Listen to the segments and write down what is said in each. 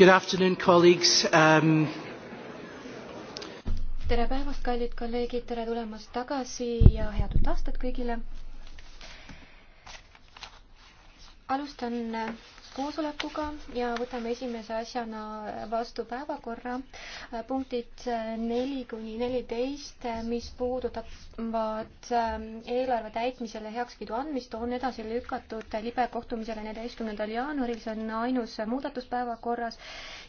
Good afternoon, colleagues. Um... tere päevast, kallid kolleegid, tere tulemast tagasi ja head uut aastat kõigile. alustan koosolekuga ja võtame esimese asjana vastu päevakorra punktid neli kuni neliteist, mis puudutavad ähm, eelarve täitmisele heakskiidu andmist, on edasi lükatud libe kohtumisele neljateistkümnendal jaanuaril, see on ainus muudatus päevakorras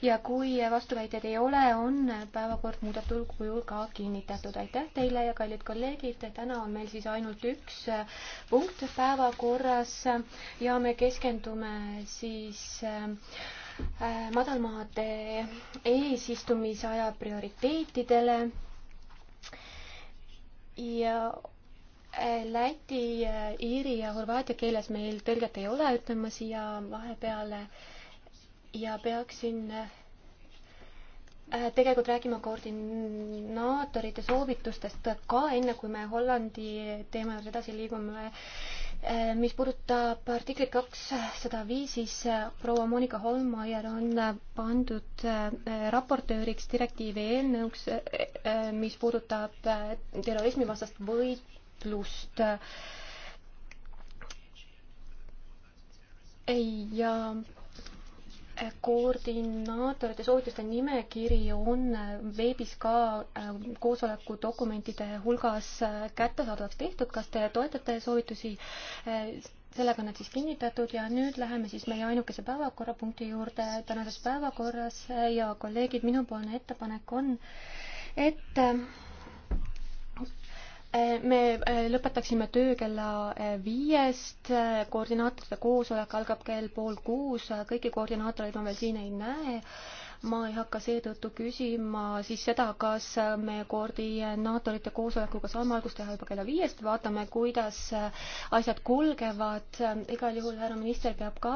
ja kui vastuväiteid ei ole, on päevakord muudetud kujul ka kinnitatud. aitäh teile ja kallid kolleegid, täna on meil siis ainult üks äh, punkt päevakorras ja me keskendume siis siis äh, äh, madalmaade eesistumise aja prioriteetidele ja äh, läti, iiri ja horvaatia keeles meil tõlget ei ole, ütlen ma siia vahepeale ja peaksin tegelikult räägime koordinaatorite soovitustest ka enne, kui me Hollandi teema juurde edasi liigume. Eh, mis puudutab artiklit kakssada viis, siis eh, proua Monika Holmaier on eh, pandud raportööriks direktiivi eelnõuks, mis puudutab terrorismivastast võitlust. ja koordinaatorite soovituste nimekiri on veebis ka äh, koosoleku dokumentide hulgas äh, kättesaadavaks tehtud, kas te toetate soovitusi? Äh, sellega on need siis kinnitatud ja nüüd läheme siis meie ainukese päevakorrapunkti juurde tänases päevakorras ja kolleegid, minupoolne ettepanek on, et me äh, lõpetaksime töö kella äh, viiest, koordinaatorite koosolek algab kell pool kuus, kõiki koordinaatoreid ma veel siin ei näe. ma ei hakka seetõttu küsima siis seda, kas me koordinaatorite koosolekuga saame algust teha juba kella viiest, vaatame, kuidas äh, asjad kulgevad. igal juhul härra minister peab ka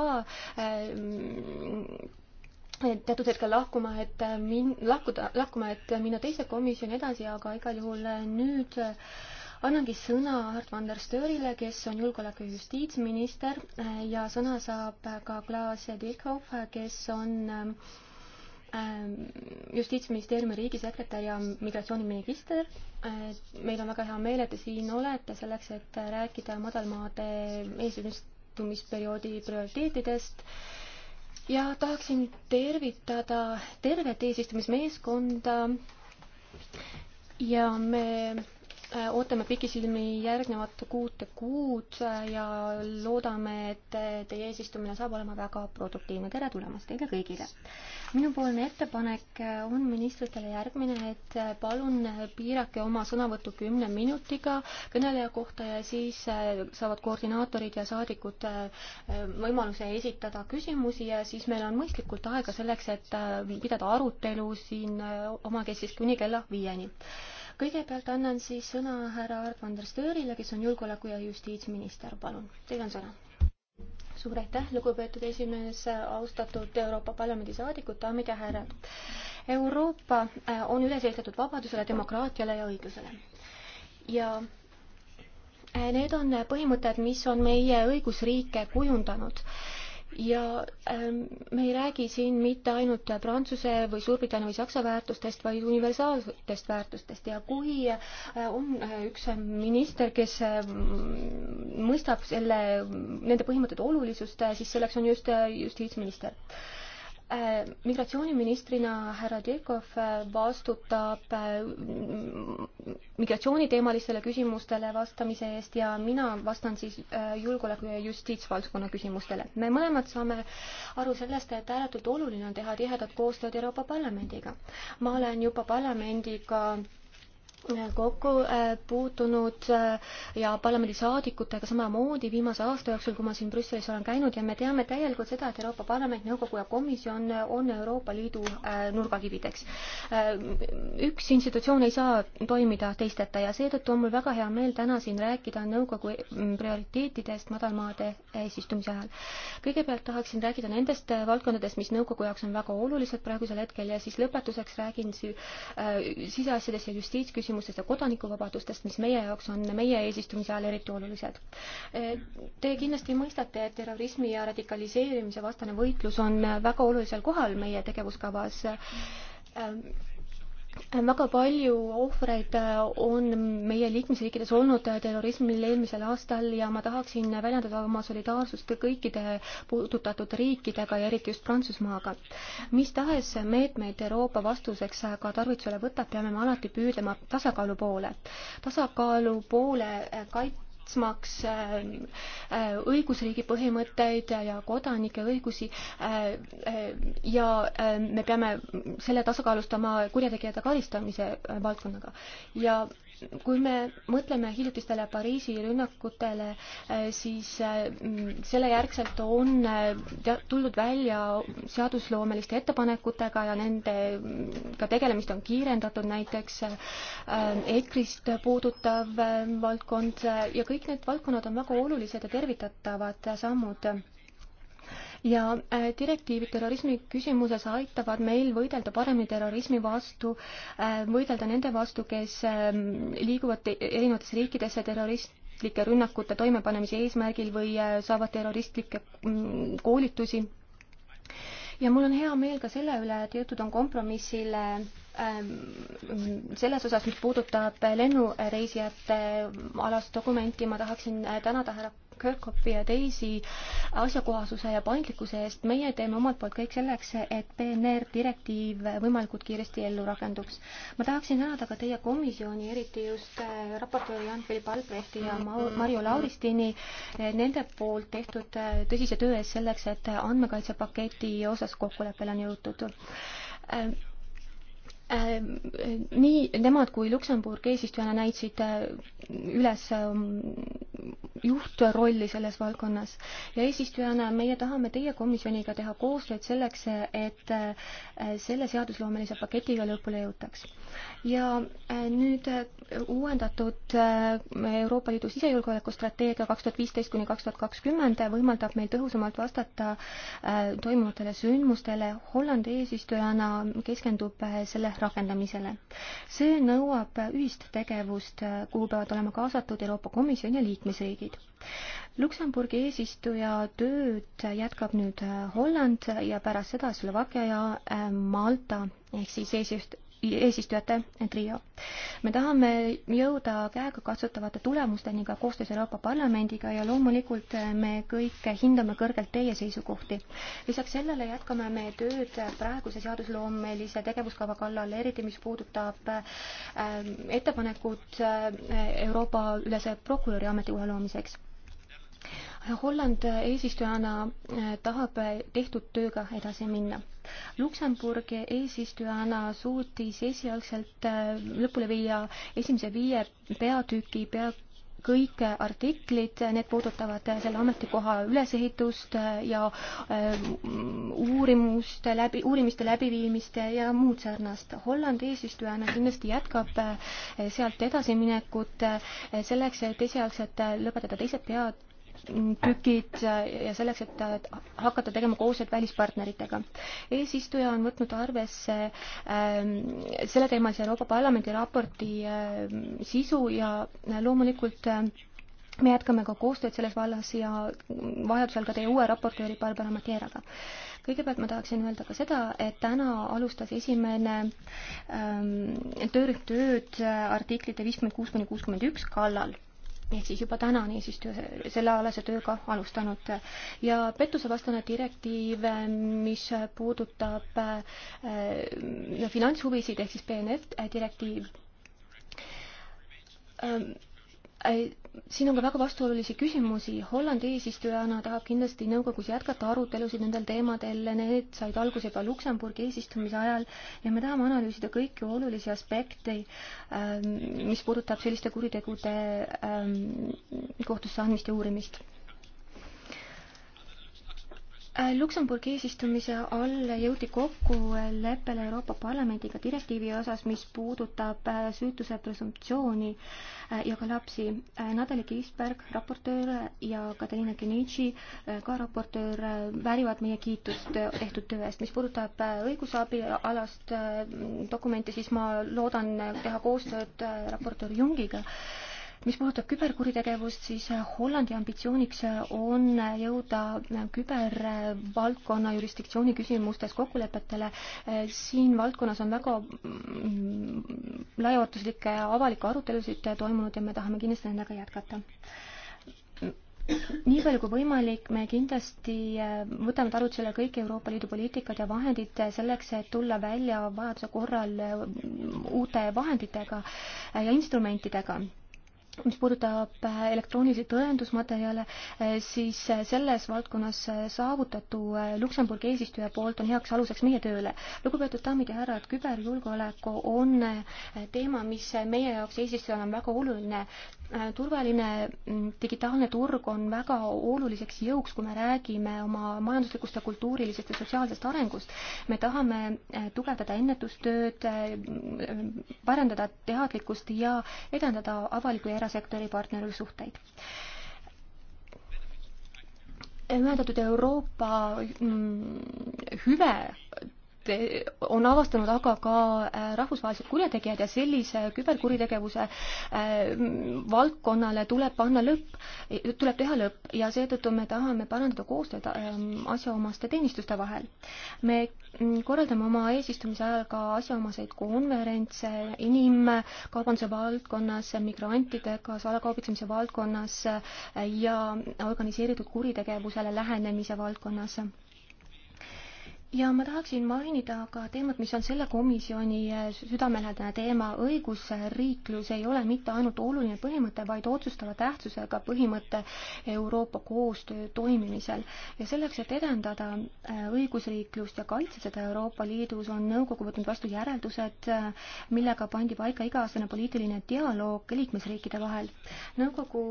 teatud hetkel lahkuma, et äh, min-, lahkuda, lahkuma, et minna teise komisjoni edasi, aga igal juhul äh, nüüd äh, annangi sõna Art van der Störile, kes on julgeoleku- ja justiitsminister ja sõna saab ka Klaas Dirkhoff, kes on ähm, Justiitsministeeriumi riigisekretär ja migratsiooniminister. meil on väga hea meel, et te siin olete selleks, et rääkida madalmaade eesistumisperioodi prioriteetidest ja tahaksin tervitada tervet eesistumismeeskonda ja me Äh, ootame pikisilmi järgnevat kuute kuud äh, ja loodame, et äh, teie eesistumine saab olema väga produktiivne. tere tulemast teile kõigile! minupoolne ettepanek on ministritele järgmine, et palun piirake oma sõnavõttu kümne minutiga kõneleja kohta ja siis saavad koordinaatorid ja saadikud võimaluse esitada küsimusi ja siis meil on mõistlikult aega selleks, et pidada arutelu siin omakeskis kuni kella viieni kõigepealt annan siis sõna härra Art Vanderstöörile, kes on julgeoleku- ja justiitsminister, palun, teil on sõna suur aitäh, lugupeetud esimees, austatud Euroopa Parlamendi saadikud, daamid ja härrad. Euroopa äh, on üles ehitatud vabadusele, demokraatiale ja õiglusele. ja äh, need on põhimõtted, mis on meie õigusriike kujundanud ja ähm, me ei räägi siin mitte ainult Prantsuse või Suurbritannia või Saksa väärtustest, vaid universaalsetest väärtustest ja kui äh, on äh, üks äh, minister, kes äh, mõistab selle, nende põhimõtete olulisust äh,, siis selleks on just äh, justiitsminister äh, Äh, migratsiooniministrina härra Tjekov äh, vastutab äh, migratsiooniteemalistele küsimustele vastamise eest ja mina vastan siis julgeoleku ja justiitsvaldkonna küsimustele. me mõlemad saame aru sellest, et ääretult oluline on teha tihedat koostööd Euroopa Parlamendiga. ma olen juba parlamendiga kokku äh, puutunud äh, ja parlamendisaadikutega samamoodi viimase aasta jooksul, kui ma siin Brüsselis olen käinud ja me teame täielikult seda, et Euroopa Parlament, Nõukogu ja Komisjon on Euroopa Liidu äh, nurgakivideks. üks institutsioon ei saa toimida teisteta ja seetõttu on mul väga hea meel täna siin rääkida nõukogu prioriteetidest madalmaade eesistumise ajal. kõigepealt tahaksin rääkida nendest valdkondadest, mis nõukogu jaoks on väga olulised praegusel hetkel ja siis lõpetuseks räägin siseasjadest ja justiitsküsimustest küsimustest ja kodanikuvabadustest, mis meie jaoks on meie eesistumise ajal eriti olulised. Te kindlasti mõistate, et terrorismi ja radikaliseerimise vastane võitlus on väga olulisel kohal meie tegevuskavas Äh, väga palju ohvreid äh, on meie liikmesriikides olnud äh, terrorismil eelmisel aastal ja ma tahaksin väljendada oma solidaarsust kõikide puudutatud riikidega ja eriti just Prantsusmaaga. mis tahes meetmeid Euroopa vastuseks ka tarvitusele võtab, peame me alati püüdlema tasakaalu poole. tasakaalu poole kait-, kaitsmaks äh, äh, õigusriigi põhimõtteid ja kodanike õigusi äh, ja me peame selle tasakaalustama kurjategijate karistamise valdkonnaga. ja kui me mõtleme hiljutistele Pariisi rünnakutele, eh, siis eh, mm, selle järgselt on eh, tuldud välja seadusloomeliste ettepanekutega ja nendega mm, tegelemist on kiirendatud, näiteks EKRE-st puudutav valdkond ja kõik need valdkonnad on väga olulised ja tervitatavad sammud ja äh, direktiivid terrorismi küsimuses aitavad meil võidelda paremini terrorismi vastu, äh, võidelda nende vastu, kes ähm, liiguvad erinevatesse riikidesse terrorist-, terroristlike rünnakute toimepanemise eesmärgil või äh, saavad terroristlikke mm, koolitusi. ja mul on hea meel ka selle üle, et jõutud on kompromissile ähm, selles osas, mis puudutab lennureisijate alast dokumenti, ma tahaksin tänada härra Kirkhopi ja teisi asjakohasuse ja paindlikkuse eest. meie teeme omalt poolt kõik selleks, et PNR direktiiv võimalikult kiiresti ellu rakenduks. ma tahaksin tänada ka teie komisjoni, eriti just äh, raportööri Jan-Philipp Albrechti ja Marju Lauristini, äh, nende poolt tehtud äh, tõsise töö eest selleks, et andmekaitsepaketi osas kokkuleppele on jõutud Ehm, nii nemad kui Luksemburg eesistujana näitasid äh, üles ähm, juhtrolli selles valdkonnas ja eesistujana meie tahame teie komisjoniga teha koostööd selleks, et äh, selle seadusloomelise paketiga lõpule jõutaks. ja äh, nüüd uuendatud Euroopa Liidu sisejulgeolekustrateegia kaks tuhat viisteist kuni kaks tuhat kakskümmend võimaldab meil tõhusamalt vastata toimuvatele sündmustele. Hollandi eesistujana keskendub selle rakendamisele. see nõuab ühist tegevust, kuhu peavad olema kaasatud Euroopa Komisjon ja liikmesriigid. Luksemburgi eesistuja tööd jätkab nüüd Holland ja pärast seda Slovakkia ja äh, Malta ehk siis eesist-, eesistujate trio. me tahame jõuda käegakatsutavate tulemusteni ka koostöös Euroopa Parlamendiga ja loomulikult me kõik hindame kõrgelt teie seisukohti. lisaks sellele jätkame me tööd praeguse seadusloomelise tegevuskava kallal, eriti mis puudutab ähm, ettepanekut äh, Euroopa ülese prokuröri ametikoha loomiseks Holland eesistujana eh, tahab eh, tehtud tööga edasi minna. Luksemburgi eesistujana suutis esialgselt eh, lõpule viia esimese viie peatüki pea kõik artiklid, need puudutavad selle ametikoha ülesehitust ja uurimuste läbi, uurimiste läbiviimist ja muud sarnast. Holland eesistujana kindlasti jätkab sealt edasiminekut selleks, et esialgselt lõpetada teised pead tükid ja selleks, et hakata tegema koostööd välispartneritega. eesistuja on võtnud arvesse ähm, selleteemalise Euroopa Parlamendi raporti ähm, sisu ja loomulikult ähm, me jätkame ka koostööd selles vallas ja vajadusel ka teie uue raportööri Barbara Materaga. kõigepealt ma tahaksin öelda ka seda, et täna alustas esimene ähm, töörühm tööd äh, artiklite viiskümmend kuus kuni kuuskümmend üks kallal ehk siis juba täna on eesistuja sellealase tööga alustanud. ja pettusevastane direktiiv, mis puudutab äh, finantshuvisid ehk siis BNF direktiiv ähm, äh,, siin on ka väga vastuolulisi küsimusi. Hollandi eesistujana tahab kindlasti nõukogus jätkata arutelusid nendel teemadel, need said alguse juba Luksemburgi eesistumise ajal ja me tahame analüüsida kõiki olulisi aspekte, ähm, mis puudutab selliste kuritegude ähm, kohtusse andmist ja uurimist Äh, Luksemburgi eesistumise all jõuti kokkuleppele äh, Euroopa Parlamendiga direktiivi osas, mis puudutab äh, süütuse presumptsiooni ja ka lapsi. Nadeli Kiisberg, raportöör, ja Katariina Genitši, ka raportöör, väärivad meie kiitust tehtud töö eest. mis puudutab õigusabialast dokumenti, siis ma loodan teha koostööd raportöör Jungiga mis puudutab küberkuritegevust, siis äh, Hollandi ambitsiooniks äh, on äh, jõuda kübervaldkonna jurisdiktsiooni küsimustes kokkulepetele. siin valdkonnas on väga mm, laiaulatuslikke avalikke arutelusid toimunud ja me tahame kindlasti nendega jätkata nii palju kui võimalik, me kindlasti võtame tarvitusele kõik Euroopa Liidu poliitikad ja vahendid selleks, et tulla välja vajaduse korral uute vahenditega ja instrumentidega mis puudutab äh, elektroonilisi tõendusmaterjale, äh, siis äh, selles valdkonnas saavutatu Luksemburgi eesistuja poolt on heaks aluseks meie tööle. lugupeetud daamid ja härrad, küberjulgeolek on teema, mis meie jaoks eesistujana on väga oluline. turvaline mm, digitaalne turg on väga oluliseks jõuks, kui me räägime oma majanduslikust ja kultuurilisest ja sotsiaalsest arengust. me tahame tugevdada ennetustööd, mm, parandada teadlikkust ja edendada avalikku ja erasektori partnerlussuhteid ühendatud Euroopa mm, hüve Eh, on avastanud aga ka eh, rahvusvahelised kurjategijad ja sellise küberkuritegevuse eh, valdkonnale tuleb panna lõpp, tuleb teha lõpp ja seetõttu me tahame parandada koostööd asjaomaste teenistuste vahel. me mm, korraldame oma eesistumise ajal ka asjaomaseid konverentse inimkaubanduse valdkonnas, migrantidega salakaubitsemise valdkonnas ja organiseeritud kuritegevusele lähenemise valdkonnas ja ma tahaksin mainida ka teemat, mis on selle komisjoni eh, südamelähedane teema. õigusriiklus ei ole mitte ainult oluline põhimõte, vaid otsustava tähtsusega põhimõte Euroopa koostöö toimimisel. ja selleks, et edendada eh, õigusriiklust ja kaitsta seda Euroopa Liidus, on nõukogu võtnud vastu järeldused, eh, millega pandi paika iga-aastane poliitiline dialoog liikmesriikide vahel. nõukogu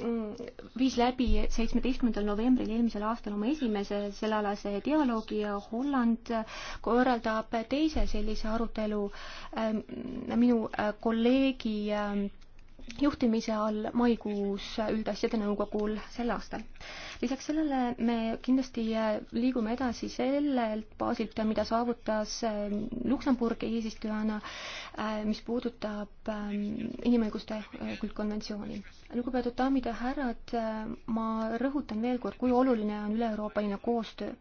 mm, viis läbi seitsmeteistkümnendal novembril eelmisel aastal oma esimese sellealase dialoogi ja Holland korraldab teise sellise arutelu ähm, minu äh, kolleegi ähm, juhtimise all maikuus üldasjade nõukogul sel aastal lisaks sellele me kindlasti äh, liigume edasi sellelt baasilt, mida saavutas ähm, Luksemburg eesistujana, äh, mis puudutab ähm, inimõiguste üldkonventsiooni. Äh, lugupeetud daamid ja härrad, ma rõhutan veel kord, kui oluline on üle-euroopaline koostöö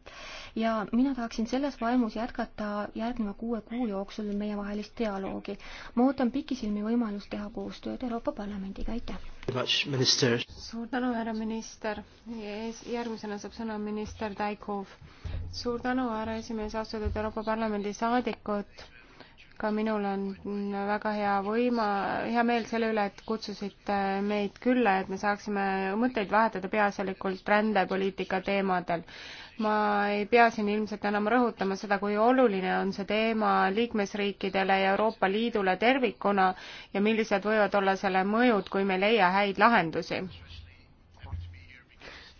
ja mina tahaksin selles vaimus jätkata järgneva kuue kuu jooksul meievahelist dialoogi. ma ootan pikisilmi võimalust teha koostööd Euroopa Parlamendiga, aitäh! suur tänu, härra minister. järgmisena saab sõna minister Taikov. suur tänu, härra esimees, austatud Euroopa Parlamendi saadikud ka minul on väga hea võima-, hea meel selle üle, et kutsusite meid külla, et me saaksime mõtteid vahetada peaasjalikult rändepoliitika teemadel. ma ei pea siin ilmselt enam rõhutama seda, kui oluline on see teema liikmesriikidele ja Euroopa Liidule tervikuna ja millised võivad olla selle mõjud, kui me ei leia häid lahendusi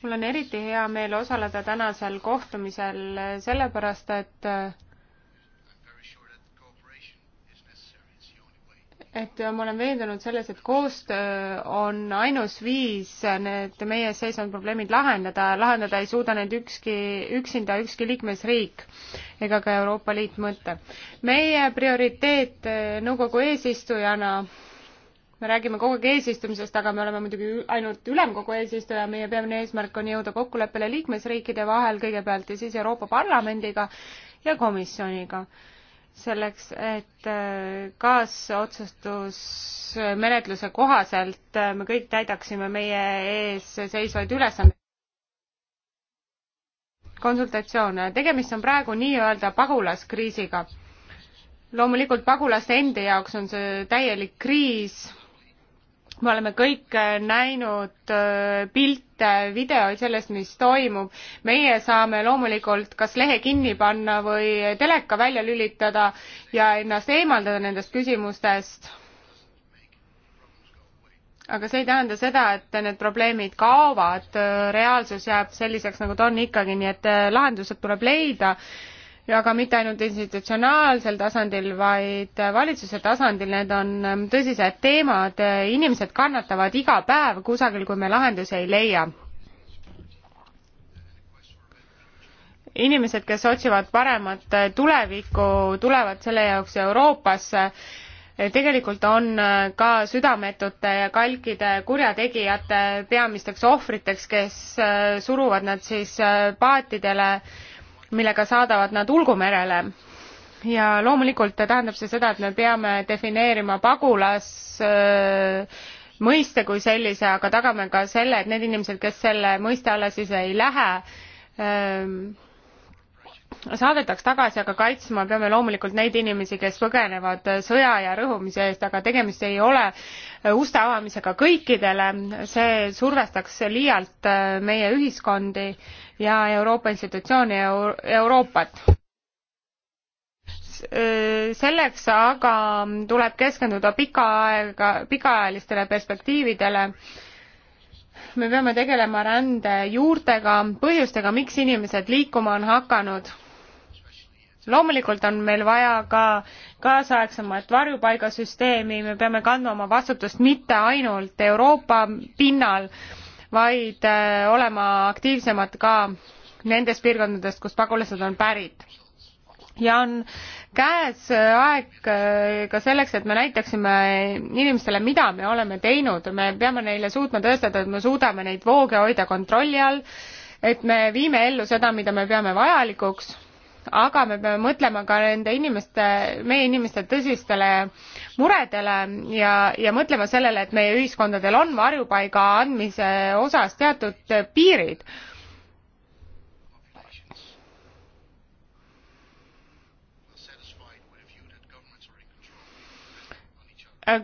mul on eriti hea meel osaleda tänasel kohtumisel sellepärast, et et ma olen veendunud selles, et koostöö on ainus viis need meie sees on probleemid lahendada, lahendada ei suuda need ükski, üksinda ükski liikmesriik ega ka Euroopa Liit mõte. meie prioriteet eh, nõukogu eesistujana me räägime kogu aeg eesistumisest, aga me oleme muidugi ainult ülemkogu eesistuja, meie peamine eesmärk on jõuda kokkuleppele liikmesriikide vahel kõigepealt ja siis Euroopa Parlamendiga ja komisjoniga selleks, et äh, kaasotsustusmenetluse kohaselt äh, me kõik täidaksime meie ees seisvaid ülesandeid. konsultatsioon, tegemist on praegu nii-öelda pagulaskriisiga. loomulikult pagulaste endi jaoks on see täielik kriis me oleme kõik äh, näinud äh, pilte, videoid sellest, mis toimub. meie saame loomulikult kas lehe kinni panna või teleka välja lülitada ja ennast eemaldada nendest küsimustest. aga see ei tähenda seda, et need probleemid kaovad, äh, reaalsus jääb selliseks, nagu ta on ikkagi, nii et lahendused tuleb leida aga mitte ainult institutsionaalsel tasandil, vaid valitsuse tasandil, need on ähm, tõsised teemad, inimesed kannatavad iga päev kusagil, kui me lahendusi ei leia. inimesed, kes otsivad paremat tulevikku, tulevad selle jaoks Euroopasse, tegelikult on äh, ka südametute ja kalkide kurjategijate peamisteks ohvriteks, kes äh, suruvad nad siis äh, paatidele millega saadavad nad Ulgumerele. ja loomulikult tähendab see seda, et me peame defineerima pagulas öö, äh, mõiste kui sellise, aga tagame ka selle, et need inimesed, kes selle mõiste alla siis ei lähe, äh, saadetaks tagasi, aga kaitsma peame loomulikult neid inimesi, kes põgenevad sõja ja rõhumise eest, aga tegemist ei ole uste avamisega kõikidele, see survestaks liialt äh, meie ühiskondi ja Euroopa institutsiooni Euro Euroopat. Äh, selleks aga tuleb keskenduda pika aega, pikaajalistele perspektiividele. me peame tegelema rände juurtega, põhjustega, miks inimesed liikuma on hakanud loomulikult on meil vaja ka kaasaegsemat varjupaigasüsteemi, me peame kandma oma vastutust mitte ainult Euroopa pinnal, vaid äh, olema aktiivsemad ka nendes piirkondades, kust pagulased on pärit. ja on käes äh, aeg äh, ka selleks, et me näitaksime inimestele, mida me oleme teinud, me peame neile suutma tõestada, et me suudame neid vooge hoida kontrolli all, et me viime ellu seda, mida me peame vajalikuks, aga me peame mõtlema ka nende inimeste, meie inimeste tõsistele muredele ja, ja mõtlema sellele, et meie ühiskondadel on varjupaiga andmise osas teatud piirid.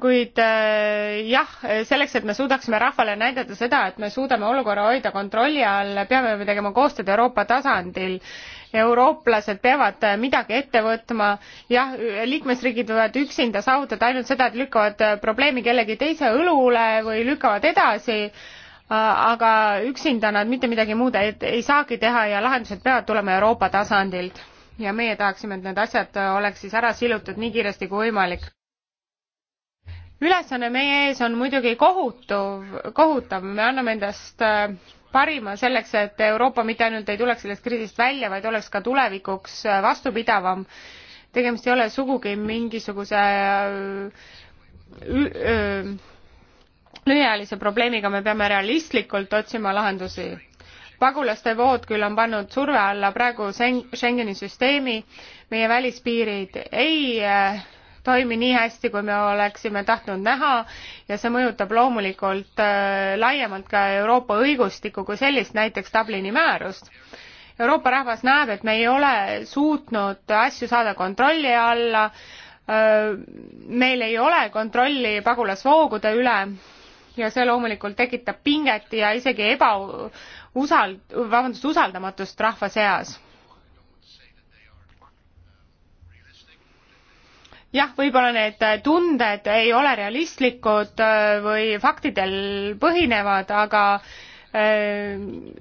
kuid eh, jah, selleks, et me suudaksime rahvale näidata seda, et me suudame olukorra hoida kontrolli all, peame me tegema koostööd Euroopa tasandil äh, eurooplased peavad midagi ette võtma jah liikmesriigid võivad üksinda saavutada ainult seda et lükkavad probleemi kellegi teise õlule või lükkavad edasi äh, aga üksinda nad mitte midagi muud ei, ei saagi teha ja lahendused peavad tulema euroopa tasandilt ja meie tahaksime et need asjad oleks siis ära silutud nii kiiresti kui võimalik ülesanne meie ees on muidugi kohutuv kohutav me anname endast äh, parima selleks, et Euroopa mitte ainult ei tuleks sellest kriisist välja, vaid oleks ka tulevikuks äh, vastupidavam. tegemist ei ole sugugi mingisuguse äh, äh, lühiajalise probleemiga, me peame realistlikult otsima lahendusi. pagulaste vood küll on pannud surve alla praegu Schengeni süsteemi, meie välispiirid ei toimi nii hästi, kui me oleksime tahtnud näha ja see mõjutab loomulikult äh, laiemalt ka Euroopa õigustikku kui sellist, näiteks Dublini määrust. Euroopa rahvas näeb, et me ei ole suutnud asju saada kontrolli alla, äh, meil ei ole kontrolli pagulasvoogude üle ja see loomulikult tekitab pinget ja isegi ebausald-, vabandust, usaldamatust rahva seas jah, võib-olla need tunded ei ole realistlikud äh, või faktidel põhinevad, aga äh,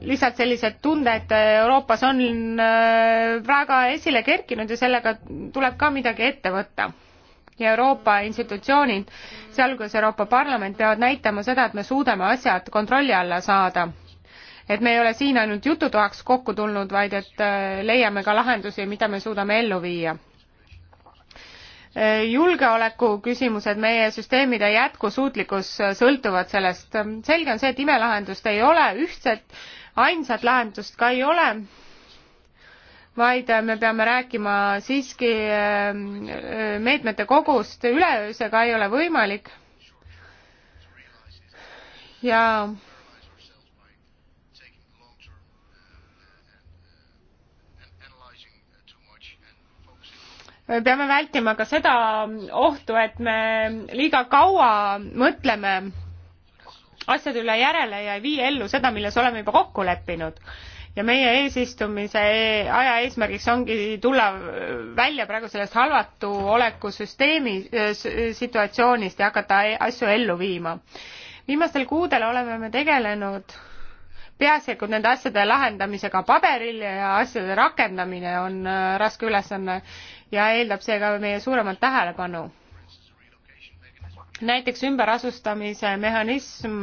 lihtsalt sellised tunded Euroopas on äh, väga esile kerkinud ja sellega tuleb ka midagi ette võtta. ja Euroopa institutsioonid, sealhulgas Euroopa Parlament, peavad näitama seda, et me suudame asjad kontrolli alla saada. et me ei ole siin ainult jututoaks kokku tulnud, vaid et leiame ka lahendusi, mida me suudame ellu viia julgeoleku küsimused, meie süsteemide jätkusuutlikkus sõltuvad sellest. selge on see, et imelahendust ei ole, ühtset ainsat lahendust ka ei ole, vaid me peame rääkima siiski äh, meetmete kogust, üleöö see ka ei ole võimalik. ja me peame vältima ka seda ohtu, et me liiga kaua mõtleme asjade üle järele ja ei vii ellu seda, milles oleme juba kokku leppinud. ja meie eesistumise e- aja eesmärgiks ongi tulla välja praegu sellest halvatu oleku süsteemi, e, situatsioonist ja hakata e-, asju ellu viima. viimastel kuudel oleme me tegelenud peaasjalikult nende asjade lahendamisega paberil ja asjade rakendamine on äh, raske ülesanne ja eeldab seega meie suuremat tähelepanu. näiteks ümberasustamise mehhanism,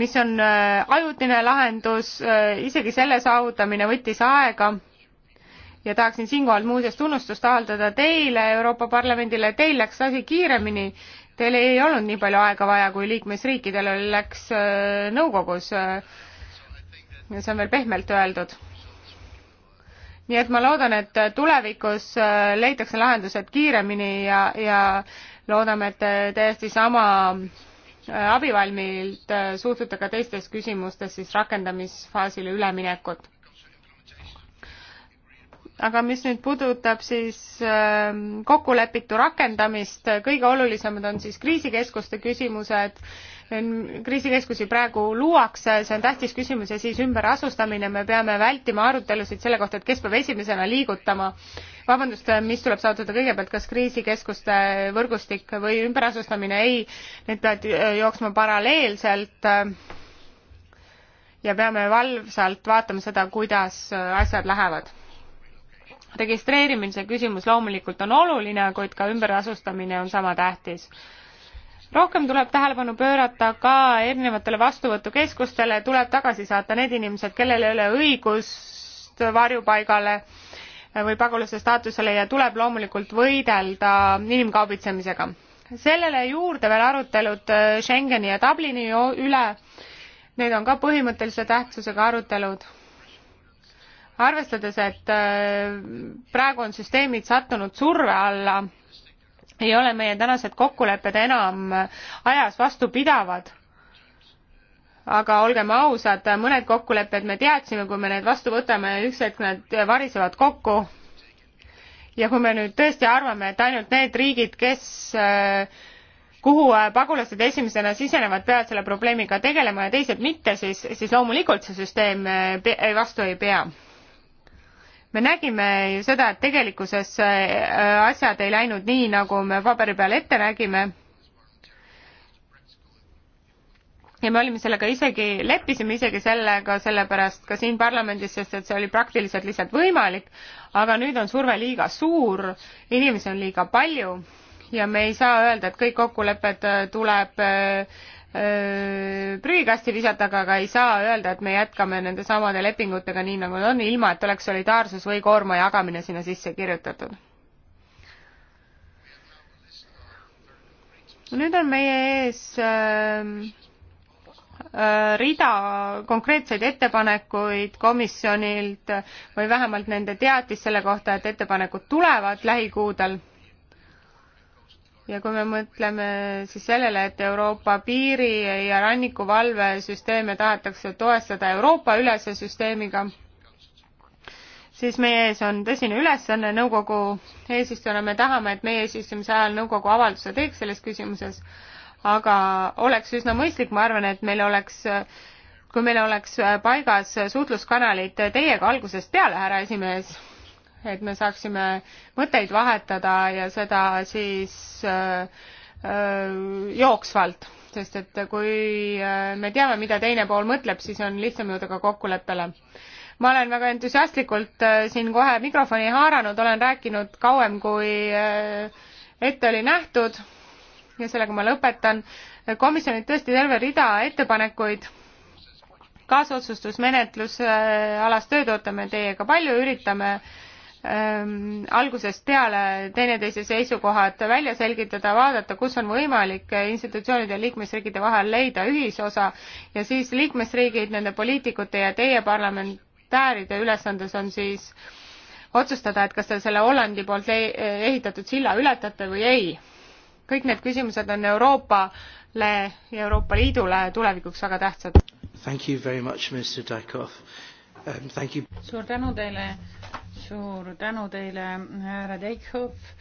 mis on äh, ajutine lahendus, äh, isegi selle saavutamine võttis aega ja tahaksin siinkohal muuseas tunnustust avaldada teile, Euroopa Parlamendile, teil läks asi kiiremini, teil ei olnud nii palju aega vaja, kui liikmesriikidel läks äh, nõukogus. see on veel pehmelt öeldud nii et ma loodan, et tulevikus äh, leitakse lahendused kiiremini ja, ja loodame, et täiesti sama äh, abivalmilt äh, suhtute ka teistes küsimustes siis rakendamisfaasile üleminekut. aga mis nüüd puudutab siis ähm, kokkulepitu rakendamist, kõige olulisemad on siis kriisikeskuste küsimused kriisikeskusi praegu luuakse, see on tähtis küsimus ja siis ümberasustamine, me peame vältima arutelusid selle kohta, et kes peab esimesena liigutama. vabandust, mis tuleb saavutada kõigepealt, kas kriisikeskuste võrgustik või ümberasustamine, ei, need peavad jooksma paralleelselt ja peame valvsalt vaatama seda, kuidas asjad lähevad registreerimise küsimus loomulikult on oluline, kuid ka ümberasustamine on sama tähtis rohkem tuleb tähelepanu pöörata ka erinevatele vastuvõtukeskustele, tuleb tagasi saata need inimesed, kellel ei ole õigust varjupaigale või pagulase staatusele ja tuleb loomulikult võidelda inimkaubitsemisega. sellele juurde veel arutelud äh, Schengeni ja Dublini üle. Need on ka põhimõttelise tähtsusega arutelud. arvestades, et äh, praegu on süsteemid sattunud surve alla ei ole meie tänased kokkulepped enam ajas vastupidavad aga olgem ausad mõned kokkulepped me teadsime kui me need vastu võtame üks hetk nad varisevad kokku ja kui me nüüd tõesti arvame et ainult need riigid kes äh, kuhu äh, pagulased esimesena sisenevad peavad selle probleemiga tegelema ja teised mitte siis siis loomulikult see süsteem äh, ei vastu ei pea me nägime ju seda, et tegelikkuses äh, asjad ei läinud nii, nagu me paberi peal ette nägime. ja me olime sellega isegi, leppisime isegi sellega sellepärast ka siin parlamendis, sest et see oli praktiliselt lihtsalt võimalik, aga nüüd on surve liiga suur, inimesi on liiga palju ja me ei saa öelda, et kõik kokkulepped äh, tuleb äh, prügikasti visata, aga ka ei saa öelda, et me jätkame nende samade lepingutega nii, nagu nad on, ilma et oleks solidaarsus või koorma jagamine sinna sisse kirjutatud. nüüd on meie ees äh, rida konkreetseid ettepanekuid komisjonilt või vähemalt nende teatis selle kohta, et ettepanekud tulevad lähikuudel ja kui me mõtleme siis sellele, et Euroopa piiri- ja rannikuvalvesüsteeme tahetakse toestada Euroopa-ülese süsteemiga, siis meie ees on tõsine ülesanne nõukogu eesistujana, me tahame, et meie eesistumise ajal nõukogu avalduse teeks selles küsimuses, aga oleks üsna mõistlik, ma arvan, et meil oleks kui meil oleks paigas suhtluskanalid teiega algusest peale, härra esimees et me saaksime mõtteid vahetada ja seda siis öö, äh, öö, äh, jooksvalt, sest et kui äh, me teame, mida teine pool mõtleb, siis on lihtsam jõuda ka kokkuleppele. ma olen väga entusiastlikult siin kohe mikrofoni haaranud, olen rääkinud kauem, kui ette oli nähtud ja sellega ma lõpetan. komisjonid tõesti terve rida ettepanekuid kaasotsustusmenetluse alast tööd ootame teiega palju, üritame äh, ähm, algusest peale teineteise seisukohad välja selgitada, vaadata, kus on võimalik institutsioonide ja liikmesriikide vahel leida ühisosa ja siis liikmesriigid, nende poliitikute ja teie parlamentääride ülesandes on siis otsustada, et kas te selle Hollandi poolt ehitatud silla ületate või ei. kõik need küsimused on Euroopale ja Euroopa Liidule tulevikuks väga tähtsad. Thank you very much, Mr Dykov um,. Thank you. suur tänu teile suur tänu teile, härra Teikhoff,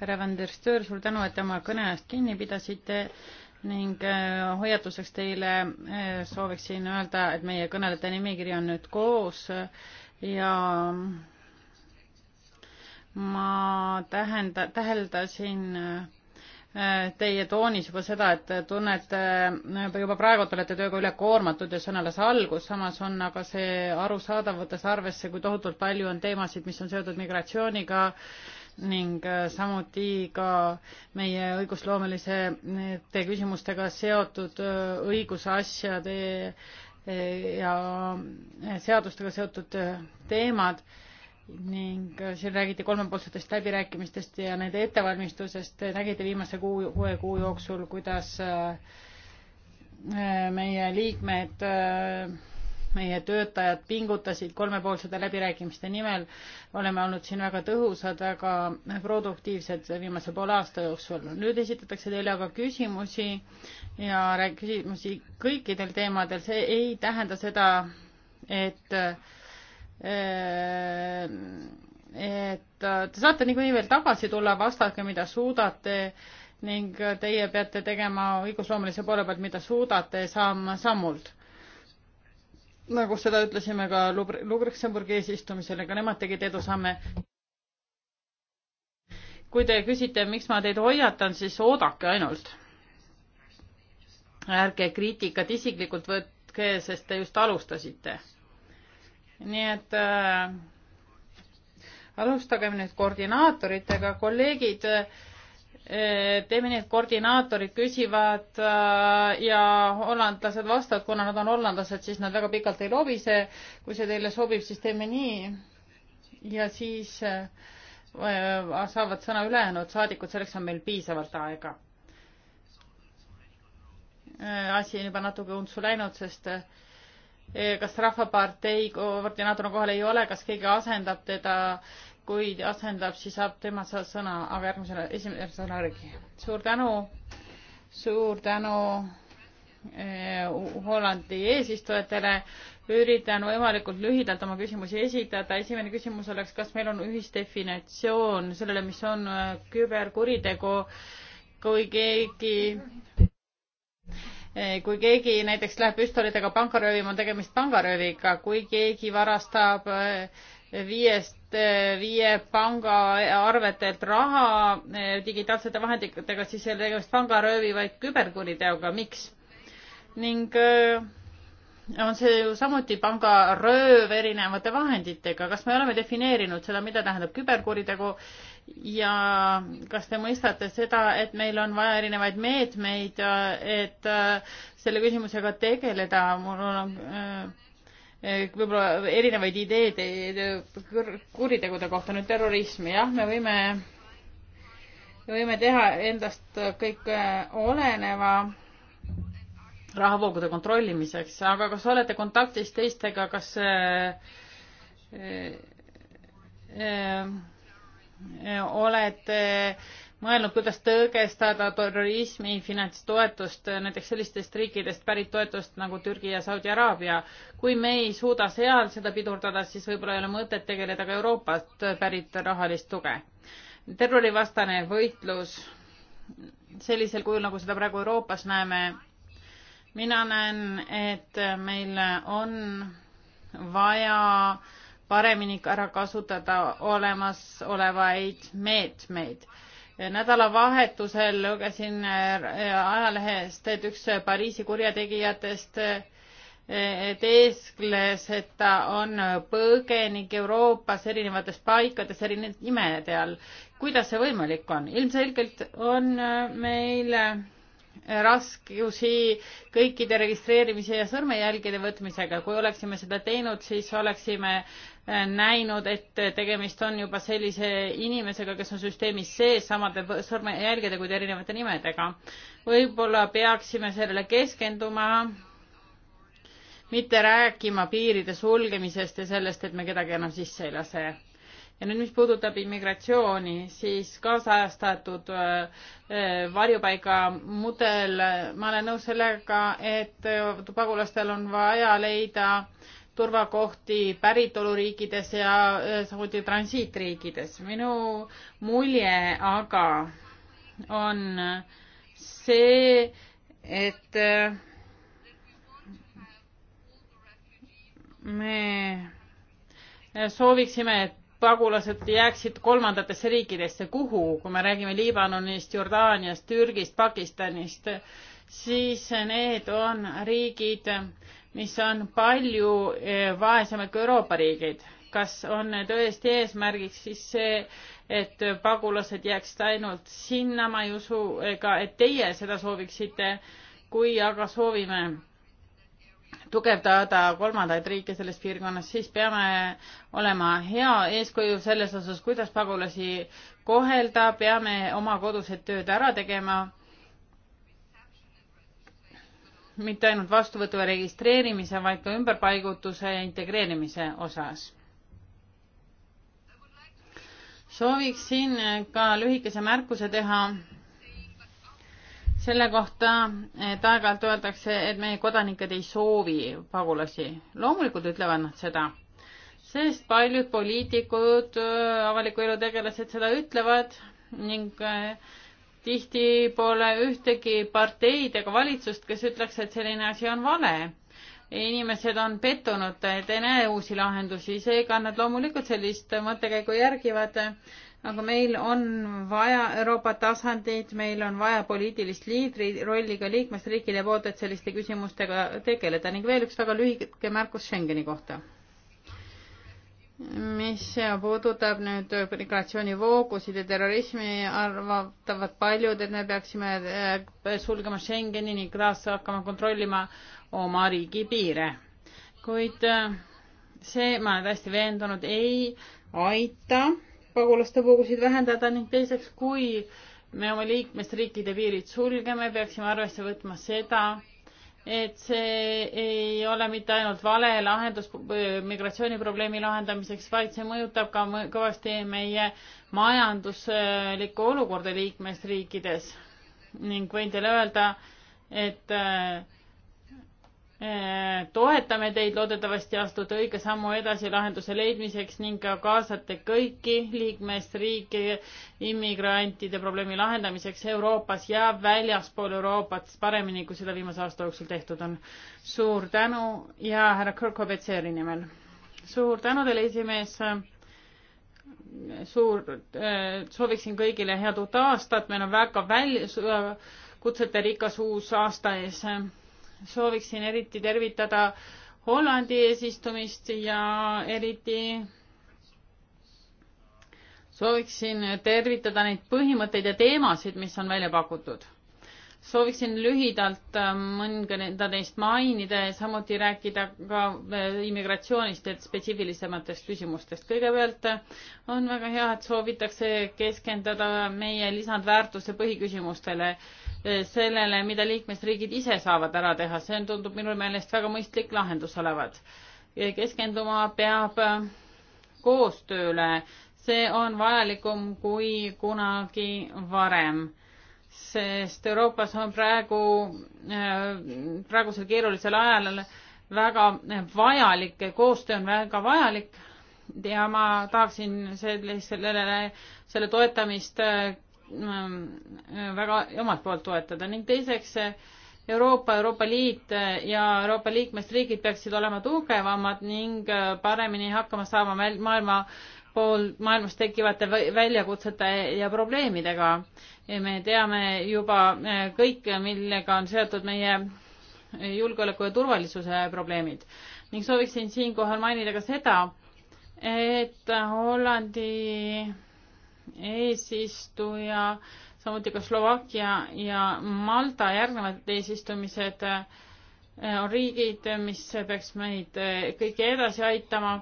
härra Van der Stör, suur tänu, et te oma kõne eest kinni pidasite ning äh, hoiatuseks teile äh, sooviksin öelda, et meie kõnelejate nimekiri on nüüd koos ja ma tähenda, täheldasin äh, teie toonis juba seda, et tunnete, juba praegu olete tööga ülekoormatud ja see on alles algus, samas on aga see arusaadav, võttes arvesse, kui tohutult palju on teemasid, mis on seotud migratsiooniga ning äh, samuti ka meie õigusloomelise te küsimustega seotud äh, õigusasjade äh, ja seadustega seotud teemad ning äh, siin räägiti kolmepoolsetest läbirääkimistest ja nende ettevalmistusest. Te nägite viimase kuu, kuue kuu jooksul, kuidas äh, äh, meie liikmed, meie töötajad pingutasid kolmepoolsete läbirääkimiste nimel. oleme olnud siin väga tõhusad, väga produktiivsed viimase poole aasta jooksul. nüüd esitatakse teile aga küsimusi ja küsimusi kõikidel teemadel. see ei tähenda seda, et äh, Ehm, et äh, te saate niikuinii veel tagasi tulla, vastake, mida suudate ning äh, teie peate tegema õigusloomelise poole pealt, mida suudate, samm sammult. nagu seda ütlesime ka Luksemburgi eesistumisel, ega nemad tegid edusamme. kui te küsite, miks ma teid hoiatan, siis oodake ainult. ärge kriitikat isiklikult võtke, sest te just alustasite nii et äh, alustagem nüüd koordinaatoritega, kolleegid äh,, teeme nii, et koordinaatorid küsivad äh, ja hollandlased vastavad, kuna nad on hollandlased, siis nad väga pikalt ei lobise. kui see teile sobib, siis teeme nii. ja siis äh, saavad sõna ülejäänud saadikud, selleks on meil piisavalt aega äh,. asi on juba natuke untsu läinud, sest äh, Eh, kas Rahvapartei koordinaator on kohal, ei ole, kas keegi asendab teda, kui asendab, siis saab tema sõna, aga järgmisele, esimesele sõna järgi. suur tänu, suur tänu eh, Hollandi eesistujatele. üritan võimalikult lühidalt oma küsimusi esitada. esimene küsimus oleks, kas meil on ühisdefinitsioon sellele, mis on eh, küberkuritegu, kui keegi Eh, kui keegi näiteks läheb püstolitega panka röövima, on tegemist pangarööviga, kui keegi varastab eh, viiest, eh, viie panga arvetelt raha digitaalsete vahenditega, siis ei ole tegemist pangaröövi, vaid küberkuriteoga, miks? ning on see ju samuti pangarööv erinevate vahenditega, kas me oleme defineerinud seda, mida tähendab küberkuritegu ja kas te mõistate seda, et meil on vaja erinevaid meetmeid, et äh, selle küsimusega tegeleda, mul on äh, äh, võib-olla erinevaid ideid kuritegude kohta, nüüd terrorism, jah, me võime, võime teha endast kõik oleneva rahavoogude kontrollimiseks, aga kas olete kontaktis teistega, kas äh, äh, olete eh, mõelnud, kuidas tõkestada terrorismi finantstoetust, eh, näiteks sellistest riikidest pärit toetust nagu Türgi ja Saudi Araabia. kui me ei suuda seal seda pidurdada, siis võib-olla ei ole mõtet tegeleda ka Euroopast pärit rahalist tuge. terrorivastane võitlus sellisel kujul, nagu seda praegu Euroopas näeme, mina näen, et meil on vaja äh, paremini ära kasutada olemasolevaid meetmeid. nädalavahetusel lugesin äh, ajalehest, et üks Pariisi kurjategijatest äh, teeskles, et ta on põgenik Euroopas erinevates paikades erinevate nimede all. kuidas see võimalik on? ilmselgelt on äh, meil raskusi kõikide registreerimise ja sõrmejälgede võtmisega. kui oleksime seda teinud, siis oleksime äh, näinud, et tegemist on juba sellise inimesega, kes on süsteemis sees samade sõrmejälgede, kuid erinevate nimedega. võib-olla peaksime sellele keskenduma, mitte rääkima piiride sulgemisest ja sellest, et me kedagi enam sisse ei lase ja nüüd, mis puudutab immigratsiooni, siis kaasajastatud äh, äh, varjupaiga mudel, ma olen nõus sellega, et äh, pagulastel on vaja leida turvakohti päritoluriikides ja samuti transiitriikides. minu mulje aga on see, et me sooviksime, et pagulased jääksid kolmandatesse riikidesse, kuhu, kui me räägime Liibanonist, Jordaaniast, Türgist, Pakistanist, siis need on riigid, mis on palju eh, vaesemad kui Euroopa riigid. kas on tõesti eesmärgiks siis see, et pagulased jääksid ainult sinna, ma ei usu, ega et teie seda sooviksite, kui aga soovime tugevdada kolmandaid riike selles piirkonnas, siis peame olema hea eeskuju selles osas, kuidas pagulasi kohelda, peame oma kodused tööd ära tegema. mitte ainult vastuvõtu ja registreerimise, vaid ka ümberpaigutuse ja integreerimise osas sooviksin ka lühikese märkuse teha selle kohta, et aeg-ajalt öeldakse, et meie kodanikud ei soovi pagulasi. loomulikult ütlevad nad seda, sest paljud poliitikud, äh, avaliku elu tegelased seda ütlevad ning äh, tihti pole ühtegi parteid ega valitsust, kes ütleks, et selline asi on vale. inimesed on pettunud, et ei näe uusi lahendusi, seega nad loomulikult sellist mõttekäigu järgivad aga meil on vaja Euroopa tasandit, meil on vaja poliitilist liidri rolli ka liikmesriikide poolt, et selliste küsimustega tegeleda ning veel üks väga lühike märkus Schengeni kohta. mis puudutab nüüd migratsioonivoogusid ja terrorismi, arvatavad paljud, et me peaksime äh, sulgema Schengeni ning taas hakkama kontrollima oma riigi piire. kuid äh, see, ma olen täiesti veendunud, ei aita pagulaste voogusid vähendada ning teiseks, kui me oma liikmesriikide piirid sulgeme, peaksime arvesse võtma seda, et see ei ole mitte ainult vale lahendus migratsiooniprobleemi lahendamiseks, vaid see mõjutab ka kõvasti meie majanduslikku olukorda liikmesriikides ning võin teile öelda, et äh, Äh, toetame teid, loodetavasti astute õige sammu edasi lahenduse leidmiseks ning ka kaasate kõiki liikmesriike immigrantide probleemi lahendamiseks Euroopas ja väljaspool Euroopat paremini, kui seda viimase aasta jooksul tehtud on. suur tänu ja härra Kõrkobetseri nimel. suur tänu teile, esimees. suur, äh, sooviksin kõigile head uut aastat, meil on väga väl-, äh, kutsete rikas uus aasta ees sooviksin eriti tervitada Hollandi eesistumist ja eriti sooviksin tervitada neid põhimõtteid ja teemasid, mis on välja pakutud sooviksin lühidalt äh, mõnda neist mainida ja samuti rääkida ka äh, immigratsioonist ja spetsiifilisematest küsimustest. kõigepealt äh, on väga hea, et soovitakse keskenduda meie lisandväärtuse põhiküsimustele, sellele, mida liikmesriigid ise saavad ära teha, see on, tundub minu meelest väga mõistlik lahendus olevat. keskenduma peab koostööle, see on vajalikum kui kunagi varem sest Euroopas on praegu, äh, praegusel keerulisel ajal väga vajalik, koostöö on väga vajalik ja ma tahaksin sellele, selle toetamist äh, äh, väga omalt poolt toetada ning teiseks Euroopa, Euroopa Liit ja Euroopa liikmesriigid peaksid olema tugevamad ning paremini hakkama saama maailma pool maailmas tekivate väljakutsete ja probleemidega. me teame juba äh, kõike, millega on seotud meie äh, julgeoleku ja turvalisuse probleemid ning sooviksin siinkohal mainida ka seda, et Hollandi eesistuja, samuti ka Slovakkia ja Malta järgnevad eesistumised äh, Äh, on riigid, äh, mis peaks meid äh, kõiki edasi aitama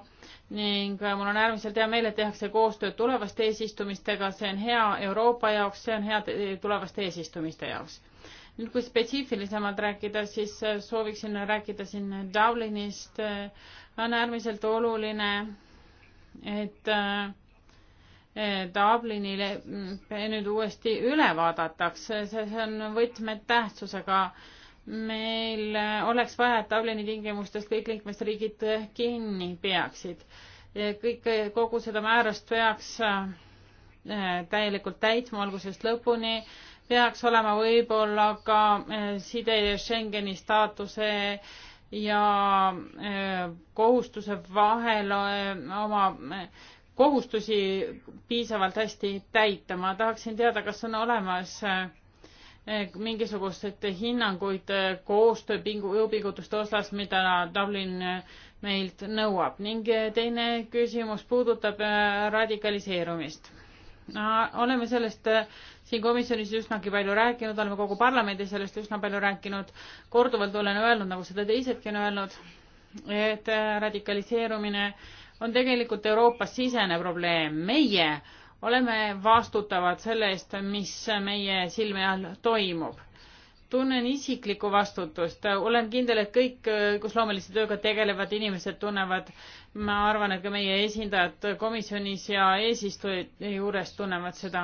ning mul on äärmiselt hea meel, et tehakse koostööd tulevaste eesistumistega, see on hea Euroopa jaoks, see on hea tulevaste eesistumiste jaoks. nüüd, kui spetsiifilisemalt rääkida, siis sooviksin rääkida siin Dublinist. on äärmiselt oluline, et Dublini mm, nüüd uuesti üle vaadatakse, see on võtmetähtsusega äh, meil äh, oleks vaja, et Dublini tingimustes kõik liikmesriigid äh, kinni peaksid. kõik, äh, kogu seda määrust peaks täielikult täitma, olgu sellest lõpuni, peaks olema võib-olla ka side Schengeni staatuse ja kohustuse vahel oma kohustusi piisavalt hästi täita. ma tahaksin teada, kas on olemas äh, Eh, mingisuguseid hinnanguid eh, koostöö jõupingutuste osas, mida Dublin eh, meilt nõuab ning teine küsimus puudutab radikaliseerumist no,. oleme sellest siin komisjonis üsnagi palju rääkinud, oleme kogu parlamendi sellest üsna palju rääkinud, korduvalt olen öelnud, nagu seda teisedki on öelnud, et radikaliseerumine on tegelikult Euroopas sisene probleem, meie äh, oleme vastutavad selle eest, mis meie silme all toimub. tunnen isiklikku vastutust, olen kindel, et kõik õigusloomelise tööga tegelevad inimesed tunnevad, ma arvan, et ka meie esindajad komisjonis ja eesistuja juures tunnevad seda.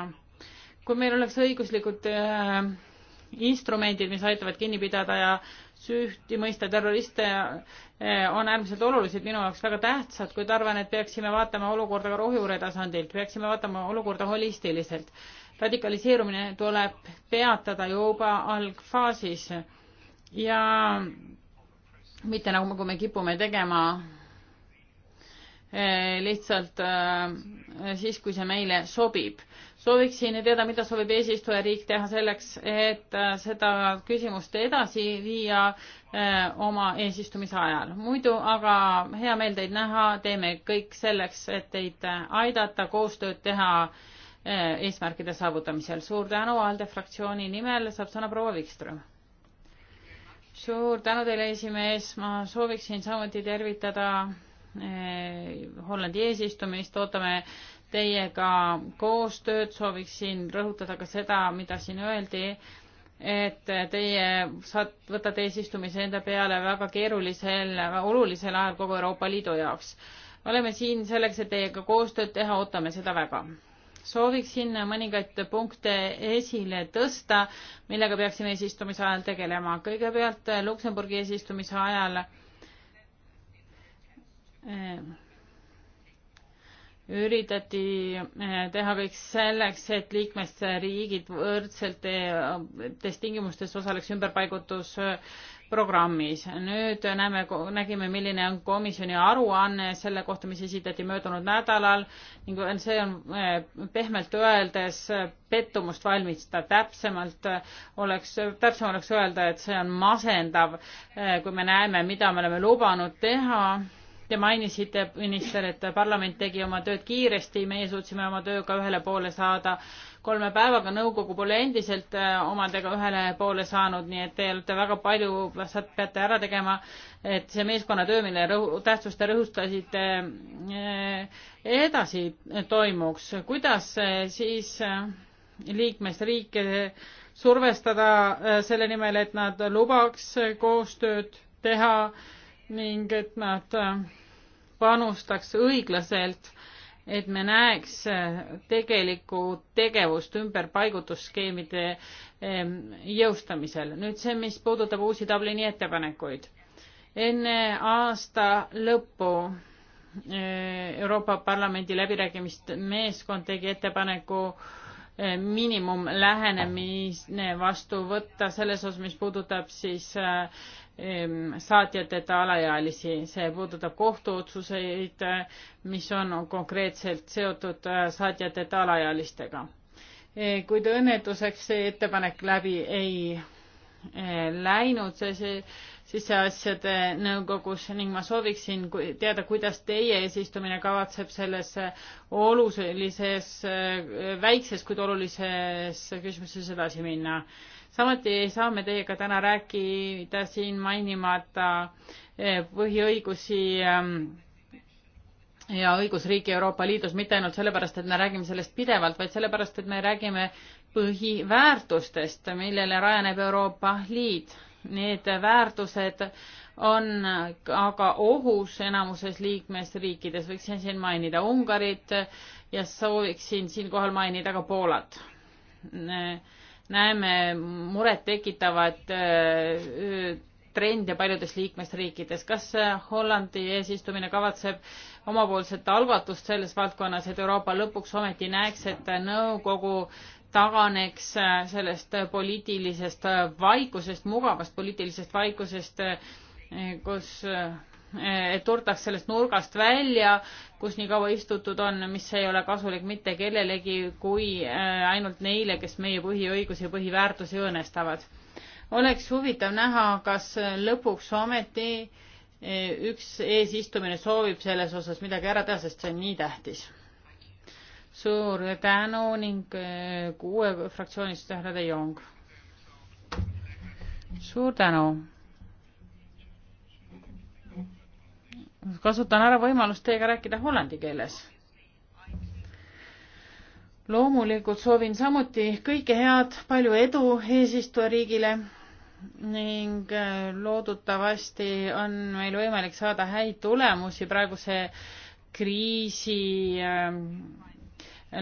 kui meil oleks õiguslikud äh, instrumendid, mis aitavad kinni pidada ja süüti mõista terroriste eh, on äärmiselt olulised, minu jaoks väga tähtsad, kuid arvan, et peaksime vaatama olukorda ka rohujuure tasandilt, peaksime vaatama olukorda holistiliselt. radikaliseerumine tuleb peatada juba algfaasis ja mitte nagu, kui me kipume tegema eh, lihtsalt eh, siis, kui see meile sobib sooviksin teada, mida soovib eesistujariik teha selleks, et äh, seda küsimust edasi viia äh, oma eesistumise ajal. muidu aga hea meel teid näha, teeme kõik selleks, et teid äh, aidata, koostööd teha eesmärkide saavutamisel. suur tänu, ALDE fraktsiooni nimel saab sõna proua Vikström. suur tänu teile, esimees, ma sooviksin samuti tervitada Hollandi eesistumist, ootame teiega koostööd, sooviksin rõhutada ka seda, mida siin öeldi, et teie saat-, võtate eesistumise enda peale väga keerulisel, olulisel ajal kogu Euroopa Liidu jaoks. oleme siin selleks, et teiega koostööd teha, ootame seda väga. sooviksin mõningaid punkte esile tõsta, millega peaksime eesistumise ajal tegelema. kõigepealt Luksemburgi eesistumise ajal äh, üritati eh, teha kõik selleks, et liikmesriigid võrdselt tes eh, tingimustes osaleks ümberpaigutusprogrammis. nüüd näeme, nägime, milline on komisjoni aruanne selle kohta, mis esitati möödunud nädalal ning see on eh, pehmelt öeldes pettumust valmistav. täpsemalt oleks, täpsem oleks öelda, et see on masendav, kui me näeme, mida me oleme lubanud teha Te mainisite, minister, et parlament tegi oma tööd kiiresti, meie suutsime oma tööga ühele poole saada kolme päevaga, nõukogu pole endiselt äh, omadega ühele poole saanud, nii et te olete väga palju, peate ära tegema, et see meeskonnatöö, mille rõhu, tähtsust te rõhustasite, äh, edasi toimuks. kuidas äh, siis liikmesriike survestada selle nimel, et nad lubaks koostööd teha ning et nad äh, panustaks õiglaselt, et me näeks äh, tegelikku tegevust ümberpaigutusskeemide ähm, jõustamisel. nüüd see, mis puudutab uusi Dublini ettepanekuid. enne aasta lõppu äh, Euroopa Parlamendi läbirääkimiste meeskond tegi ettepaneku miinimum lähenemine vastu võtta selles osas, mis puudutab siis äh, Ehm, saatjateta alaealisi. see puudutab kohtuotsuseid, mis on konkreetselt seotud äh, saatjateta alaealistega. E, kuid õnnetuseks see ettepanek läbi ei e, läinud, see, see siseasjade nõukogus ning ma sooviksin teada, kuidas teie eesistumine kavatseb selles olulises, e, väikses, kuid olulises küsimuses edasi minna samuti ei saa me teiega täna rääkida siin mainimata eh, põhiõigusi ähm, ja õigusriigi Euroopa Liidus mitte ainult sellepärast, et me räägime sellest pidevalt, vaid sellepärast, et me räägime põhiväärtustest, millele rajaneb Euroopa Liit. Need väärtused on aga ohus enamuses liikmesriikides, võiksin siin mainida Ungarit ja sooviksin siinkohal mainida ka Poolat näeme murettekitavat äh, trende paljudes liikmesriikides. kas äh, Hollandi eesistumine kavatseb omapoolset algatust selles valdkonnas, et Euroopa lõpuks ometi näeks, et nõukogu taganeks äh, sellest poliitilisest vaikusest, mugavast poliitilisest vaikusest, kus et turdaks sellest nurgast välja, kus nii kaua istutud on, mis ei ole kasulik mitte kellelegi, kui äh, ainult neile, kes meie põhiõigusi ja põhiväärtusi õõnestavad. oleks huvitav näha, kas lõpuks ometi äh, üks eesistumine soovib selles osas midagi ära teha, sest see on nii tähtis. suur tänu ning äh, kuue fraktsioonist härra De Jong. suur tänu kasutan ära võimalust teiega rääkida hollandi keeles. loomulikult soovin samuti kõike head, palju edu eesistujariigile ning äh, loodetavasti on meil võimalik saada häid tulemusi praeguse kriisi ähm,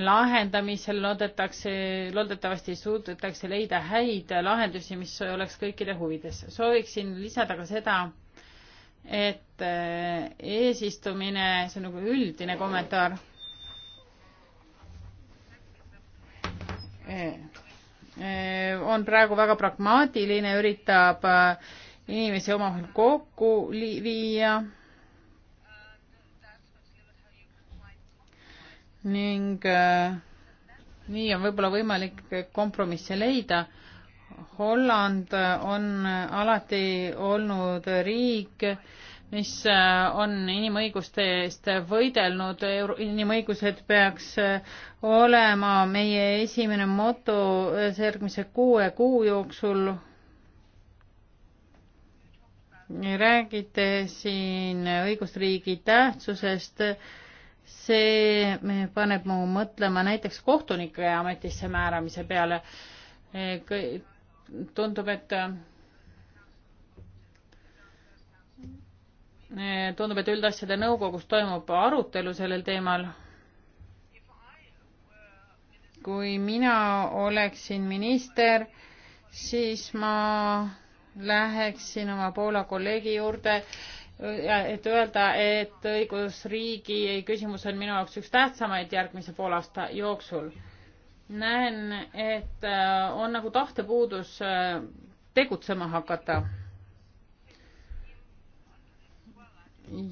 lahendamisel loodetakse, loodetavasti suudetakse leida häid lahendusi, mis oleks kõikide huvides. sooviksin lisada ka seda, et eh, eesistumine, see on nagu üldine kommentaar. Eh, eh, on praegu väga pragmaatiline, üritab inimesi omavahel kokku viia. ning nii on võib-olla võimalik kompromisse leida Holland on alati olnud riik, mis on inimõiguste eest võidelnud, inimõigused peaks olema meie esimene moto järgmise kuue kuu jooksul. räägite siin õigusriigi tähtsusest, see paneb mu mõtlema näiteks kohtunike ametisse määramise peale tundub, et eh, tundub, et üldasjade nõukogus toimub arutelu sellel teemal. kui mina oleksin minister, siis ma läheksin oma Poola kolleegi juurde, et öelda, et õigusriigi küsimus on minu jaoks üks tähtsamaid järgmise poolaasta jooksul näen, et äh, on nagu tahtepuudus äh, tegutsema hakata.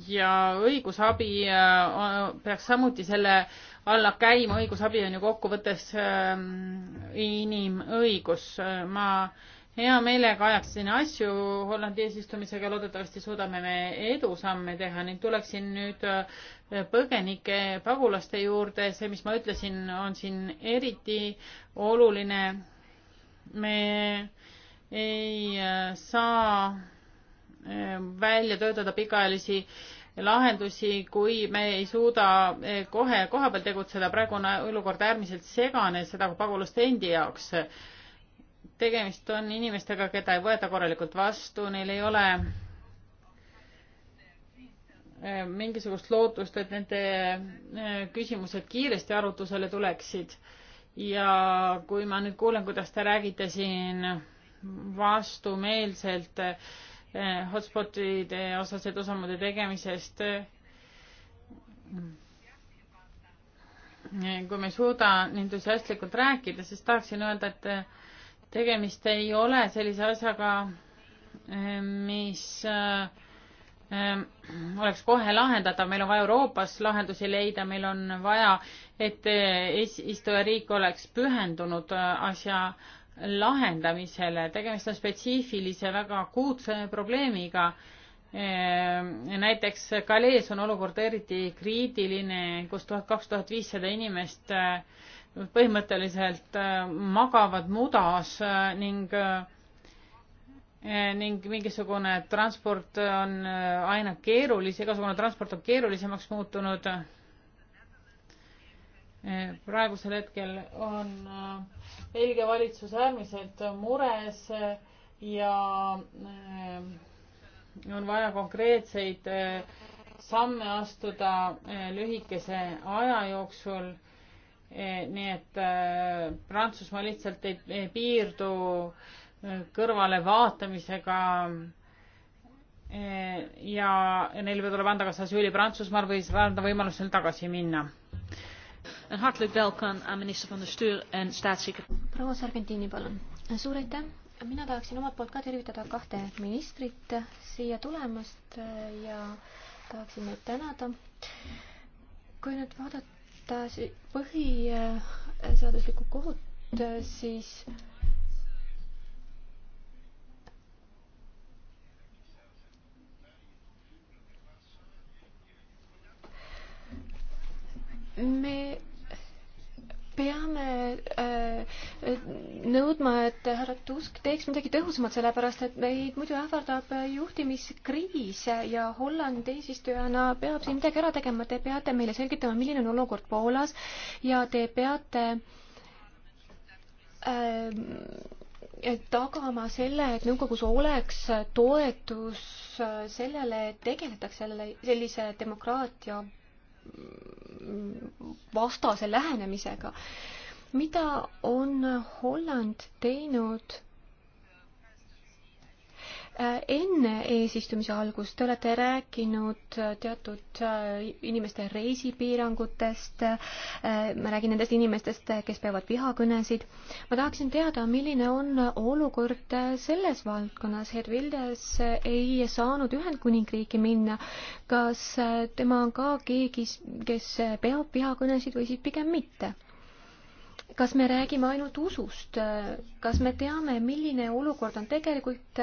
ja õigusabi äh, peaks samuti selle alla käima, õigusabi on ju kokkuvõttes ähm, inimõigus. ma hea meelega ajaksin asju Hollandi eesistumisega, loodetavasti suudame me edusamme teha ning tuleksin nüüd äh, põgenike, pagulaste juurde, see, mis ma ütlesin, on siin eriti oluline. me ei äh, saa äh, välja töötada pikaajalisi lahendusi, kui me ei suuda kohe kohapeal tegutseda, praegune olukord äärmiselt segane, seda pagulaste endi jaoks tegemist on inimestega, keda ei võeta korralikult vastu, neil ei ole äh, mingisugust lootust, et nende äh, küsimused kiiresti arutusele tuleksid. ja kui ma nüüd kuulen, kuidas te räägite siin vastumeelselt äh, hotspotide osas edusammude tegemisest, kui me ei suuda entusiastlikult rääkida, siis tahaksin öelda, et tegemist ei ole sellise asjaga, eh, mis eh, eh, oleks kohe lahendatav, meil on vaja Euroopas lahendusi leida, meil on vaja, et eesistujariik oleks pühendunud asja lahendamisele, tegemist on spetsiifilise, väga akuutse probleemiga. näiteks Galees on olukord eriti kriitiline, kus tuhat, kaks tuhat viissada inimest põhimõtteliselt äh, magavad mudas äh, ning äh, ning mingisugune transport on aina keerulis, igasugune transport on keerulisemaks muutunud. praegusel hetkel on Belgia valitsus äärmiselt mures ja on vaja konkreetseid samme astuda lühikese aja jooksul E, nii et äh, Prantsusmaa lihtsalt ei piirdu äh, kõrvalevaatamisega e, ja neile tuleb anda kas asüüli Prantsusmaal või siis anda võimalus seal tagasi minna. proua Sargentini, palun. suur aitäh. mina tahaksin omalt poolt ka tervitada kahte ministrit siia tulemast ja tahaksin neid tänada. kui nüüd vaadata puudutas põhiseaduslikku kohut, siis me peame äh, nõudma, et härra Tusk teeks midagi tõhusamat, sellepärast et meid muidu ähvardab juhtimiskriis ja Holland eesistujana peab siin midagi ära tegema. Te peate meile selgitama, milline on olukord Poolas ja te peate äh, tagama selle, et nõukogus oleks toetus sellele, et tegeletakse sellise demokraatia vastase lähenemisega. mida on Holland teinud Äh, enne eesistumise algust te olete rääkinud äh, teatud äh, inimeste reisipiirangutest, ma räägin nendest inimestest, kes peavad vihakõnesid. ma tahaksin teada, milline on olukord selles valdkonnas, Hed Vildes ei saanud Ühendkuningriiki minna. kas tema on ka keegi, kes peab vihakõnesid või siis pigem mitte? kas me räägime ainult usust, kas me teame, milline olukord on tegelikult,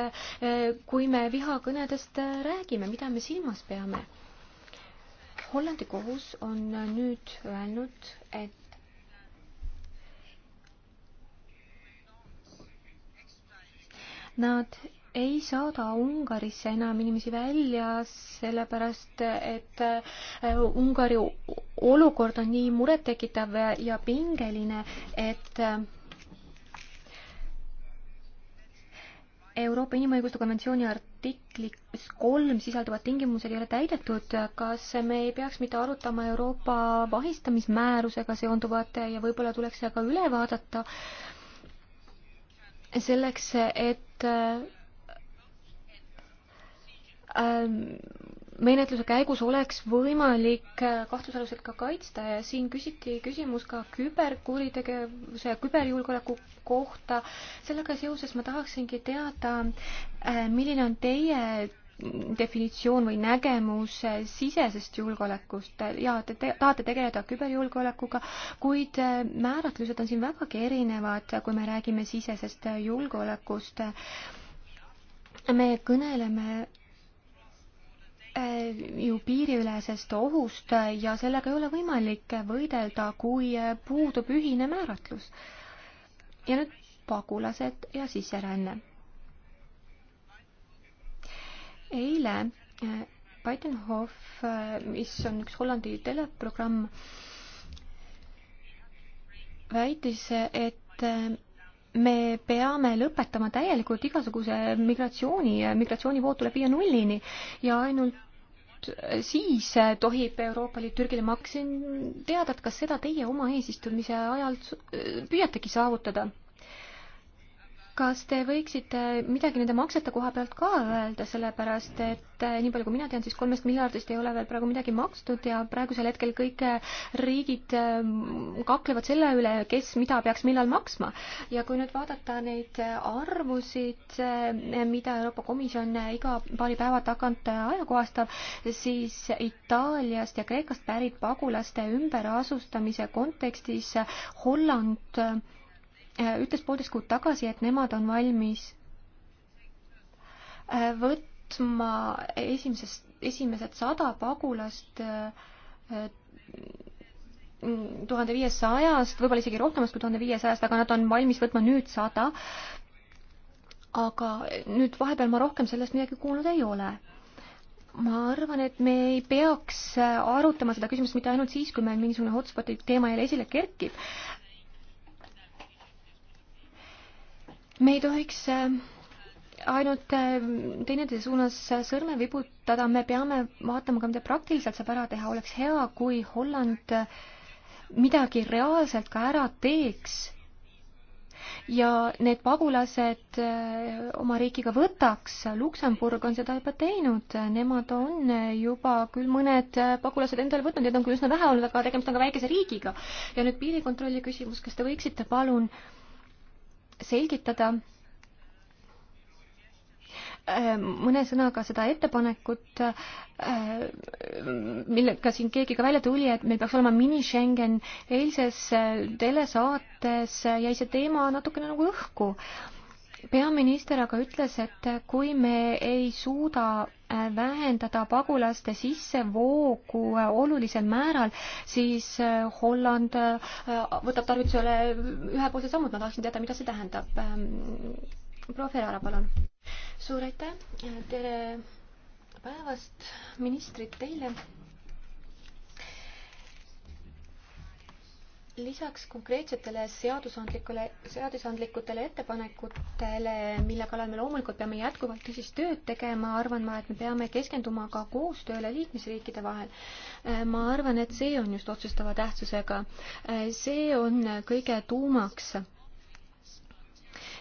kui me vihakõnedest räägime, mida me silmas peame? Hollandi kohus on nüüd öelnud, et nad ei saada Ungarisse enam inimesi välja, sellepärast et äh, Ungari olukord on nii murettekitav ja pingeline, et äh, Euroopa Inimõiguste konventsiooni artiklis kolm sisalduvad tingimused ei ole täidetud, kas me ei peaks mitte arutama Euroopa vahistamismäärusega seonduvat ja võib-olla tuleks see ka üle vaadata, selleks et äh, Ähm, menetluse käigus oleks võimalik äh, kahtlusalused ka kaitsta ja siin küsiti küsimus ka küberkuritegevuse ja küberjulgeoleku kohta. sellega seoses ma tahaksingi teada, äh, milline on teie definitsioon või nägemus äh, sisesest julgeolekust ja te, te tahate tegeleda küberjulgeolekuga, kuid määratlused on siin vägagi erinevad, kui me räägime sisesest julgeolekust. me kõneleme Äh, ju piiriülesest ohust ja sellega ei ole võimalik võidelda, kui puudub ühine määratlus. ja nüüd pagulased ja sisseränne. eile äh, Bidenhof, äh, mis on üks Hollandi teleprogramm, väitis, et me peame lõpetama täielikult igasuguse migratsiooni, migratsioonivood tuleb viia nullini ja ainult siis äh, tohib Euroopa Liit Türgile maksin teada, et kas seda teie oma eesistumise ajal äh, püüategi saavutada kas te võiksite midagi nende maksete koha pealt ka öelda, sellepärast et eh, nii palju, kui mina tean, siis kolmest miljardist ei ole veel praegu midagi makstud ja praegusel hetkel kõik eh, riigid eh, kaklevad selle üle, kes mida peaks millal maksma. ja kui nüüd vaadata neid arvusid, mida Euroopa Komisjon iga paari päeva tagant ajakohastab, siis Itaaliast ja Kreekast pärit pagulaste ümberasustamise kontekstis Holland Äh, ütles poolteist kuud tagasi, et nemad on valmis äh, võtma esimesest, esimesed sada pagulast äh, tuhande viiesajast, võib-olla isegi rohkemast kui tuhande viiesajast, aga nad on valmis võtma nüüd sada. aga nüüd vahepeal ma rohkem sellest midagi kuulnud ei ole ma arvan, et me ei peaks arutama seda küsimust mitte ainult siis, kui meil mingisugune hotspoti teema jälle esile kerkib, me ei tohiks äh, ainult äh, teineteise suunas äh, sõrme vibutada, me peame vaatama ka, mida praktiliselt saab ära teha, oleks hea, kui Holland midagi reaalselt ka ära teeks ja need pagulased oma riikiga võtaks, Luksemburg on seda juba teinud, nemad on juba küll mõned pagulased endale võtnud, neid on küll üsna vähe olnud, aga tegemist on ka väikese riigiga. ja nüüd piirikontrolli küsimus, kas te võiksite palun äh, selgitada äh, mõne sõnaga seda ettepanekut, äh, millega siin keegi ka välja tuli, et meil peaks olema mini-Schengen. eilses äh, telesaates jäi see teema natukene nagu õhku. peaminister aga ütles, et kui me ei suuda vähendada pagulaste sissevoogu äh, olulisel määral, siis äh, Holland äh, võtab tarvitusele ühepoolsed sammud, ma tahaksin teada, mida see tähendab. Ähm, proua Ferrara, palun. suur aitäh, tere päevast, ministrid teile lisaks konkreetsetele seadusandlikule, seadusandlikutele ettepanekutele, mille kallal me loomulikult peame jätkuvalt tõsist tööd tegema, arvan ma, et me peame keskenduma ka koostööle liikmesriikide vahel. ma arvan, et see on just otsustava tähtsusega. see on kõige tuumaks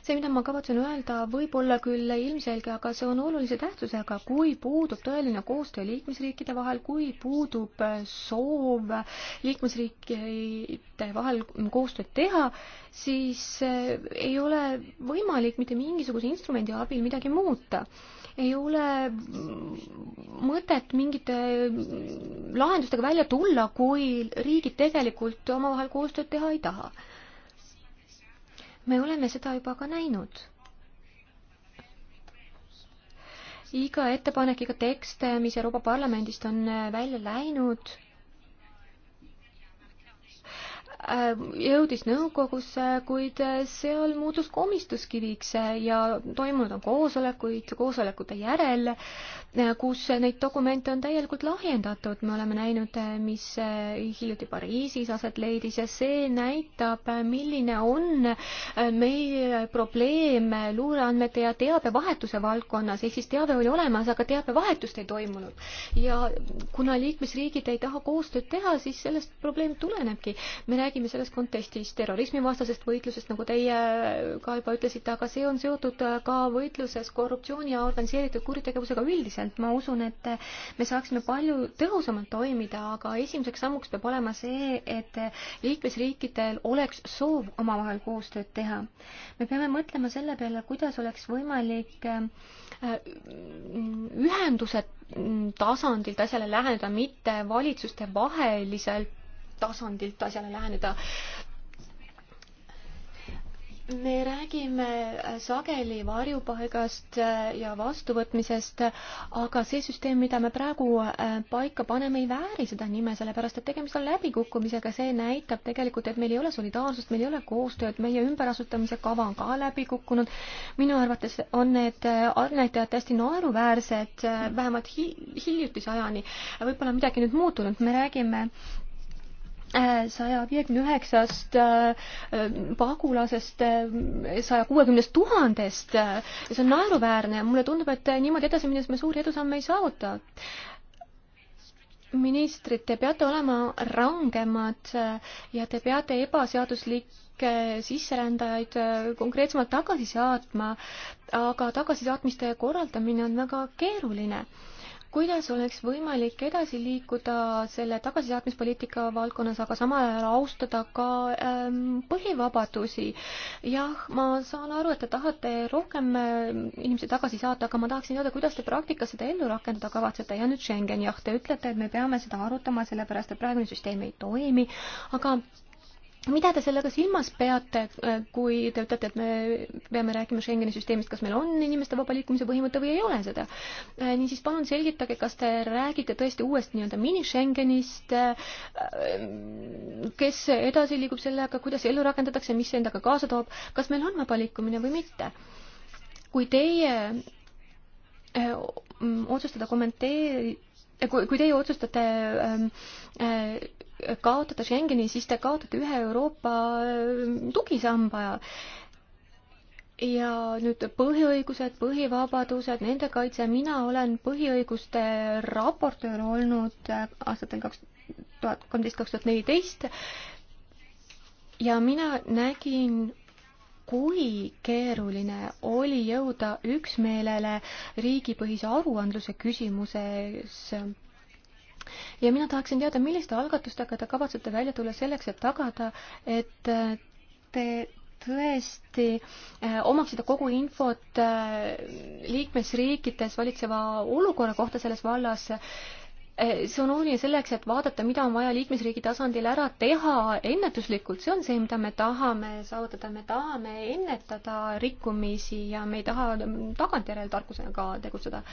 see, mida ma kavatsen öelda, võib olla küll ilmselge, aga see on olulise tähtsusega, kui puudub tõeline koostöö liikmesriikide vahel, kui puudub soov liikmesriikide vahel koostööd teha, siis eh, ei ole võimalik mitte mingisuguse instrumendi abil midagi muuta ei ole mõtet mingite lahendustega välja tulla, kui riigid tegelikult omavahel koostööd teha ei taha me oleme seda juba ka näinud. iga ettepanek, iga tekst, mis Euroopa Parlamendist on välja läinud Äh, jõudis nõukogusse, kuid äh, seal muutus komistuskiviks äh, ja toimunud on koosolekuid koosolekute järel, kus neid dokumente on täielikult lahjendatud, me oleme näinud, mis hiljuti Pariisis aset leidis ja see näitab, milline on meie probleem luureandmete ja teabevahetuse valdkonnas, ehk siis teave oli olemas, aga teabevahetust ei toimunud. ja kuna liikmesriigid ei taha koostööd teha, siis sellest probleem tulenebki. me näeme räägime selles kontekstis terrorismivastasest võitlusest, nagu teie ka juba ütlesite, aga see on seotud ka võitluses korruptsiooni ja organiseeritud kuritegevusega üldiselt. ma usun, et me saaksime palju tõhusamalt toimida, aga esimeseks sammuks peab olema see, et liikmesriikidel oleks soov omavahel koostööd teha. me peame mõtlema selle peale, kuidas oleks võimalik äh, ühenduse tasandilt asjale läheneda, mitte valitsuste vaheliselt tasandilt asjale läheneda me räägime sageli varjupaigast ja vastuvõtmisest, aga see süsteem, mida me praegu äh, paika paneme, ei vääri seda nime, sellepärast et tegemist on läbikukkumisega, see näitab tegelikult, et meil ei ole solidaarsust, meil ei ole koostööd, meie ümberasustamise kava on ka läbi kukkunud. minu arvates on need äh, näitajad täiesti naeruväärsed, äh, vähemalt hi hiljutise ajani. võib-olla midagi nüüd muutunud, me räägime saja viiekümne üheksast äh, pagulasest äh, saja kuuekümnest tuhandest ja see on naeruväärne. mulle tundub, et niimoodi edasi minnes me suuri edusamme ei saavuta. ministrid, te peate olema rangemad äh, ja te peate ebaseaduslikke sisserändajaid konkreetsemalt tagasi saatma, aga tagasisaatmiste korraldamine on väga keeruline kuidas oleks võimalik edasi liikuda selle tagasisaatmispoliitika valdkonnas, aga samal ajal austada ka ähm, põhivabadusi. jah, ma saan aru, et te tahate rohkem ähm, inimesi tagasi saata, aga ma tahaksin teada, kuidas te praktikas seda ellu rakendada kavatsete ja nüüd Schengen, jah, te ütlete, et me peame seda arutama, sellepärast et praegune süsteem ei toimi, aga mida te sellega silmas peate, äh, kui te ütlete, et me peame rääkima Schengeni süsteemist, kas meil on inimeste vaba liikumise põhimõte või ei ole seda? Äh, niisiis palun selgitage, kas te räägite tõesti uuest nii-öelda mini-Schengenist, äh, kes edasi liigub sellega, kuidas ellu rakendatakse, mis see endaga kaasa toob, kas meil on vaba liikumine või mitte? kui teie otsustada kommenteeri-, kui, kui teie otsustate öö, ähm, öö, kaotada Schengeni, siis te kaotate ühe Euroopa äh, tugisamba ja ja nüüd põhiõigused, põhivabadused, nende kaitse, mina olen põhiõiguste raportöör olnud äh, aastatel kaks tuhat kolmteist, kaks tuhat neliteist ja mina nägin kui keeruline oli jõuda üksmeelele riigipõhise aruandluse küsimuses ja mina tahaksin teada, milliste algatustega te kavatsete välja tulla selleks, et tagada, et äh, te tõesti eh, omaksite kogu infot eh, liikmesriikides valitseva olukorra kohta selles vallas eh,. see on oluline selleks, et vaadata, mida on vaja liikmesriigi tasandil ära teha ennetuslikult, see on see, mida me tahame saavutada, me tahame ennetada rikkumisi ja me ei taha tagantjärele tarkusega tegutseda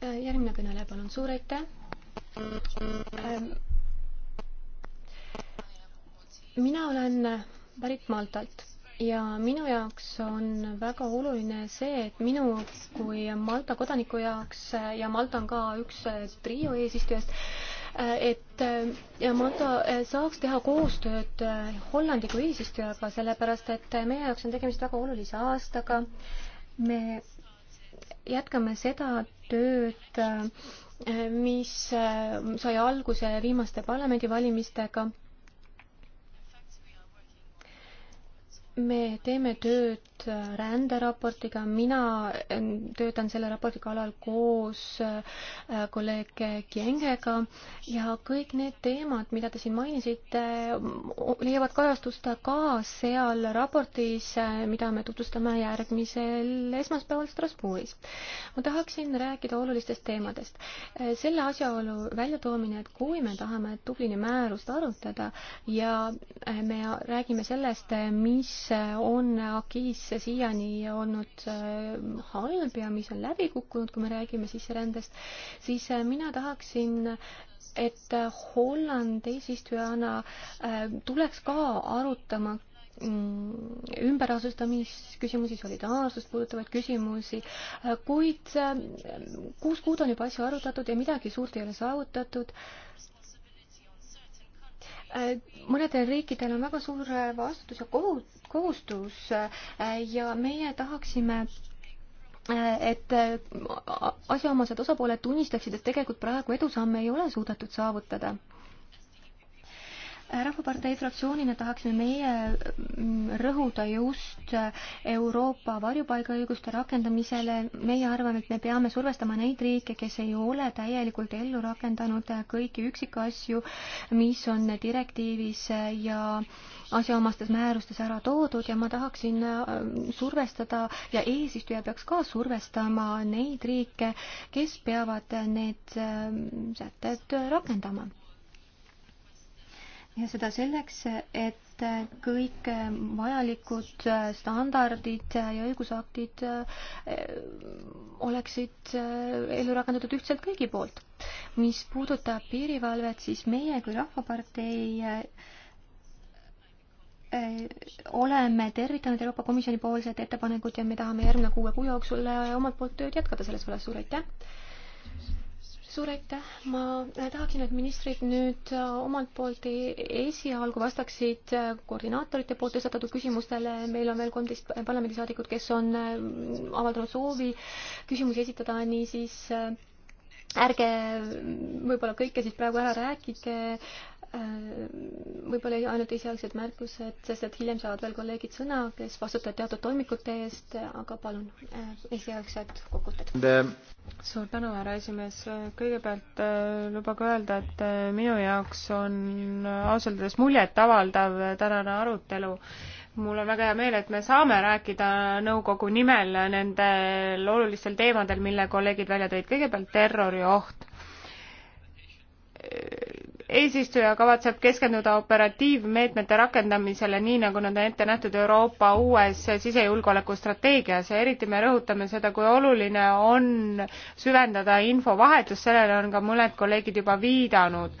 Äh, järgmine kõneleja, palun, suur aitäh ähm,. mina olen pärit Maltalt ja minu jaoks on väga oluline see, et minu kui Malta kodaniku jaoks ja Malta on ka üks trio eesistujast, äh, et äh, ja Malta saaks teha koostööd Hollandi kui eesistujaga, sellepärast et meie jaoks on tegemist väga olulise aastaga. me jätkame seda tööd, äh, mis äh, sai alguse viimaste parlamendivalimistega. me teeme tööd seotud ränderaportiga, mina töötan selle raporti kallal koos äh, kolleeg Kiengega ja kõik need teemad, mida te siin mainisite, leiavad kajastust ka seal raportis, äh, mida me tutvustame järgmisel esmaspäeval Strasbourgis. ma tahaksin rääkida olulistest teemadest. Äh, selle asjaolu väljatoomine, et kui me tahame Dublini määrust arutada ja me räägime sellest, mis on AKIS siiani olnud äh, halb ja mis on läbi kukkunud, kui me räägime sisserändest, siis äh, mina tahaksin et äh, Holland eesistujana tuleks ka arutama mm, ümberasustamisküsimusi, solidaarsust puudutavaid küsimusi, kuid kuus kuud on juba asju arutatud ja midagi suurt ei ole saavutatud Äh, mõnedel riikidel on väga suur äh, vastutus ja kohustus äh, ja meie tahaksime et asjaomased osapooled tunnistaksid, et tegelikult praegu edusamme ei ole suudetud saavutada rahvapartei fraktsioonina tahaksime meie mm, rõhuda just Euroopa varjupaigaõiguste rakendamisele. meie arvame, et me peame survestama neid riike, kes ei ole täielikult ellu rakendanud kõiki üksikasju, mis on direktiivis ja asjaomastes määrustes ära toodud ja ma tahaksin äh, survestada ja eesistuja peaks ka survestama neid riike, kes peavad need äh, sätted rakendama ja seda selleks, et kõik vajalikud standardid ja õigusaktid eh, oleksid eh, ellu rakendatud ühtselt kõigi poolt. mis puudutab piirivalvet, siis meie kui Rahvapartei eh, oleme tervitanud Euroopa Komisjoni poolsed ettepanekud ja me tahame järgmine kuue kuu jooksul omalt poolt tööd jätkata selles vallas. suur aitäh! suur aitäh, ma äh, tahaksin, et ministrid nüüd äh, omalt poolt e-, esialgu vastaksid äh, koordinaatorite poolt tõstatatud küsimustele, meil on veel kolmteist parlamendisaadikut, kes on avaldanud soovi küsimusi esitada, niisiis ärge võib-olla kõike siis praegu ära rääkige, võib-olla ainult esialgsed märkused, sest et hiljem saavad veel kolleegid sõna, kes vastutavad teatud toimikute eest, aga palun esialgsed kokkuvõtted The suur tänu, härra esimees. kõigepealt äh, lubage öelda, et äh, minu jaoks on ausalt öeldes muljetavaldav tänane arutelu. mul on väga hea meel, et me saame rääkida nõukogu nimel nendel olulistel teemadel, mille kolleegid välja tõid. kõigepealt terrorioht äh, eesistuja kavatseb keskenduda operatiivmeetmete rakendamisele nii nagu nad on ette nähtud euroopa uues sisejulgeolekustrateegias ja eriti me rõhutame seda kui oluline on süvendada infovahetust sellele on ka mõned kolleegid juba viidanud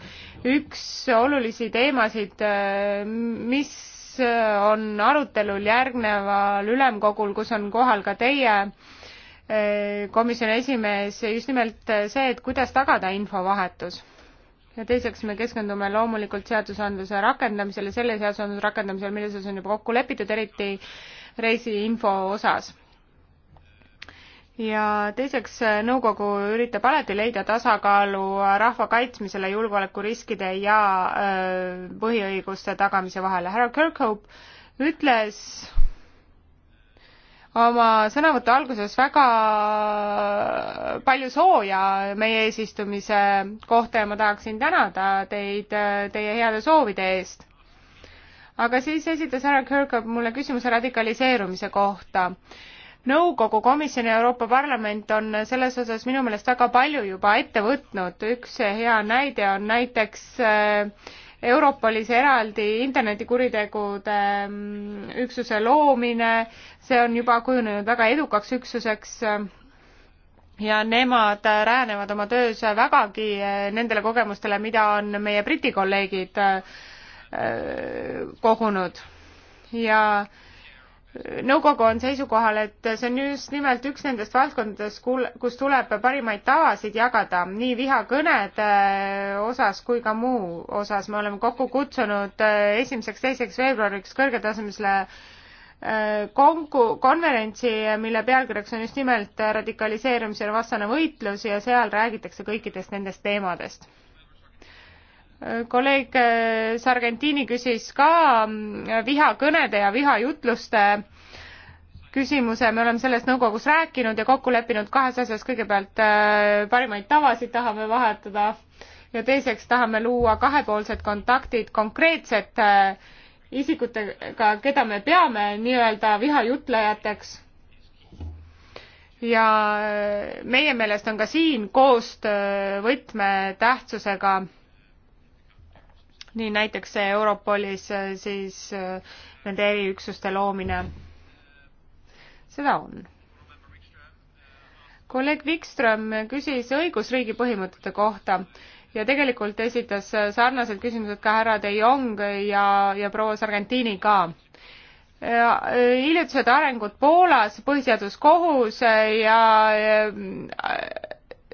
üks olulisi teemasid mis on arutelul järgneval ülemkogul kus on kohal ka teie eh, komisjoni esimees just nimelt see et kuidas tagada infovahetus ja teiseks me keskendume loomulikult seadusandluse rakendamisele, selle seadusandluse rakendamisele, milles on juba kokku lepitud, eriti reisiinfo osas. ja teiseks, nõukogu üritab alati leida tasakaalu rahva kaitsmisele julgeolekuriskide ja öö, äh, põhiõiguste tagamise vahel. härra Kirkhope ütles oma sõnavõtu alguses väga palju sooja meie eesistumise kohta ja ma tahaksin tänada teid teie heade soovide eest. aga siis esitas härra Kirkup mulle küsimuse radikaliseerumise kohta nõukogu komisjon ja euroopa parlament on selles osas minu meelest väga palju juba ette võtnud üks hea näide on näiteks äh, Europolis eraldi internetikuritegude üksuse loomine, see on juba kujunenud väga edukaks üksuseks ja nemad räänevad oma töös vägagi eh, nendele kogemustele, mida on meie Briti kolleegid eh, kogunud ja äh, nõukogu on seisukohal, et see on just nimelt üks nendest valdkondadest, kus tuleb parimaid tavasid jagada nii vihakõnede äh, osas kui ka muu osas. me oleme kokku kutsunud äh, esimeseks-teiseks veebruariks kõrgetasemelisele äh, konku-, konverentsi, mille pealkirjaks on just nimelt radikaliseerumisele vastane võitlus ja seal räägitakse kõikidest nendest teemadest kolleeg äh, Sargentini küsis ka mm, vihakõnede ja vihajutluste küsimuse, me oleme sellest nõukogus rääkinud ja kokku leppinud kahes asjas, kõigepealt äh, parimaid tavasid tahame vahetada ja teiseks tahame luua kahepoolsed kontaktid konkreetsete äh, isikutega, keda me peame nii-öelda vihajutlejateks. ja meie meelest on ka siin koostöö võtmetähtsusega nii näiteks Europolis äh, siis äh, nende eriüksuste loomine. seda on. kolleeg Wikström küsis õigusriigi põhimõtete kohta ja tegelikult esitas äh, sarnased küsimused ka härra De Jong ja, ja proua Sargentini ka. hiljutised arengud Poolas, põhiseaduskohus ja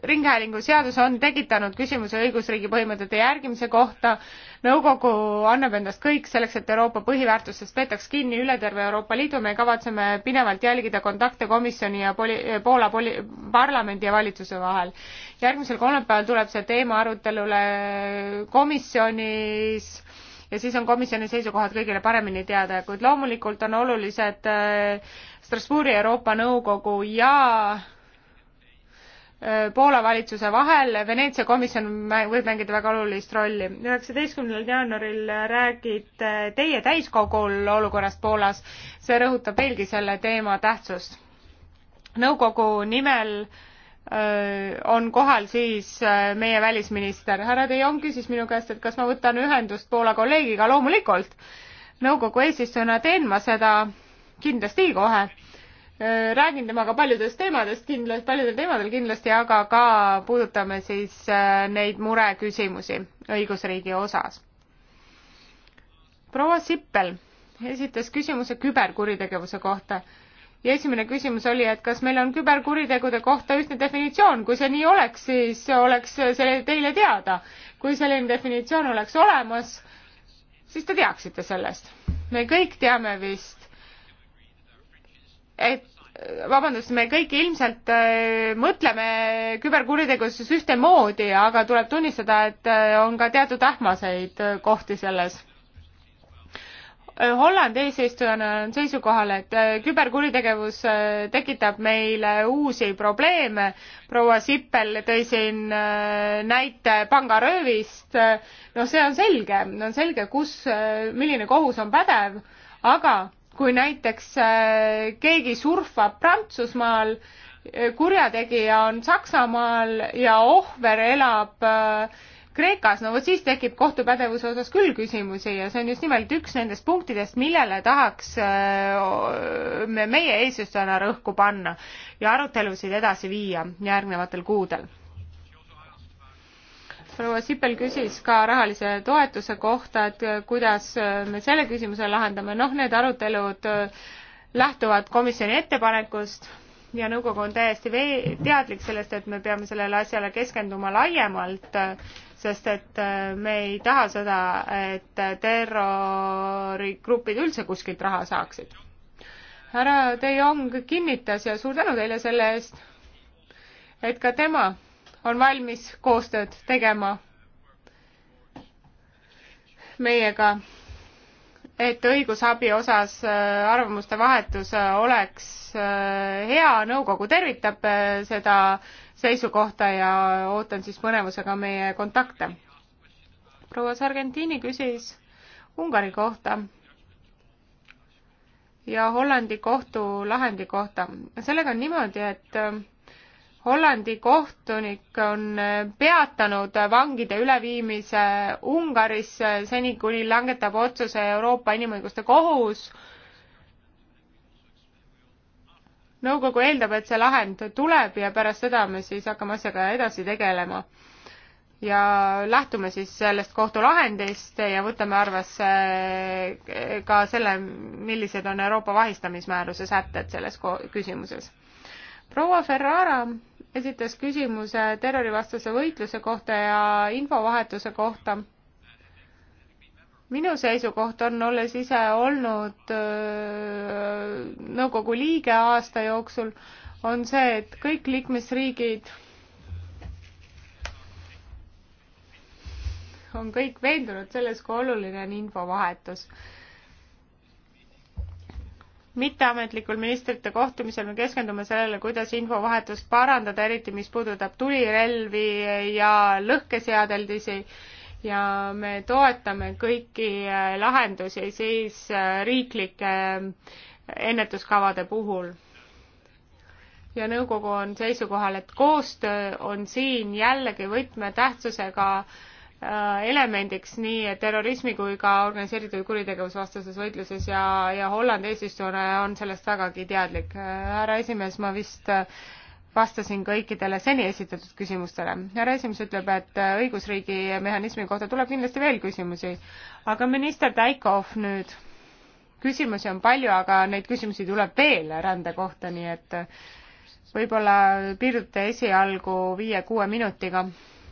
ringhäälinguseadus on tekitanud küsimuse õigusriigi põhimõtete järgimise kohta. nõukogu annab endast kõik selleks, et Euroopa põhiväärtustest peetaks kinni üle terve Euroopa Liidu. me kavatseme pidevalt jälgida kontakte komisjoni ja poli, Poola poli, parlamendi ja valitsuse vahel. järgmisel kolmapäeval tuleb see teema arutelule komisjonis ja siis on komisjoni seisukohad kõigile paremini teada, kuid loomulikult on olulised äh, Strasbourgi Euroopa Nõukogu ja Äh, Poola valitsuse vahel, Veneetsia komisjon võib mängida väga olulist rolli. üheksateistkümnendal jaanuaril räägite teie täiskogul olukorrast Poolas, see rõhutab veelgi selle teema tähtsust. nõukogu nimel äh, on kohal siis äh, meie välisminister. härra De Jong küsis minu käest, et kas ma võtan ühendust Poola kolleegiga, loomulikult. nõukogu eesistujana teen ma seda kindlasti kohe räägin temaga paljudest teemadest kindlasti, paljudel teemadel kindlasti, aga ka puudutame siis äh, neid mureküsimusi õigusriigi osas. proua Sippel esitas küsimuse küberkuritegevuse kohta ja esimene küsimus oli, et kas meil on küberkuritegude kohta ühtne definitsioon, kui see nii oleks, siis oleks see teile teada. kui selline definitsioon oleks olemas, siis te teaksite sellest. me kõik teame vist, et vabandust, me kõik ilmselt äh, mõtleme küberkuritegevuses ühtemoodi, aga tuleb tunnistada, et äh, on ka teatud ähmaseid äh, kohti selles. Holland eesistujana on seisukohal, et küberkuritegevus tekitab meile uusi probleeme. proua Sippel tõi siin näite pangaröövist. no see on selge, on selge, kus, milline kohus on pädev, aga kui näiteks äh, keegi surfab Prantsusmaal, äh, kurjategija on Saksamaal ja ohver elab äh, Kreekas, no vot siis tekib kohtupädevuse osas küll küsimusi ja see on just nimelt üks nendest punktidest, millele tahaks meie eesistujana rõhku panna ja arutelusid edasi viia järgnevatel kuudel proua Sipel küsis ka rahalise toetuse kohta, et kuidas me selle küsimuse lahendame, noh, need arutelud äh, lähtuvad komisjoni ettepanekust ja nõukogu on täiesti vee-, teadlik sellest, et me peame sellele asjale keskenduma laiemalt, sest et äh, me ei taha seda, et terrorigrupid üldse kuskilt raha saaksid. härra De Jong kinnitas ja suur tänu teile selle eest, et ka tema on valmis koostööd tegema meiega, et õigusabi osas äh, arvamuste vahetus äh, oleks äh, hea, nõukogu tervitab seda seisukohta ja ootan siis põnevusega meie kontakte. proua Sargentini küsis Ungari kohta ja Hollandi kohtu lahendi kohta. sellega on niimoodi, et Hollandi kohtunik on äh, peatanud vangide üleviimise Ungarisse äh, seni, kuni langetab otsuse Euroopa Inimõiguste Kohus. nõukogu eeldab, et see lahend tuleb ja pärast seda me siis hakkame asjaga edasi tegelema. ja lähtume siis sellest kohtulahendist ja võtame arvesse äh, ka selle, millised on Euroopa vahistamismääruse sätted selles küsimuses proua Ferrara esitas küsimuse terrorivastase võitluse kohta ja infovahetuse kohta. minu seisukoht on, olles ise olnud nõukogu liige aasta jooksul, on see, et kõik liikmesriigid on kõik veendunud selles, kui oluline on infovahetus mitteametlikul ministrite kohtumisel me keskendume sellele, kuidas infovahetust parandada, eriti mis puudutab tulirelvi ja lõhkeseadeldisi ja me toetame kõiki äh, lahendusi siis äh, riiklike äh, ennetuskavade puhul. ja nõukogu on seisukohal, et koostöö on siin jällegi võtmetähtsusega äh, Äh, elemendiks nii terrorismi kui ka organiseeritud kuritegevusvastases võitluses ja, ja Holland eesistujana on sellest vägagi teadlik. härra esimees, ma vist äh, vastasin kõikidele seni esitatud küsimustele. härra esimees ütleb, et äh, õigusriigi mehhanismi kohta tuleb kindlasti veel küsimusi, aga minister Taikov nüüd, küsimusi on palju, aga neid küsimusi tuleb veel rände kohta, nii et võib-olla piirdute esialgu viie-kuue minutiga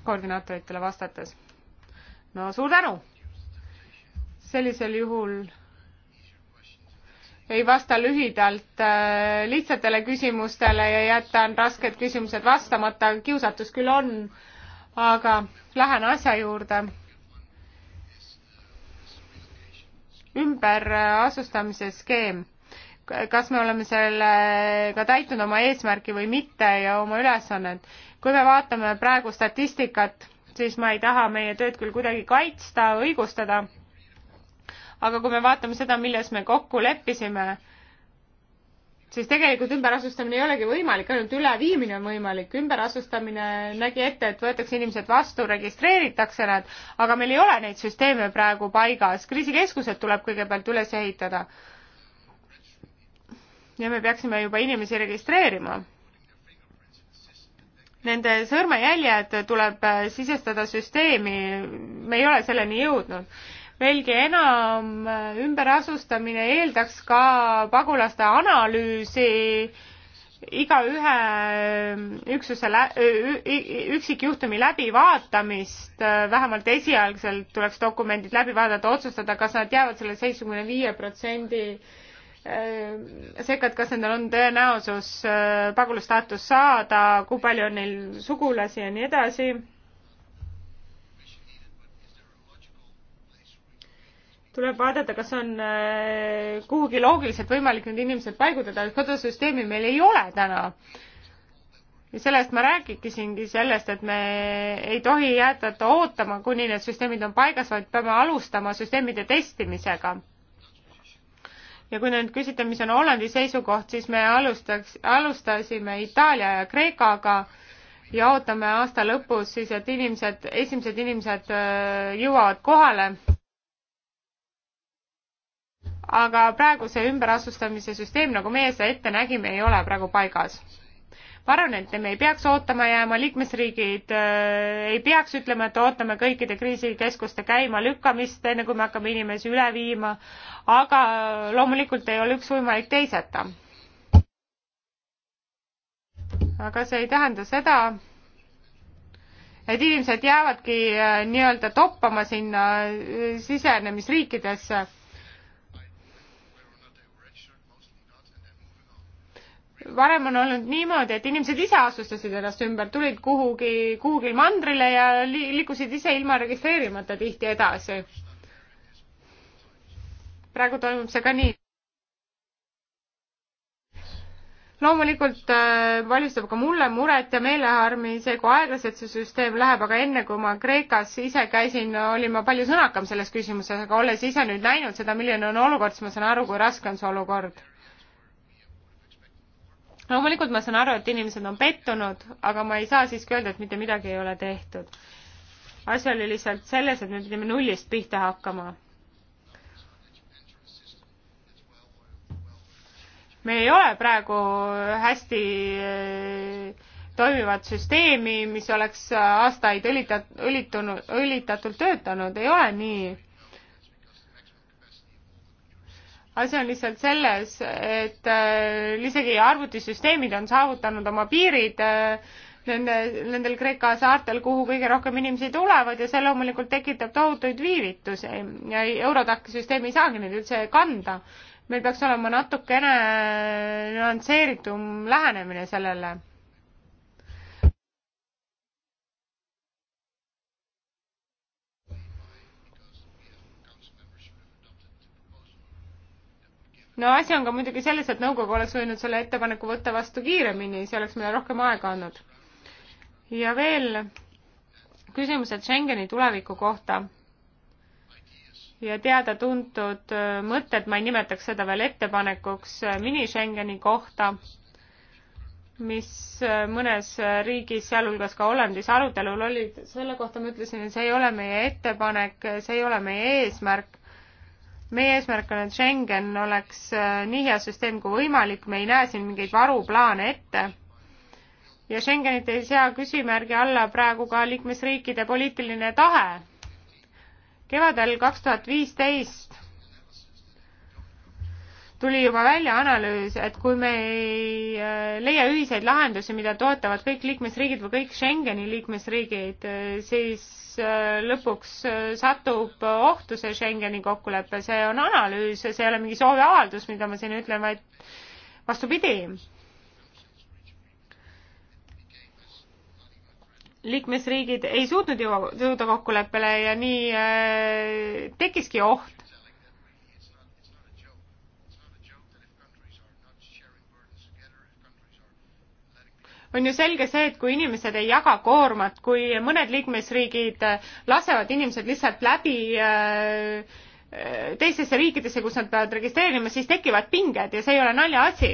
koordinaatoritele vastates no suur tänu! sellisel juhul ei vasta lühidalt äh, lihtsatele küsimustele ja jätan rasked küsimused vastamata, kiusatus küll on, aga lähen asja juurde. ümberasustamise äh, skeem, kas me oleme sellega äh, täitnud oma eesmärki või mitte ja oma ülesannet. kui me vaatame praegu statistikat siis ma ei taha meie tööd küll kuidagi kaitsta, õigustada. aga kui me vaatame seda, milles me kokku leppisime, siis tegelikult ümberasustamine ei olegi võimalik, ainult üleviimine on võimalik. ümberasustamine nägi ette, et võetakse inimesed vastu, registreeritakse nad, aga meil ei ole neid süsteeme praegu paigas. kriisikeskused tuleb kõigepealt üles ehitada. ja me peaksime juba inimesi registreerima nende sõrmejäljed tuleb äh, sisestada süsteemi, me ei ole selleni jõudnud. veelgi enam, äh, ümberasustamine eeldaks ka pagulaste analüüsi igaühe äh, üksuse lä-, üksikjuhtumi läbivaatamist, vähemalt esialgselt tuleks dokumendid läbi vaadata, otsustada, kas nad jäävad selle seitsmekümne viie protsendi Äh, seega, et kas nendel on tõenäosus äh, pagulastaatus saada, kui palju on neil sugulasi ja nii edasi. tuleb vaadata, kas on äh, kuhugi loogiliselt võimalik need inimesed paigutada, et kodusüsteemi meil ei ole täna ja sellest ma rääkisingi, sellest, et me ei tohi jätta ootama, kuni need süsteemid on paigas, vaid peame alustama süsteemide testimisega ja kui nüüd küsite, mis on Hollandi seisukoht, siis me alustaks, alustasime Itaalia ja Kreekaga ja ootame aasta lõpus siis, et inimesed, esimesed inimesed äh, jõuavad kohale. aga praegu see ümberasustamise süsteem, nagu meie seda ette nägime, ei ole praegu paigas ma arvan, et me ei peaks ootama jääma, liikmesriigid äh, ei peaks ütlema, et ootame kõikide kriisikeskuste käimalükkamist, enne kui me hakkame inimesi üle viima, aga loomulikult ei ole üks võimalik teiseta. aga see ei tähenda seda, et inimesed jäävadki äh, nii-öelda toppama sinna äh, sisenemisriikidesse varem on olnud niimoodi, et inimesed ise asustasid ennast ümber, tulid kuhugi, kuhugi mandrile ja li liikusid ise ilma registreerimata tihti edasi. praegu toimub see ka nii. loomulikult äh, valmistab ka mulle muret ja meeleharmi see, kui aeglaselt see süsteem läheb, aga enne kui ma Kreekas ise käisin, olin ma palju sõnakam selles küsimuses, aga olles ise nüüd näinud seda, milline on olukord, siis ma saan aru, kui raske on see olukord loomulikult ma saan aru, et inimesed on pettunud, aga ma ei saa siiski öelda, et mitte midagi ei ole tehtud. asi oli lihtsalt selles, et me pidime nullist pihta hakkama. meil ei ole praegu hästi äh, toimivat süsteemi, mis oleks aastaid õlitat-, õlitunud, õlitatult töötanud, ei ole nii asi on lihtsalt selles, et äh, isegi arvutisüsteemid on saavutanud oma piirid äh, nende, nendel Kreeka saartel, kuhu kõige rohkem inimesi tulevad ja see loomulikult tekitab tohutuid viivitusi ja Eurotaki süsteem ei saagi neid üldse kanda. meil peaks olema natukene nüansseeritum lähenemine sellele no asi on ka muidugi selles, et nõukogu oleks võinud selle ettepaneku võtta vastu kiiremini, see oleks meile rohkem aega andnud. ja veel küsimused Schengeni tuleviku kohta ja teada-tuntud äh, mõtted, ma ei nimetaks seda veel ettepanekuks, äh, mini-Schengeni kohta, mis äh, mõnes riigis, sealhulgas ka Hollandis arutelul olid, selle kohta ma ütlesin, et see ei ole meie ettepanek, see ei ole meie eesmärk, meie eesmärk on, et Schengen oleks äh, nii hea süsteem kui võimalik, me ei näe siin mingeid varuplaane ette. ja Schengenit ei sea küsimärgi alla praegu ka liikmesriikide poliitiline tahe. kevadel kaks tuhat viisteist tuli juba välja analüüs, et kui me ei äh, leia ühiseid lahendusi, mida toetavad kõik liikmesriigid või kõik Schengeni liikmesriigid, äh, siis äh, lõpuks satub ohtu see Schengeni kokkulepe, see on analüüs, see ei ole mingi sooviavaldus, mida ma siin ütlen, vaid vastupidi. liikmesriigid ei suutnud jõuda kokkuleppele ja nii tekkiski oht on ju selge see, et kui inimesed ei jaga koormat, kui mõned liikmesriigid äh, lasevad inimesed lihtsalt läbi äh, teistesse riikidesse, kus nad peavad registreerima, siis tekivad pinged ja see ei ole naljaasi.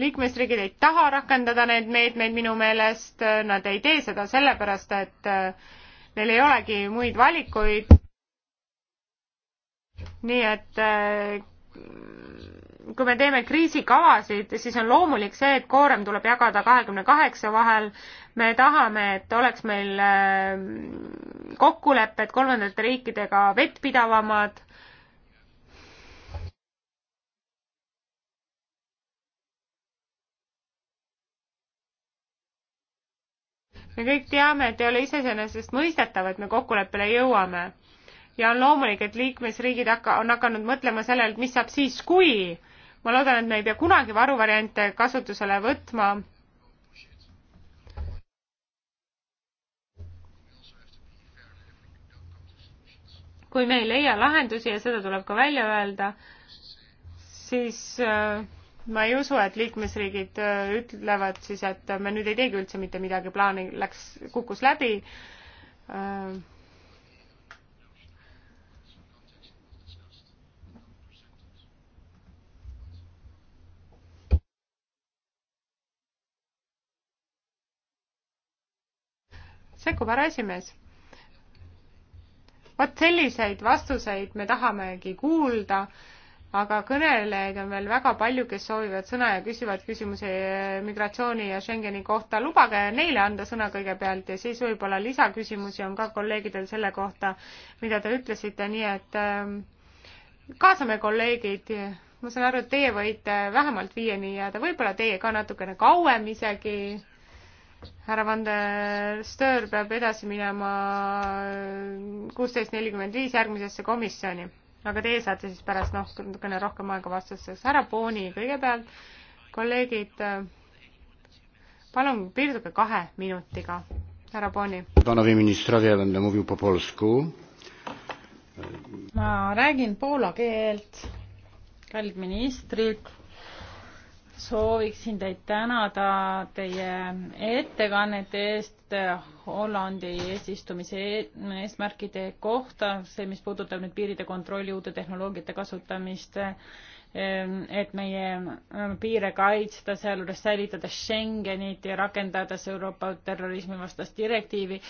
liikmesriigid ei taha rakendada neid meetmeid minu meelest, nad ei tee seda sellepärast, et äh, neil ei olegi muid valikuid nii et äh, kui me teeme kriisikavasid, siis on loomulik see, et koorem tuleb jagada kahekümne kaheksa vahel. me tahame, et oleks meil äh, kokkulepped kolmandate riikidega vettpidavamad. me kõik teame, et ei ole iseenesestmõistetav, et me kokkuleppele jõuame ja on loomulik, et liikmesriigid hakka-, on hakanud mõtlema sellele, et mis saab siis, kui ma loodan, et me ei pea kunagi varuvariante kasutusele võtma. kui me ei leia lahendusi ja seda tuleb ka välja öelda, siis äh, ma ei usu, et liikmesriigid äh, ütlevad siis, et me nüüd ei teegi üldse mitte midagi, plaan läks, kukkus läbi äh, sekkub härra esimees. vot selliseid vastuseid me tahamegi kuulda, aga kõnelejaid on veel väga palju, kes soovivad sõna ja küsivad küsimusi migratsiooni ja Schengeni kohta. lubage neile anda sõna kõigepealt ja siis võib-olla lisaküsimusi on ka kolleegidel selle kohta, mida te ütlesite, nii et ähm, kaasame kolleegid ma saan aru, et teie võite vähemalt viieni jääda, võib-olla teie ka natukene kauem isegi härra Van der Stör peab edasi minema kuusteist nelikümmend viis järgmisesse komisjoni, aga teie saate siis pärast noh, natukene rohkem aega vastuseks. härra Pooni kõigepealt, kolleegid, palun piirduge kahe minutiga. härra Pooni. ma räägin poola keelt, kallid ministrid sooviksin teid tänada teie ettekannete eest eh, Hollandi eesistumise e-, eesmärkide kohta, see, mis puudutab nüüd piiride kontrolli, uute tehnoloogiate kasutamist, eh, et meie eh, piire kaitsta, sealjuures säilitades Schengenit ja rakendades Euroopa terrorismivastast direktiivi.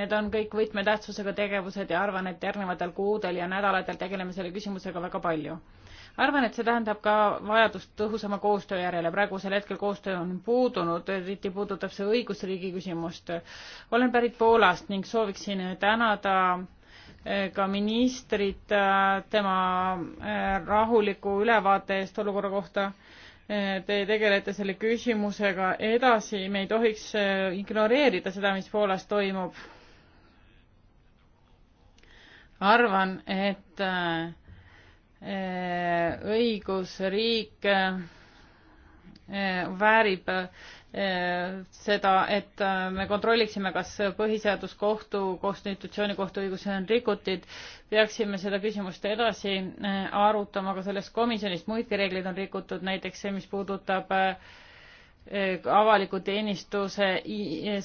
Need on kõik võtmetähtsusega tegevused ja arvan, et järgnevatel kuudel ja nädalatel tegeleme selle küsimusega väga palju arvan, et see tähendab ka vajadust tõhusama koostöö järele. praegusel hetkel koostöö on puudunud, eriti puudutab see õigusriigi küsimust. olen pärit Poolast ning sooviksin tänada eh, ka ministrit eh, tema eh, rahuliku ülevaate eest olukorra kohta. Te tegelete selle küsimusega edasi, me ei tohiks ignoreerida seda, mis Poolas toimub. arvan, et äh, Eh, õigusriik eh, väärib eh, seda, et me kontrolliksime, kas põhiseaduskohtu, konstitutsioonikohtu õigusi on rikutud, peaksime seda küsimust edasi arutama ka selles komisjonis, muidki reegleid on rikutud, näiteks see, mis puudutab avaliku teenistuse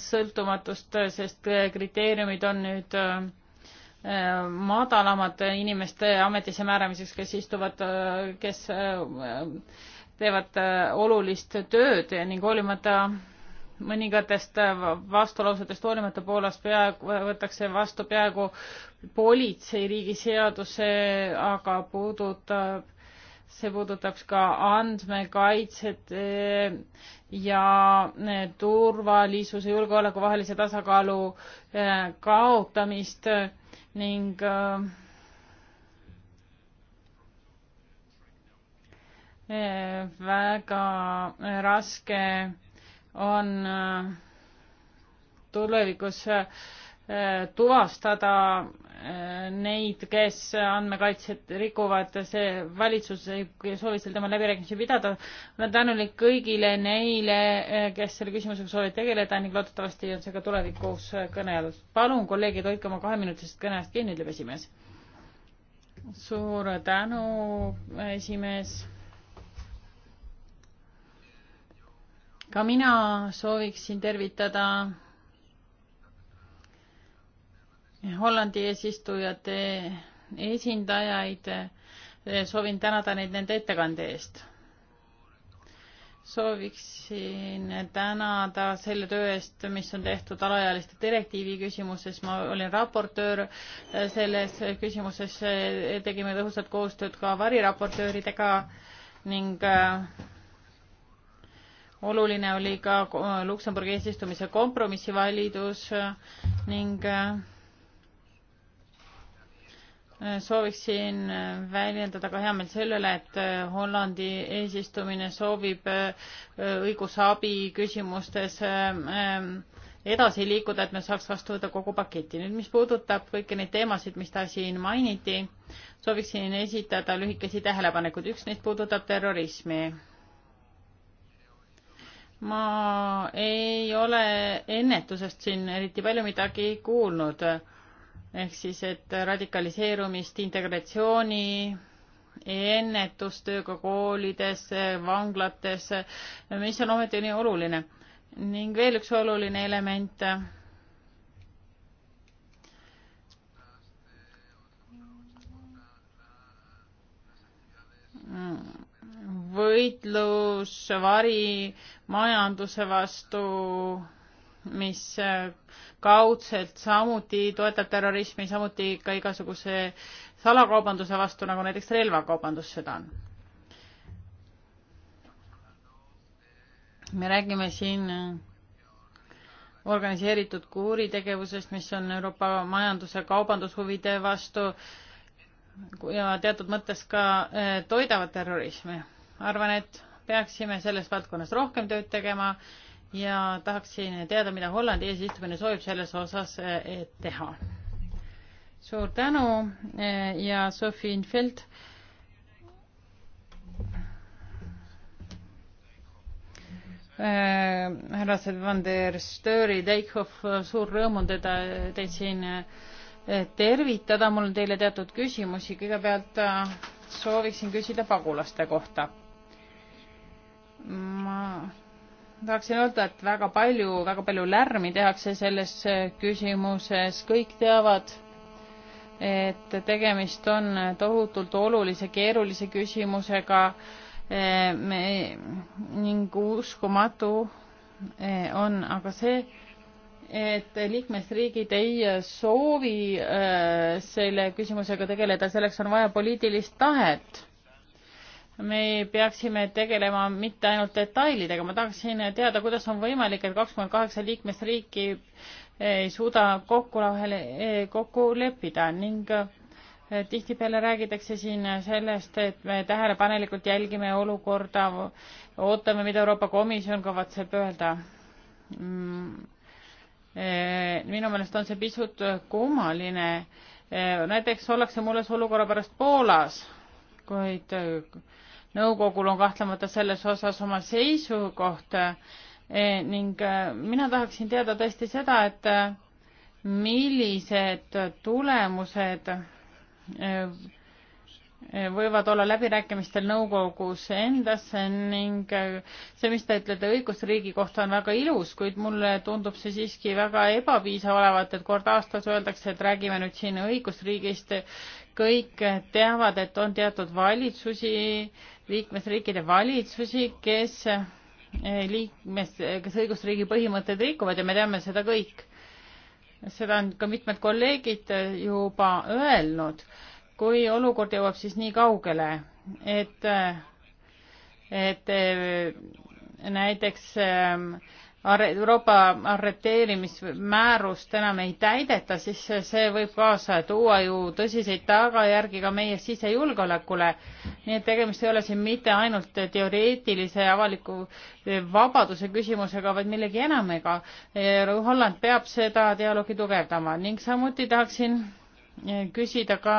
sõltumatust, sest kriteeriumid on nüüd madalamad inimeste ametisse määramiseks, kes istuvad, kes teevad äh, olulist tööd ning hoolimata mõningatest vastulausetest hoolimata Poolas peaaegu, võetakse vastu peaaegu politseiriigi seaduse, aga puudutab, see puudutab ka andmekaitset äh, ja äh, turvalisuse, julgeoleku vahelise tasakaalu kaotamist ning äh, väga raske on äh, tulevikus äh, Äh, tuvastada äh, neid, kes andmekaitset rikuvad, see valitsus ei soovi sel teemal läbirääkimisi pidada. olen tänulik kõigile neile, äh, kes selle küsimusega soovivad tegeleda ning loodetavasti on see ka tulevikus kõne all. palun, kolleegid, hoidke oma kaheminutisest kõnest kinni, ütleb esimees. suur tänu, esimees. ka mina sooviksin tervitada Hollandi eesistujate esindajaid, soovin tänada neid nende ettekande eest. sooviksin tänada selle töö eest, mis on tehtud alaealiste direktiivi küsimuses, ma olin raportöör selles küsimuses, tegime tõhusat koostööd ka variraportööridega ning äh, oluline oli ka Luksemburgi eesistumise kompromissi validus ning äh, sooviksin äh, väljendada ka heameelt sellele, et äh, Hollandi eesistumine soovib äh, õigusabi küsimustes ähm, ähm, edasi liikuda, et me saaks vastu võtta kogu paketi. nüüd, mis puudutab kõiki neid teemasid, mis ta siin mainiti, sooviksin esitada lühikesi tähelepanekuid. üks neist puudutab terrorismi. ma ei ole ennetusest siin eriti palju midagi kuulnud ehk siis, et radikaliseerumist, integratsiooni, ennetustööga koolides, vanglates, mis on ometi nii oluline. ning veel üks oluline element võitlus varimajanduse vastu mis äh, kaudselt samuti toetab terrorismi, samuti ka igasuguse salakaubanduse vastu, nagu näiteks relvakaubandus seda on. me räägime siin äh, organiseeritud kuritegevusest, mis on Euroopa majanduse kaubandushuvide vastu ja teatud mõttes ka äh, toidavad terrorismi. arvan, et peaksime selles valdkonnas rohkem tööd tegema ja tahaksin teada, mida Hollandi eesistumine soovib selles osas eh, teha. suur tänu eh, ja Sofi Infeld. Eh, härrased Van der Stööri, Teikhoff, suur rõõm on teda, teid siin tervitada, mul on teile teatud küsimusi, kõigepealt sooviksin küsida pagulaste kohta. ma tahaksin öelda, et väga palju, väga palju lärmi tehakse selles äh, küsimuses, kõik teavad, et tegemist on tohutult olulise, keerulise küsimusega äh, me, ning uskumatu äh, on aga see, et liikmesriigid ei soovi selle küsimusega tegeleda, selleks on vaja poliitilist tahet me peaksime tegelema mitte ainult detailidega, ma tahaksin teada, kuidas on võimalik, et kakskümmend kaheksa liikmesriiki ei suuda kokku, kokku leppida ning eh, tihtipeale räägitakse siin sellest, et me tähelepanelikult jälgime olukorda, ootame, mida Euroopa Komisjon kavatseb öelda. Mm, eh, minu meelest on see pisut kummaline. Eh, näiteks ollakse mures olukorra pärast Poolas, kuid nõukogul on kahtlemata selles osas oma seisukoht e, ning e, mina tahaksin teada tõesti seda, et e, millised tulemused võivad olla läbirääkimistel nõukogus endas ning see, mis te ütlete õigusriigi kohta, on väga ilus, kuid mulle tundub see siiski väga ebapiisav olevat, et kord aastas öeldakse, et räägime nüüd siin õigusriigist. kõik teavad, et on teatud valitsusi, liikmesriikide valitsusi, kes eh, liikmes, kes õigusriigi põhimõtteid rikuvad ja me teame seda kõik. seda on ka mitmed kolleegid juba öelnud. kui olukord jõuab siis nii kaugele, et, et eh, näiteks äh, Euroopa arreteerimismäärust enam ei täideta, siis see võib kaasa tuua ju tõsiseid tagajärgi ka meie sisejulgeolekule. nii et tegemist ei ole siin mitte ainult teoreetilise avaliku vabaduse küsimusega, vaid millegi enamaga. Holland peab seda dialoogi tugevdama ning samuti tahaksin e, küsida ka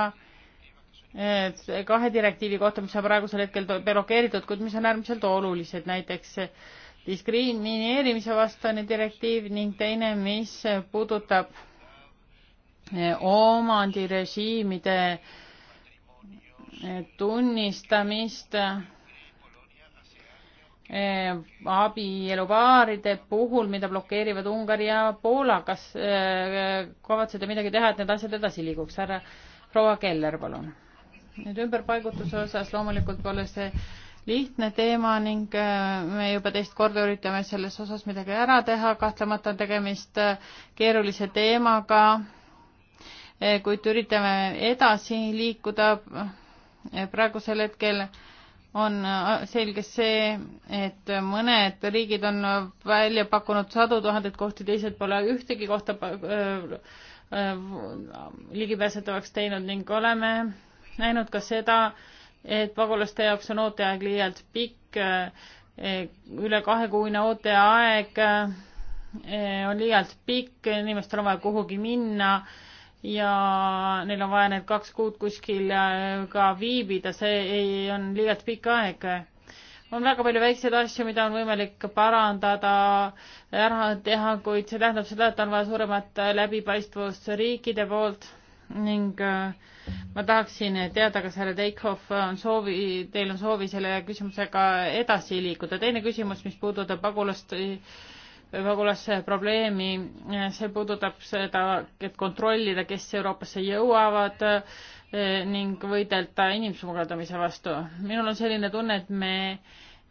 e, kahe direktiivi kohta, mis on praegusel hetkel blokeeritud, kuid mis on äärmiselt olulised, näiteks diskrimineerimise vastane direktiiv ning teine, mis puudutab eh, omandirežiimide eh, tunnistamist eh, abielupaaride puhul, mida blokeerivad Ungari ja Poola, kas kavatsete midagi teha, et need asjad edasi liiguks? härra proua Keller, palun. nüüd ümberpaigutuse osas loomulikult pole see lihtne teema ning äh, me juba teist korda üritame selles osas midagi ära teha, kahtlemata on tegemist äh, keerulise teemaga, äh, kuid üritame edasi liikuda. praegusel hetkel on selge see, et mõned riigid on välja pakkunud sadu tuhandeid kohti, teised pole ühtegi kohta ligipääsetavaks teinud ning oleme näinud ka seda, et pagulaste jaoks on ooteaeg liialt pikk, eh, üle kahekuune ooteaeg eh, on liialt pikk, inimestel on vaja kuhugi minna ja neil on vaja need kaks kuud kuskil eh, ka viibida, see ei, on liialt pikk aeg. on väga palju väikseid asju, mida on võimalik parandada, ära teha, kuid see tähendab seda, et on vaja suuremat läbipaistvust riikide poolt ning äh, ma tahaksin teada, kas härra Teikhoff on soovi, teil on soovi selle küsimusega edasi liikuda. teine küsimus, mis puudutab pagulast, pagulasse probleemi, see puudutab seda, et kontrollida, kes Euroopasse jõuavad eh, ning võidelda inimsmugeldamise vastu. minul on selline tunne, et me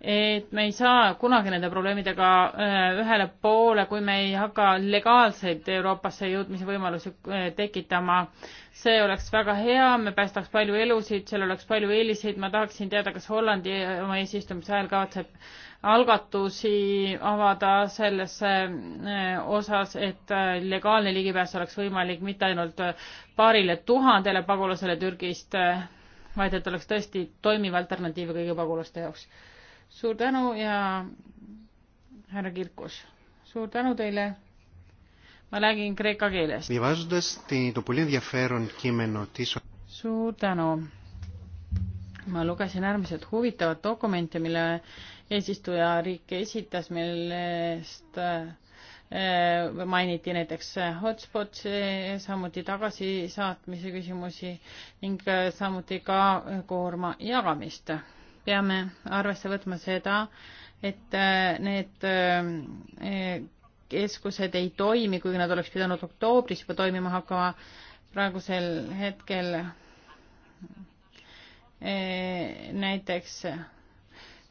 et me ei saa kunagi nende probleemidega äh, ühele poole, kui me ei hakka legaalseid Euroopasse jõudmise võimalusi äh, tekitama. see oleks väga hea, me päästaks palju elusid, seal oleks palju eeliseid, ma tahaksin teada, kas Hollandi äh, oma eesistumise ajal kavatseb algatusi avada selles osas, et legaalne ligipääs oleks võimalik mitte ainult paarile tuhandele pagulasele Türgist, vaid et oleks tõesti toimiv alternatiiv kõigi pagulaste jaoks suur tänu ja härra Kirkus, suur tänu teile. ma räägin kreeka keeles. suur tänu. ma lugesin äärmiselt huvitavat dokumenti, mille eesistuja riik esitas, millest eh, mainiti näiteks hotspots, samuti tagasisaatmise küsimusi ning samuti ka koorma jagamist peame arvesse võtma seda, et äh, need äh, keskused ei toimi, kuigi nad oleks pidanud oktoobris juba toimima hakkama. praegusel hetkel äh, näiteks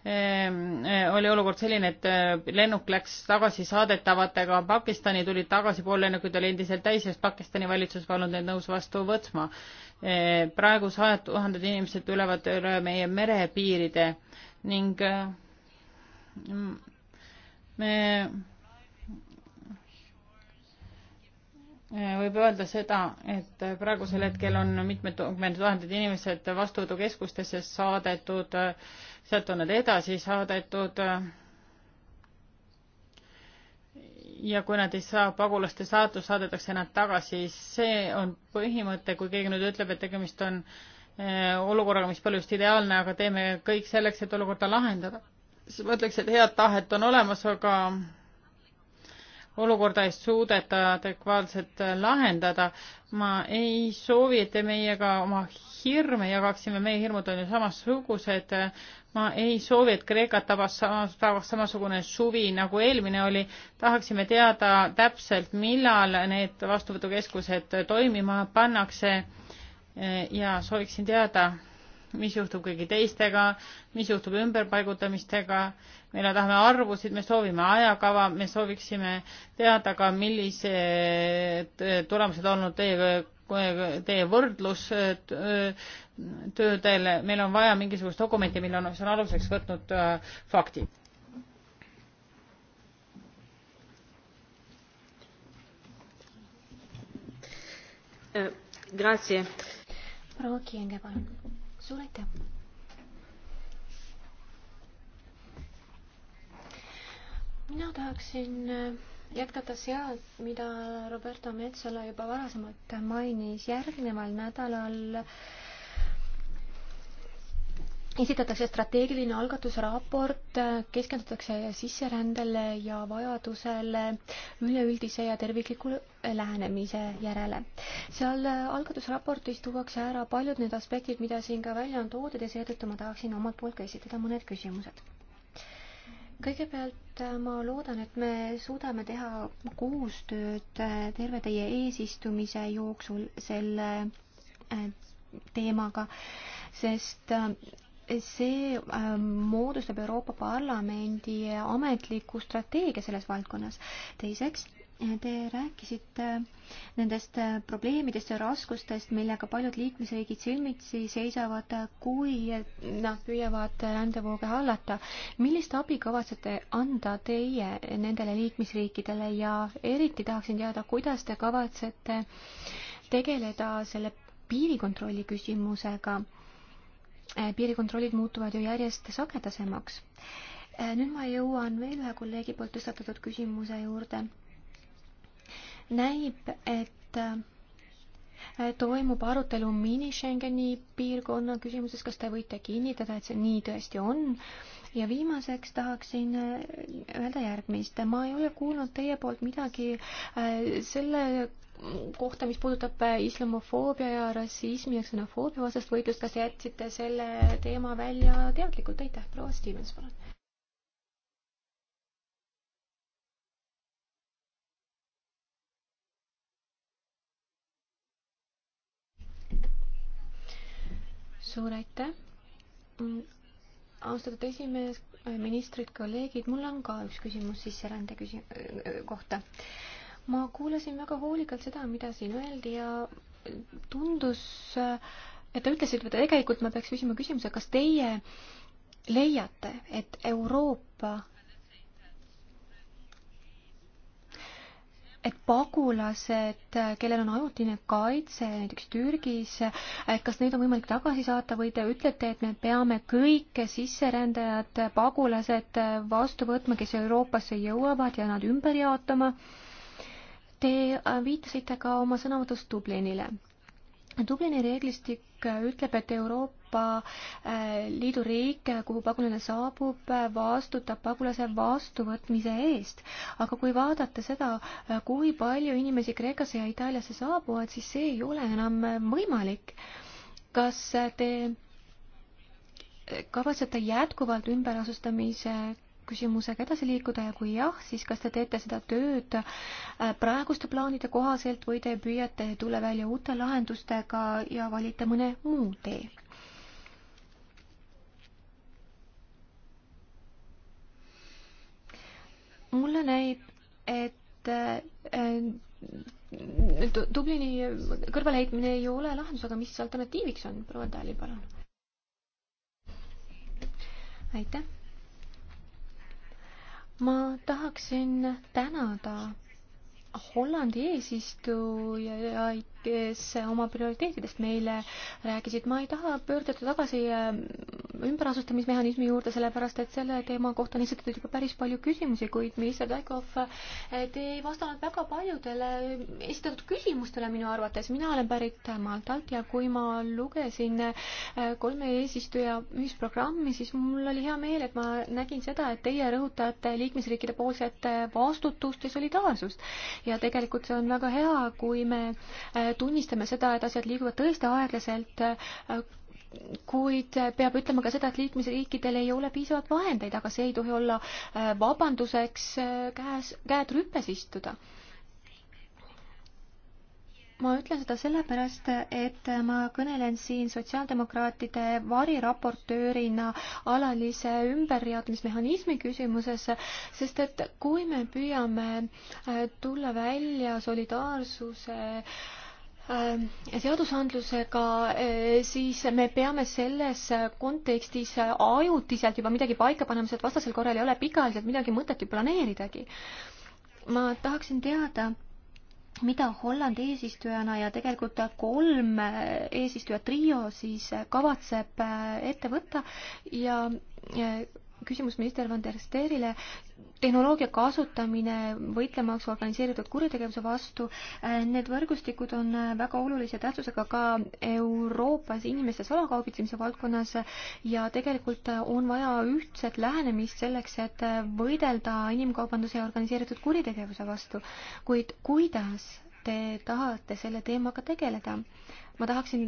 Ehm, eh, oli olukord selline, et eh, lennuk läks tagasi saadetavatega Pakistani, tulid tagasi, pool lennukit oli endiselt täis, sest Pakistani valitsus polnud neid nõus vastu võtma. Eh, praegu sajad tuhanded inimesed tulevad üle meie merepiiride ning mm, me võib öelda seda, et praegusel hetkel on mitmed tuhanded inimesed vastuvõtukeskustesse saadetud äh, sealt on nad edasi saadetud. ja kui nad ei saa pagulaste saatust, saadetakse nad tagasi, see on põhimõte, kui keegi nüüd ütleb, et tegemist on eh, olukorraga, mis pole just ideaalne, aga teeme kõik selleks, et olukorda lahendada. siis ma ütleks, et head tahet on olemas, aga olukorda ei suudeta adekvaatselt lahendada. ma ei soovi, et te meiega oma hirme jagaksime, meie hirmud on ju samasugused, ma ei soovi, et Kreekat tabas samas, samasugune suvi nagu eelmine oli. tahaksime teada täpselt, millal need vastuvõtukeskused toimima pannakse eh, ja sooviksin teada, mis juhtub kõigi teistega, mis juhtub ümberpaigutamistega. meile tahame arvusid, me soovime ajakava, me sooviksime teada ka, millised eh, tulemused olnud teie teie võrdlus äh, äh, töödel, meil on vaja mingisugust dokumenti, mille on, mis on aluseks võtnud äh, faktid. Grazie. proua Kienge, palun. suur aitäh. mina tahaksin jätkata sealt, mida Roberto Metsola juba varasemalt mainis, järgneval nädalal esitatakse strateegiline algatusraport, keskendutakse sisserändele ja vajadusele üleüldise ja tervikliku lähenemise järele. seal algatusraportis tuuakse ära paljud need aspektid, mida siin ka välja on toodud ja seetõttu ma tahaksin omalt poolt ka esitada mõned küsimused kõigepealt äh, ma loodan, et me suudame teha koostööd äh, terve teie eesistumise jooksul selle äh, teemaga, sest see moodustab Euroopa Parlamendi ametliku strateegia selles valdkonnas. teiseks Te rääkisite nendest äh, probleemidest ja raskustest, millega paljud liikmesriigid silmitsi seisavad, kui nad noh, püüavad rändevooge hallata. millist abi kavatsete anda teie nendele liikmesriikidele ja eriti tahaksin teada, kuidas te kavatsete tegeleda selle piirikontrolli küsimusega? Äh, piirikontrollid muutuvad ju järjest sagedasemaks. Äh, nüüd ma jõuan veel ühe kolleegi poolt tõstatatud küsimuse juurde näib, et äh, toimub arutelu mini-Schengeni piirkonna küsimuses, kas te võite kinnitada, et see nii tõesti on? ja viimaseks tahaksin äh, öelda järgmist. ma ei ole kuulnud teie poolt midagi äh, selle kohta, mis puudutab islamofoobia ja rassismi ja ksenofoobia vastast võitlust, kas jätsite selle teema välja teadlikult? aitäh, proua Stevens, palun suur aitäh, mm, austatud esimees, ministrid, kolleegid, mul on ka üks küsimus sisserände küsi-, äh, kohta. ma kuulasin väga hoolikalt seda, mida siin öeldi ja tundus, äh, et te ütlesite, et tegelikult ma peaks küsima küsimuse, kas teie leiate, et Euroopa et pagulased, kellel on ajutine kaitse näiteks Türgis, et kas neid on võimalik tagasi saata või te ütlete, et me peame kõik sisserändajad, pagulased vastu võtma, kes Euroopasse jõuavad ja nad ümber jaotama? Te äh, viitasite ka oma sõnavõtus Dublinile. Dublini reeglistik ütleb, et Euroopa Euroopa äh, Liidu riik, kuhu pagulane saabub, äh, vastutab pagulase vastuvõtmise eest. aga kui vaadata seda, äh, kui palju inimesi Kreekasse ja Itaaliasse saabuvad, siis see ei ole enam võimalik. kas te kavatsete jätkuvalt ümberasustamise küsimusega edasi liikuda ja kui jah, siis kas te teete seda tööd praeguste plaanide kohaselt või te püüate tulla välja uute lahendustega ja valite mõne muu tee? mulle näib, et äh, Dublini kõrvaleheitmine ei ole lahendus, aga mis alternatiiviks on, proua Tali, palun? aitäh. ma tahaksin tänada Hollandi eesistujaid kes oma prioriteetidest meile rääkisid. ma ei taha pöörduda tagasi äh, ümberasustamismehhanismi juurde, sellepärast et selle teema kohta on esitatud juba päris palju küsimusi, kuid minister Taikov, äh, te ei vastanud väga paljudele äh, esitatud küsimustele minu arvates. mina olen pärit Maltalt ja kui ma lugesin kolme eesistuja ühisprogrammi, siis mul oli hea meel, et ma nägin seda, et teie rõhutate liikmesriikide poolset vastutust ja solidaarsust. ja tegelikult see on väga hea, kui me tunnistame seda, et asjad liiguvad tõesti aeglaselt, kuid peab ütlema ka seda, et liikmesriikidel ei ole piisavalt vahendeid, aga see ei tohi olla äh, vabanduseks äh, käes, käed rüppes istuda. ma ütlen seda sellepärast, et ma kõnelen siin sotsiaaldemokraatide variraportöörina alalise ümberjaotamismehhanismi küsimuses, sest et kui me püüame äh, tulla välja solidaarsuse äh, Äh, seadusandlusega, äh, siis me peame selles kontekstis ajutiselt juba midagi paika panema, sest vastasel korral ei ole pikaajaliselt midagi mõtet ju planeeridagi. ma tahaksin teada, mida Holland eesistujana ja tegelikult kolm eesistuja trio siis kavatseb äh, ette võtta ja küsimus minister Van der Steerile. tehnoloogia kasutamine võitlemaks organiseeritud kuritegevuse vastu, äh, need võrgustikud on äh, väga olulise tähtsusega ka Euroopas inimeste salakaubitsemise valdkonnas ja tegelikult äh, on vaja ühtset lähenemist selleks, et võidelda inimkaubanduse ja organiseeritud kuritegevuse vastu. kuid kuidas te tahate selle teemaga tegeleda? ma tahaksin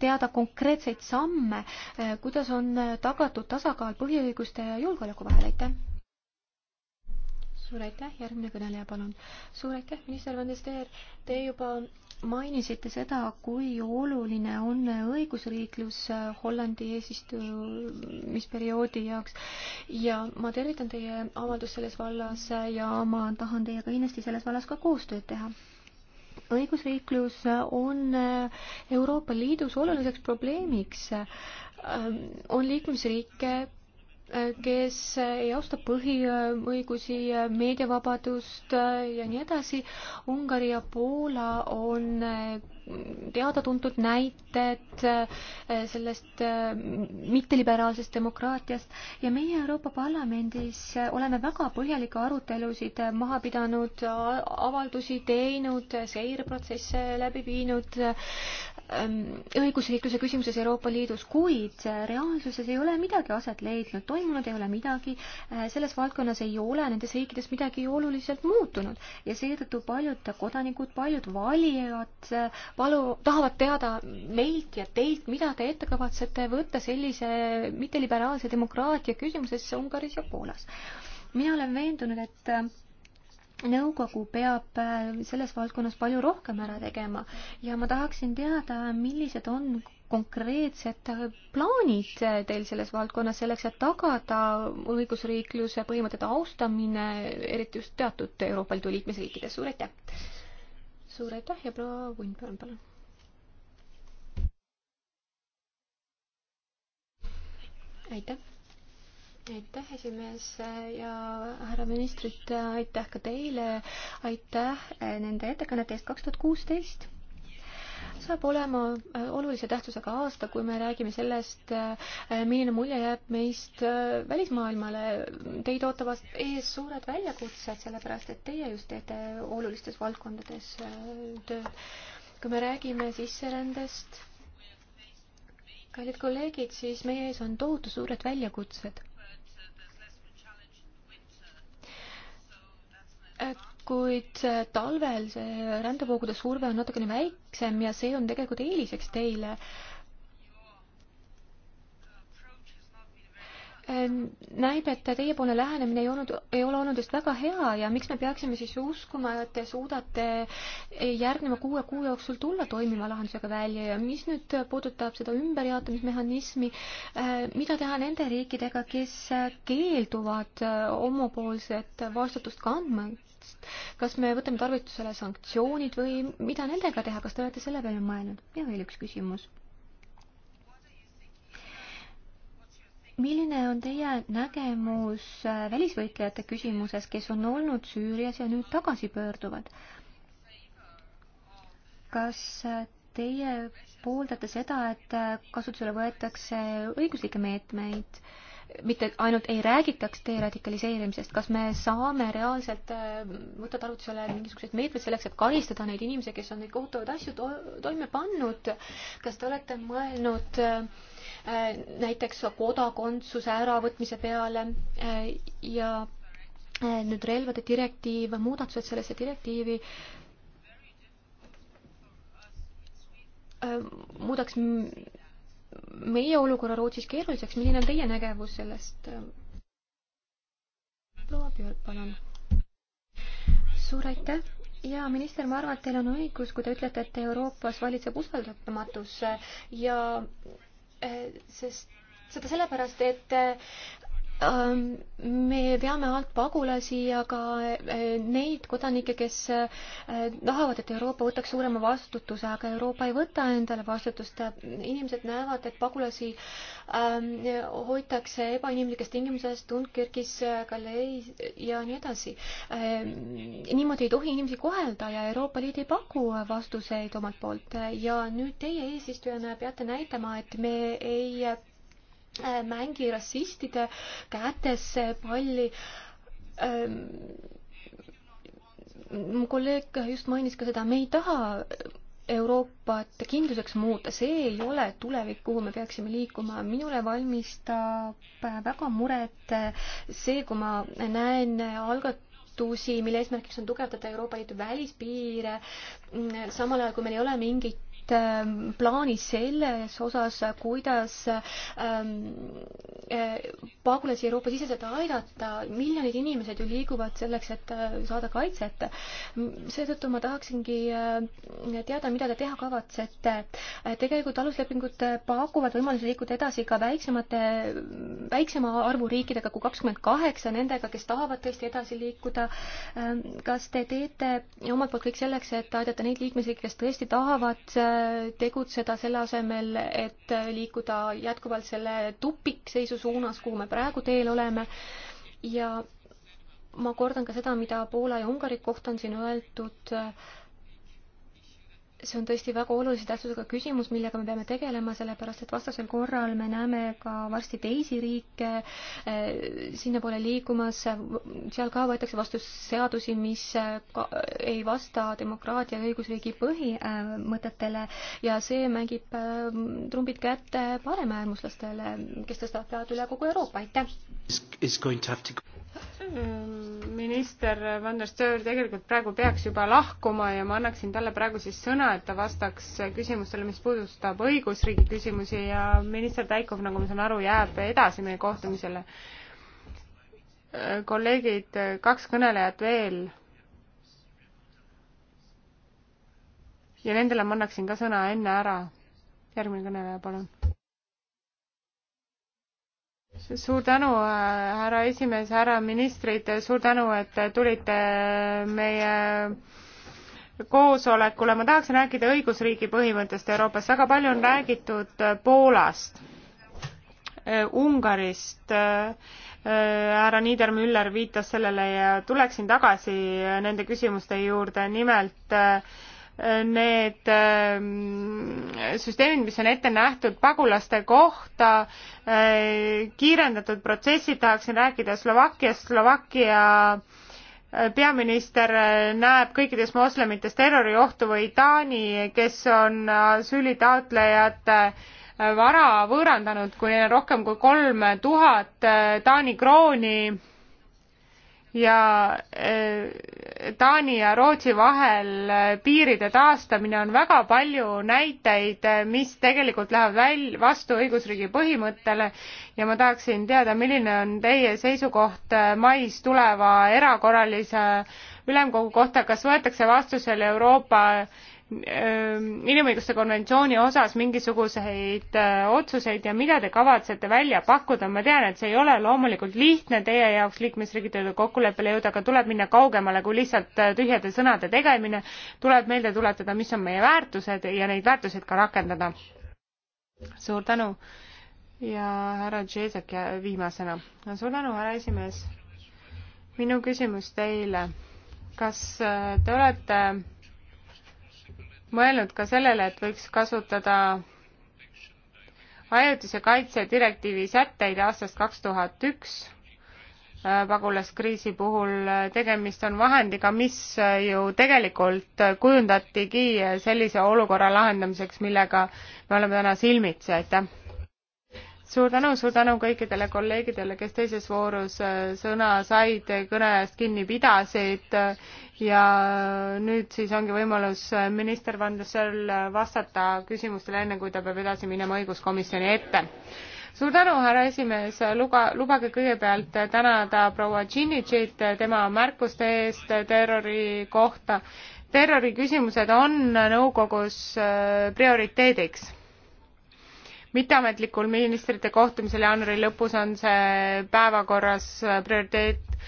teada konkreetseid samme, eh, kuidas on eh, tagatud tasakaal põhiõiguste ja julgeoleku vahel, aitäh! suur aitäh, järgmine kõneleja, palun. suur aitäh, minister Van der Steer, te juba mainisite seda, kui oluline on õigusriiklus eh, Hollandi eesistumisperioodi jaoks ja ma tervitan teie avaldust selles vallas ja ma tahan teiega kindlasti selles vallas ka koostööd teha õigusriiklus on Euroopa Liidus oluliseks probleemiks. on liikmesriike, kes ei austa põhiõigusi, meediavabadust ja nii edasi. Ungari ja Poola on teada-tuntud näited äh, sellest äh, mitteliberaalsest demokraatiast ja meie Euroopa Parlamendis äh, oleme väga põhjalikke arutelusid maha pidanud, avaldusi teinud, seireprotsesse läbi viinud ähm, õigusriikluse küsimuses Euroopa Liidus, kuid reaalsuses ei ole midagi aset leidnud, toimunud ei ole midagi, selles valdkonnas ei ole nendes riikides midagi oluliselt muutunud ja seetõttu paljud kodanikud, paljud valijad palu, tahavad teada meilt ja teilt, mida te ette kavatsete võtta sellise mitteliberaalse demokraatia küsimuses Ungaris ja Poolas. mina olen veendunud, et nõukogu peab äh, selles valdkonnas palju rohkem ära tegema ja ma tahaksin teada, millised on konkreetsed plaanid teil selles valdkonnas selleks, et tagada õigusriikluse põhimõtete austamine, eriti just teatud Euroopa Liidu liikmesriikides? suur aitäh! suur aitäh ja proua Windburn, palun. aitäh, aitäh, esimees ja härra ministrid, aitäh ka teile, aitäh eh, nende ettekannete eest kaks tuhat kuusteist saab olema äh, olulise tähtsusega aasta, kui me räägime sellest, äh, milline mulje jääb meist äh, välismaailmale. Teid ootavad ees suured väljakutsed, sellepärast et teie just teete olulistes valdkondades tööd. kui me räägime sisserändest, kallid kolleegid, siis meie ees on tohutu suured väljakutsed kuid talvel see rändevoogude surve on natukene väiksem ja see on tegelikult eeliseks teile. näib, et teiepoolne lähenemine ei olnud, ei ole olnud just väga hea ja miks me peaksime siis uskuma, et te suudate järgneva kuue kuu jooksul tulla toimiva lahendusega välja ja mis nüüd puudutab seda ümberjaotamismehhanismi, eh, mida teha nende riikidega, kes keelduvad eh, omapoolset vastutust kandma, kaitst. kas me võtame tarvitusele sanktsioonid või mida nendega teha, kas te olete selle peale mõelnud? ja veel üks küsimus. milline on teie nägemus äh, välisvõitlejate küsimuses, kes on olnud Süürias ja nüüd tagasi pöörduvad? kas äh, teie pooldate seda, et äh, kasutusele võetakse õiguslikke meetmeid äh, mitte ainult ei räägitaks deradikaliseerimisest, kas me saame reaalselt äh, võtta tarvitusele mingisuguseid meetmeid selleks, et karistada neid inimesi, kes on neid kohutavaid asju to toime pannud. kas te olete mõelnud äh, näiteks kodakondsuse äravõtmise peale äh, ja nüüd relvade direktiiv, muudatused sellesse direktiivi muudaks meie olukorra Rootsis keeruliseks, milline on teie nägevus sellest? proua Björk, palun. suur aitäh jaa, minister, ma arvan, et teil on õigus, kui te ütlete, et Euroopas valitseb usaldamatus ja eh, sest seda sellepärast, et eh, me veame alt pagulasi ja ka äh, neid kodanikke, kes äh, tahavad, et Euroopa võtaks suurema vastutuse, aga Euroopa ei võta endale vastutust. inimesed näevad, et pagulasi ähm, hoitakse ebainimlikes tingimuses Dunkirkis, Calais ja nii edasi. niimoodi ei tohi inimesi kohelda ja Euroopa Liit ei paku vastuseid omalt poolt ja nüüd teie eesistujana peate näitama, et me ei Äh, mängi rassistide kätesse palli ähm,. mu kolleeg just mainis ka seda, me ei taha Euroopat kindluseks muuta, see ei ole tulevik, kuhu me peaksime liikuma. minule valmistab väga muret see, kui ma näen algatusi, mille eesmärgiks on tugevdada Euroopa Liidu välispiire, samal ajal kui meil ei ole mingit Ähm, plaani selles osas, kuidas ähm, äh, pagulasi Euroopa-siseselt aidata, miljonid inimesed ju liiguvad selleks, et äh, saada kaitset. seetõttu ma tahaksingi äh, teada, mida te teha kavatsete. tegelikult aluslepingud pakuvad võimalusi liikuda edasi ka väiksemate, väiksema arvu riikidega kui kakskümmend kaheksa, nendega, kes tahavad tõesti edasi liikuda. Ähm, kas te teete omalt poolt kõik selleks, et aidata neid liikmesriike, kes tõesti tahavad tegutseda selle asemel, et liikuda jätkuvalt selle tupikseisu suunas, kuhu me praegu teel oleme. ja ma kordan ka seda, mida Poola ja Ungari kohta on siin öeldud äh, see on tõesti väga olulise tähtsusega küsimus, millega me peame tegelema, sellepärast et vastasel korral me näeme ka varsti teisi riike eh, sinnapoole liikumas, seal ka võetakse vastu seadusi, mis eh, ka ei vasta demokraatia ja õigusriigi põhimõtetele eh, ja see mängib trumbid kätte paremäärmuslastele, kes tõstavad pead üle kogu Euroopa, aitäh! minister Van der Stöör tegelikult praegu peaks juba lahkuma ja ma annaksin talle praegu siis sõna, et ta vastaks küsimustele, mis puudutab õigusriigi küsimusi ja minister Täikov, nagu ma saan aru, jääb edasi meie kohtumisele. kolleegid, kaks kõnelejat veel. ja nendele ma annaksin ka sõna enne ära. järgmine kõneleja, palun suur tänu, äh, härra esimees, härra ministrid, suur tänu, et tulite meie koosolekule. ma tahaksin rääkida õigusriigi põhimõttest Euroopas. väga palju on räägitud äh, Poolast, äh, Ungarist härra Niedermüller viitas sellele ja tuleksin tagasi nende küsimuste juurde, nimelt need ähm, süsteemid, mis on ette nähtud pagulaste kohta, äh, kiirendatud protsessid, tahaksin rääkida Slovakkiast, Slovakkia äh, peaminister äh, näeb kõikides moslemites terroriohtu või Taani, kes on asüülitaotlejate vara võõrandanud, kui neil on rohkem kui kolm tuhat Taani krooni ja eh, Taani ja Rootsi vahel eh, piiride taastamine on väga palju näiteid, eh, mis tegelikult läheb väl-, vastu õigusriigi põhimõttele ja ma tahaksin teada, milline on teie seisukoht mais tuleva erakorralise ülemkogu kohta, kas võetakse vastusele Euroopa Ehm, inimõiguste konventsiooni osas mingisuguseid äh, otsuseid ja mida te kavatsete välja pakkuda, ma tean, et see ei ole loomulikult lihtne teie jaoks liikmesriigidega kokkuleppele jõuda, aga tuleb minna kaugemale kui lihtsalt äh, tühjade sõnade tegemine, tuleb meelde tuletada, mis on meie väärtused ja neid väärtuseid ka rakendada. suur tänu ja härra Džesek viimasena. suur tänu, härra esimees. minu küsimus teile, kas äh, te olete mõelnud ka sellele, et võiks kasutada ajutise kaitse direktiivi sätteid aastast kaks tuhat üks äh, pagulaskriisi puhul. tegemist on vahendiga, mis äh, ju tegelikult kujundatigi sellise olukorra lahendamiseks, millega me oleme täna silmitsi, aitäh suur tänu, suur tänu kõikidele kolleegidele, kes teises voorus äh, sõna said, kõne eest kinni pidasid ja nüüd siis ongi võimalus äh, minister Van der Sõel äh, vastata küsimustele, enne kui ta peab edasi minema õiguskomisjoni ette. suur tänu, härra esimees, luba, lubage kõigepealt tänada proua Džinnitšit tema märkuste eest terrori kohta. terroriküsimused on nõukogus prioriteediks mitteametlikul ministrite kohtumisel jaanuari lõpus on see päevakorras prioriteet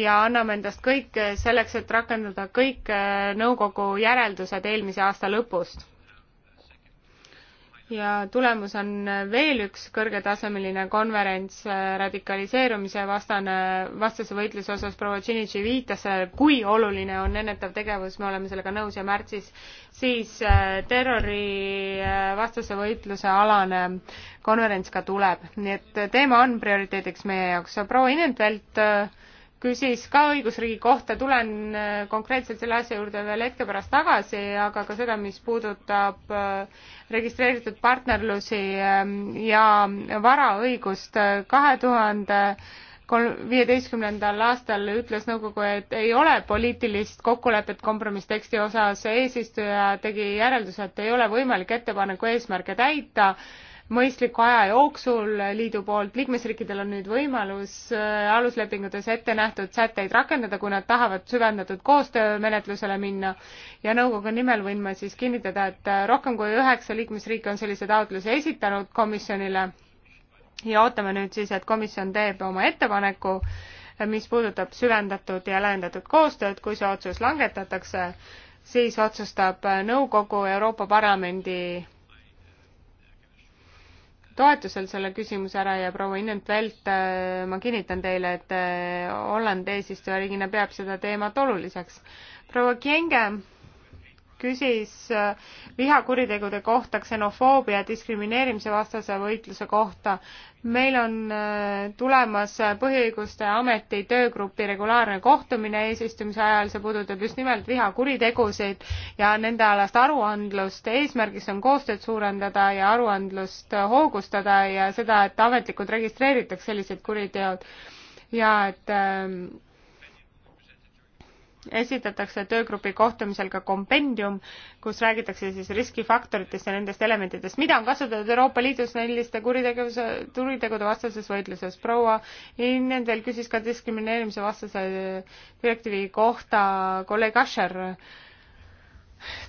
ja anname endast kõik selleks, et rakendada kõik äh, nõukogu järeldused eelmise aasta lõpust ja tulemus on veel üks kõrgetasemeline konverents äh, radikaliseerumise vastane, vastase võitluse osas, proua Tšinitši viitas, kui oluline on ennetav tegevus, me oleme sellega nõus ja märtsis siis äh, terrorivastase äh, võitluse alane konverents ka tuleb, nii et teema on prioriteediks meie jaoks. proua Inentvelt äh, küsis ka õigusriigi kohta, tulen äh, konkreetselt selle asja juurde veel hetke pärast tagasi, aga ka seda, mis puudutab äh, registreeritud partnerlusi ähm, ja varaõigust. kahe tuhande viieteistkümnendal aastal ütles nõukogu, et ei ole poliitilist kokkulepet kompromissteksti osas, eesistuja tegi järelduse, et ei ole võimalik ettepaneku eesmärke täita mõistliku aja jooksul liidu poolt. liikmesriikidel on nüüd võimalus äh, aluslepingutes ette nähtud sätteid rakendada, kui nad tahavad süvendatud koostöömenetlusele minna. ja nõukogu nimel võin ma siis kinnitada, et äh, rohkem kui üheksa liikmesriiki on sellise taotluse esitanud komisjonile ja ootame nüüd siis, et komisjon teeb oma ettepaneku äh, mis puudutab süvendatud ja laiendatud koostööd, kui see otsus langetatakse, siis otsustab nõukogu Euroopa Parlamendi toetusel selle küsimuse ära ja proua Innentvelt, äh, ma kinnitan teile, et äh, Holland eesistujariigina peab seda teemat oluliseks. proua Kienge küsis äh, vihakuritegude kohta, ksenofoobia, diskrimineerimise vastase võitluse kohta. meil on äh, tulemas äh, Põhiõiguste Ameti töögrupi regulaarne kohtumine eesistumise ajal, see puudutab just nimelt vihakuritegusid ja nendealast aruandlust. eesmärgiks on koostööd suurendada ja aruandlust hoogustada ja seda, et ametlikult registreeritakse sellised kuriteod ja et äh, esitatakse töögrupi kohtumisel ka kompendium, kus räägitakse siis riskifaktoritest ja nendest elementidest, mida on kasutatud Euroopa Liidus selliste kuritegevuse, kuritegude vastases võitluses. proua Innendel küsis ka diskrimineerimise vastase direktiivi kohta kolleeg Asher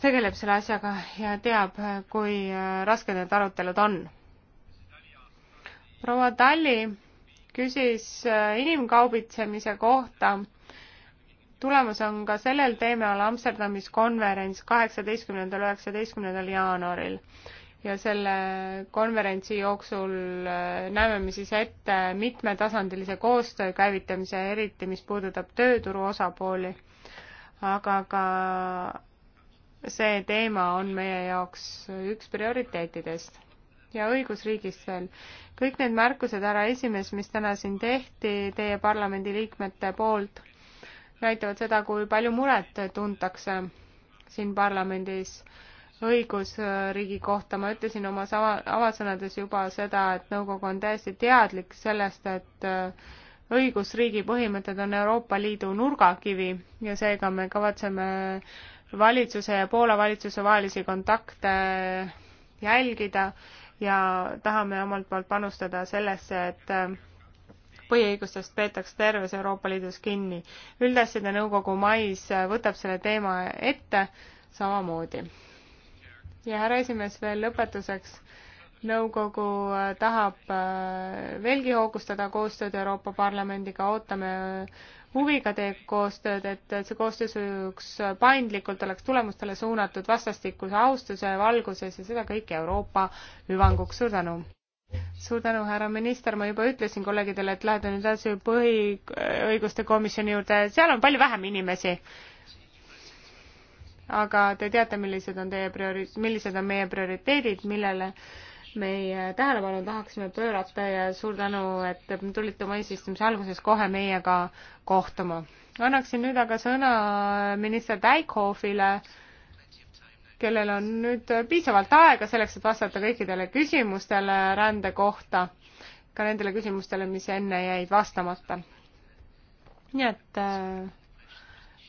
tegeleb selle asjaga ja teab, kui rasked need arutelud on. proua Talli küsis inimkaubitsemise kohta tulemus on ka sellel teemal Amsterdamis konverents kaheksateistkümnendal, üheksateistkümnendal jaanuaril. ja selle konverentsi jooksul äh, näeme me siis ette mitmetasandilise koostöö käivitamise, eriti mis puudutab tööturu osapooli, aga ka see teema on meie jaoks üks prioriteetidest ja õigusriigist veel. kõik need märkused, härra esimees, mis täna siin tehti teie parlamendiliikmete poolt näitavad seda, kui palju muret tuntakse siin parlamendis õigusriigi kohta. ma ütlesin oma avasõnades juba seda, et nõukogu on täiesti teadlik sellest, et äh, õigusriigi põhimõtted on Euroopa Liidu nurgakivi ja seega me kavatseme valitsuse ja Poola valitsuse vahelisi kontakte jälgida ja tahame omalt poolt panustada sellesse, et äh, põhiõigustest peetaks terves Euroopa Liidus kinni. üldasjade nõukogu mais võtab selle teema ette samamoodi. ja härra esimees, veel lõpetuseks. nõukogu äh, tahab äh, veelgi hoogustada koostööd Euroopa Parlamendiga, ootame äh, huviga teeb koostööd, et see koostöö sujuks paindlikult, oleks tulemustele suunatud vastastikuse austuse valguses ja seda kõike Euroopa hüvanguks. suur tänu! suur tänu, härra minister, ma juba ütlesin kolleegidele, et lähete nüüd edasi põhiõiguste komisjoni juurde, seal on palju vähem inimesi. aga te teate, millised on teie priori-, millised on meie prioriteedid, millele meie tähelepanu tahaksime pöörata ja suur tänu, et tulite oma eesistumise alguses kohe meiega kohtuma. annaksin nüüd aga sõna minister Täikhoofile kellel on nüüd piisavalt aega selleks, et vastata kõikidele küsimustele rände kohta, ka nendele küsimustele, mis enne jäid vastamata. nii et äh,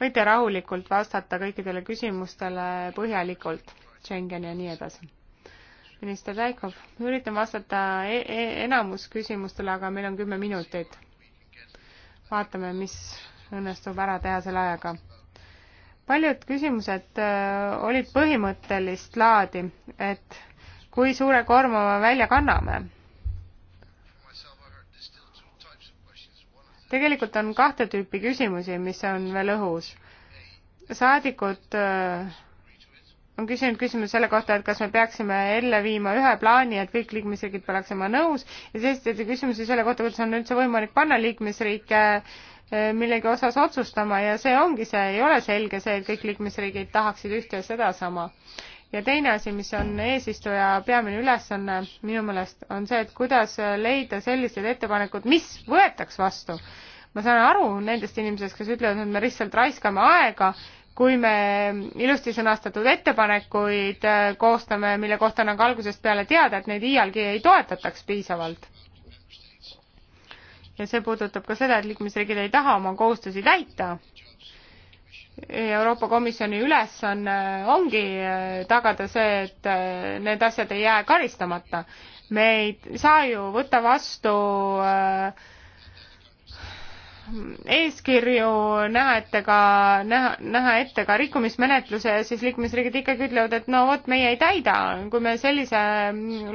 võite rahulikult vastata kõikidele küsimustele põhjalikult, Schengen ja nii edasi. minister Raikov, üritan vastata e e enamus küsimustele, aga meil on kümme minutit. vaatame, mis õnnestub ära teha selle ajaga paljud küsimused äh, olid põhimõttelist laadi, et kui suure koorma me välja kanname. tegelikult on kahte tüüpi küsimusi, mis on veel õhus. saadikud äh, on küsinud küsimuse selle kohta, et kas me peaksime ellu viima ühe plaani, et kõik liikmesriigid peaks olema nõus ja siis esitati küsimusi selle kohta, kuidas on üldse võimalik panna liikmesriike äh, Äh, millegi osas otsustama ja see ongi see, ei ole selge see, et kõik liikmesriigid tahaksid ühte ja sedasama. ja teine asi, mis on eesistuja peamine ülesanne minu meelest, on see, et kuidas leida sellised ettepanekud, mis võetaks vastu. ma saan aru nendest inimesest, kes ütlevad, et me lihtsalt raiskame aega, kui me ilusti sõnastatud ettepanekuid äh, koostame, mille kohta on aga algusest peale teada, et neid iialgi ei toetataks piisavalt ja see puudutab ka seda, et liikmesriigid ei taha oma kohustusi täita. Euroopa Komisjoni ülesanne on, ongi äh, tagada see, et äh, need asjad ei jää karistamata. me ei saa ju võtta vastu äh, eeskirju, näha ette ka, näha, näha ette ka rikkumismenetluse ja siis liikmesriigid ikkagi ütlevad, et no vot, meie ei täida. kui me sellise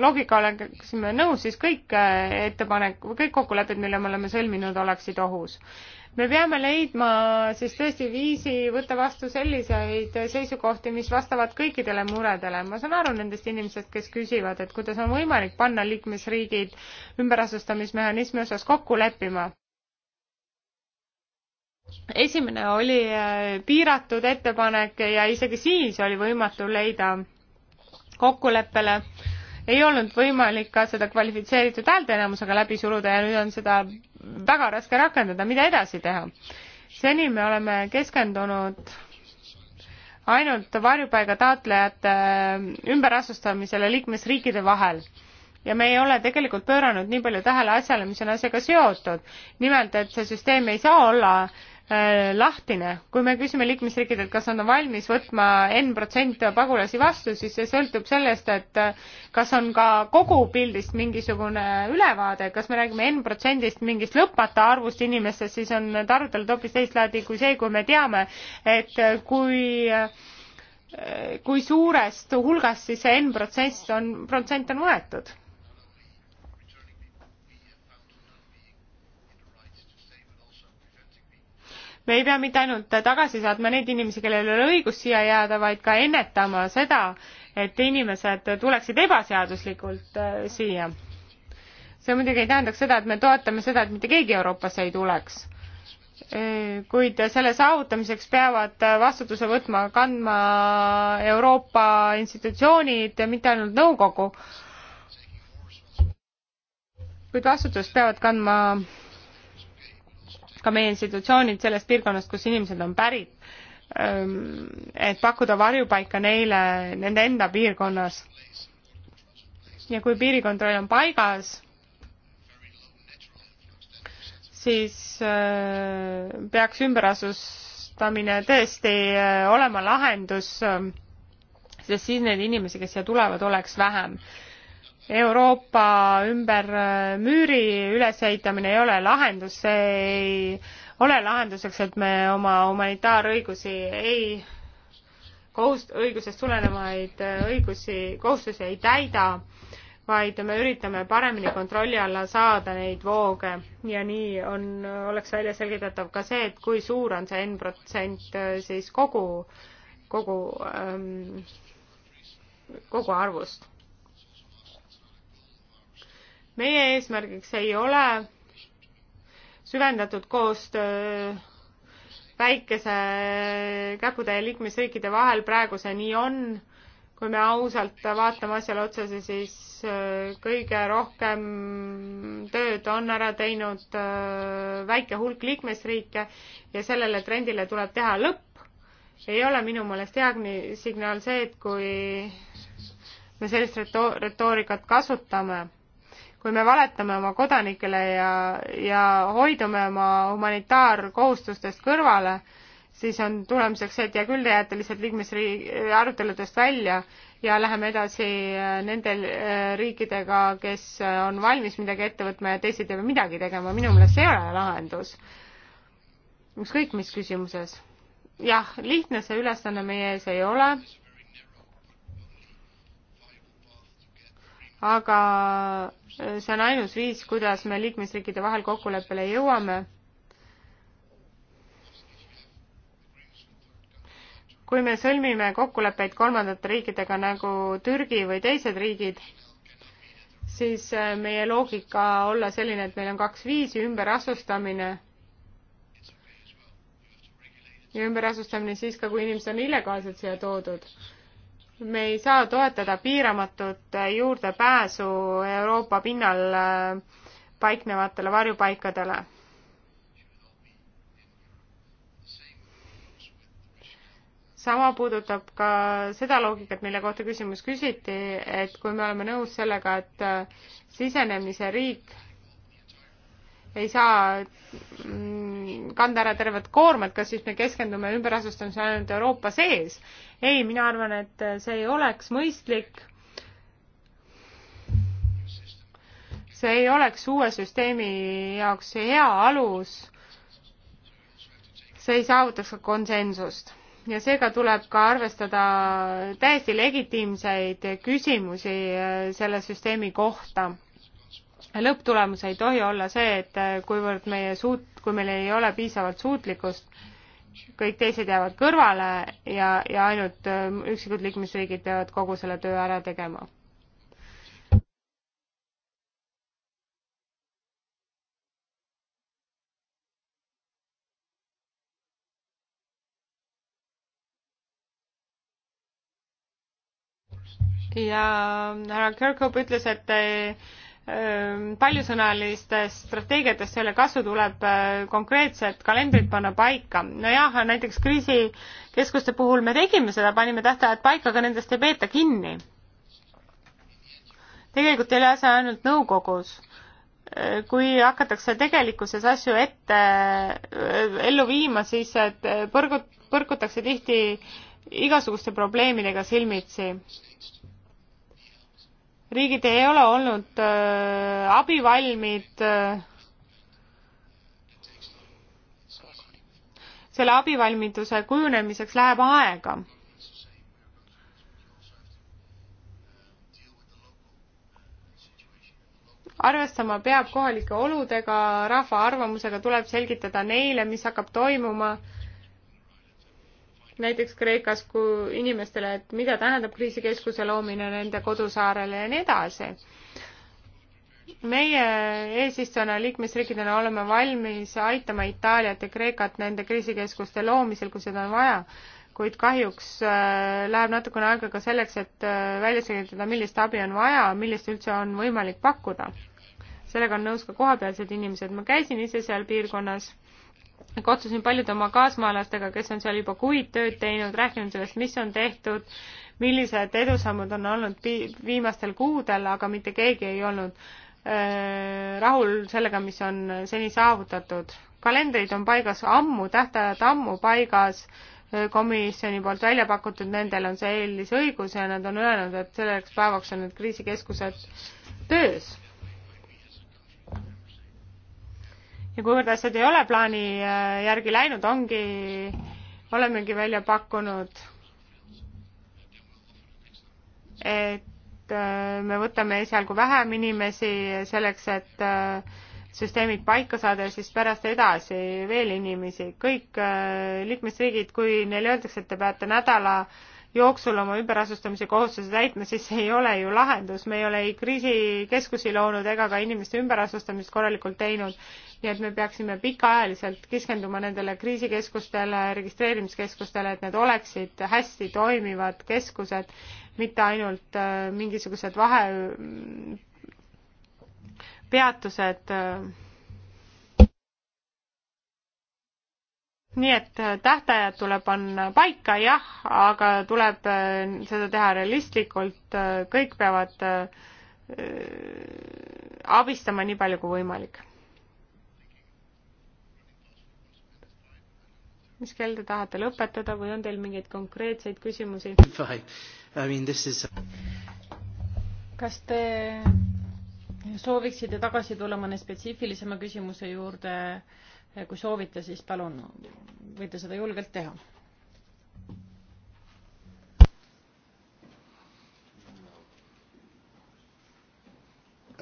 loogika oleksime nõus, siis kõik äh, ettepanek, kõik kokkulepped, mille me oleme sõlminud, oleksid ohus me peame leidma siis tõesti viisi võtta vastu selliseid seisukohti, mis vastavad kõikidele muredele. ma saan aru nendest inimestest, kes küsivad, et kuidas on võimalik panna liikmesriigid ümberasustamismehhanismi osas kokku leppima esimene oli äh, piiratud ettepanek ja isegi siis oli võimatu leida kokkuleppele. ei olnud võimalik ka seda kvalifitseeritud häälteenamusega läbi suruda ja nüüd on seda väga raske rakendada, mida edasi teha? seni me oleme keskendunud ainult varjupaiga taotlejate äh, ümberasustamisele liikmesriikide vahel ja me ei ole tegelikult pööranud nii palju tähele asjale, mis on asjaga seotud. nimelt, et see süsteem ei saa olla äh, Äh, lahtine. kui me küsime liikmesriikidelt, kas nad on valmis võtma N protsent pagulasi vastu, siis see sõltub sellest, et äh, kas on ka kogupildist mingisugune ülevaade, kas me räägime N protsendist mingist lõpmata arvust inimestest, siis on need arutelud hoopis teist laadi kui see, kui me teame, et äh, kui kui suurest hulgast siis see N protsess on, protsent on võetud me ei pea mitte ainult tagasi saatma neid inimesi, kellel ei ole õigust siia jääda, vaid ka ennetama seda, et inimesed tuleksid ebaseaduslikult äh, siia. see muidugi ei tähendaks seda, et me toetame seda, et mitte keegi Euroopasse ei tuleks. Äh, kuid selle saavutamiseks peavad vastutuse võtma, kandma Euroopa institutsioonid, mitte ainult nõukogu, kuid vastutust peavad kandma ka meie institutsioonid sellest piirkonnast, kus inimesed on pärit, ähm, et pakkuda varjupaika neile nende enda piirkonnas. ja kui piirikontroll on paigas, siis äh, peaks ümberasustamine tõesti äh, olema lahendus, äh, sest siis neid inimesi, kes siia tulevad, oleks vähem Euroopa ümber äh, müüri ülesehitamine ei ole lahendus, see ei ole lahenduseks, et me oma humanitaarõigusi ei kohust-, õigusest tulenevaid äh, õigusi, kohustusi ei täida, vaid me üritame paremini kontrolli alla saada neid vooge ja nii on, oleks välja selgitatav ka see, et kui suur on see N protsent äh, siis kogu, kogu ähm,, kogu arvust meie eesmärgiks ei ole süvendatud koostöö väikese käputäie liikmesriikide vahel, praegu see nii on. kui me ausalt vaatame asjale otsa, siis äh, kõige rohkem tööd on ära teinud äh, väike hulk liikmesriike ja sellele trendile tuleb teha lõpp. ei ole minu meelest hea signaal see, et kui me sellist retoorikat kasutame kui me valetame oma kodanikele ja, ja hoidume oma humanitaarkohustustest kõrvale, siis on tulemuseks see, et hea küll, te jääte lihtsalt liikmesriigi aruteludest välja ja läheme edasi äh, nende äh, riikidega, kes äh, on valmis midagi ette võtma ja teised ei pea midagi tegema, minu meelest see ei ole lahendus. ükskõik mis küsimuses. jah, lihtne see ülesanne meie ees ei ole aga äh, see on ainus viis, kuidas me liikmesriikide vahel kokkuleppele jõuame. kui me sõlmime kokkuleppeid kolmandate riikidega nagu Türgi või teised riigid, siis äh, meie loogika olla selline, et meil on kaks viisi, ümberasustamine ja ümberasustamine siis ka, kui inimesed on illegaalselt siia toodud me ei saa toetada piiramatut juurdepääsu Euroopa pinnal äh, paiknevatele varjupaikadele. sama puudutab ka seda loogikat, mille kohta küsimus küsiti, et kui me oleme nõus sellega, et äh, sisenemise riik ei saa mm, kanda ära tervet koormat, kas siis me keskendume ümberasustamisele ainult Euroopa sees? ei, mina arvan, et see ei oleks mõistlik. see ei oleks uue süsteemi jaoks hea alus. see ei saavutaks ka konsensust ja seega tuleb ka arvestada täiesti legitiimseid küsimusi selle süsteemi kohta lõpptulemus ei tohi olla see, et äh, kuivõrd meie suut-, kui meil ei ole piisavalt suutlikkust, kõik teised jäävad kõrvale ja, ja ainult ähm, üksikud liikmesriigid peavad kogu selle töö ära tegema. ja härra Kirkhope ütles, et äh, Ehm, paljusõnalistest strateegiatest ei ole kasu, tuleb äh, konkreetsed kalendrid panna paika. nojah, näiteks kriisikeskuste puhul me tegime seda, panime tähtajad paika, aga nendest ei peeta kinni. tegelikult ei ole asi ainult nõukogus. Äh, kui hakatakse tegelikkuses asju ette äh, ellu viima, siis põrgut-, põrkutakse tihti igasuguste probleemidega silmitsi riigid ei ole olnud äh, abivalmid äh, selle abivalmiduse kujunemiseks läheb aega. arvestama peab kohalike oludega, rahva arvamusega tuleb selgitada neile, mis hakkab toimuma äh, näiteks Kreekas kui inimestele, et mida tähendab kriisikeskuse loomine nende kodusaarele ja nii edasi. meie eesistujana liikmesriikidena oleme valmis aitama Itaaliat ja Kreekat nende kriisikeskuste loomisel, kui seda on vaja, kuid kahjuks äh, läheb natukene aega ka selleks, et äh, välja selgitada, millist abi on vaja, millist üldse on võimalik pakkuda. sellega on nõus ka kohapealsed inimesed, ma käisin ise seal piirkonnas kohtusin paljude oma kaasmaalastega, kes on seal juba kuid tööd teinud, rääkinud sellest, mis on tehtud, millised edusammud on olnud viimastel kuudel, aga mitte keegi ei olnud äh, rahul sellega, mis on seni saavutatud. kalendrid on paigas ammu, tähtajad ammu paigas, äh, komisjoni poolt välja pakutud, nendel on see eelisõigus ja nad on öelnud, et selleks päevaks on need kriisikeskused töös ja kuivõrd asjad ei ole plaani äh, järgi läinud, ongi, olemegi välja pakkunud, et äh, me võtame esialgu vähem inimesi selleks, et äh, süsteemid paika saada ja siis pärast edasi veel inimesi. kõik liikmesriigid, kui neile öeldakse, et te peate nädala äh, jooksul oma ümberasustamise kohustuse täitma, siis see ei ole ju lahendus, me ei ole ei kriisikeskusi loonud ega ka inimeste ümberasustamist korralikult teinud. nii et me peaksime pikaajaliselt keskenduma nendele kriisikeskustele, registreerimiskeskustele, et need oleksid hästi toimivad keskused, mitte ainult äh, mingisugused vahe mm, peatused äh, nii et äh, tähtajad tuleb panna paika, jah, aga tuleb äh, seda teha realistlikult, äh, kõik peavad abistama nii palju kui võimalik. mis kell te tahate lõpetada või on teil mingeid konkreetseid küsimusi? kas te sooviksite tagasi tulla mõne spetsiifilisema küsimuse juurde äh, kui soovite, siis palun, võite seda julgelt teha.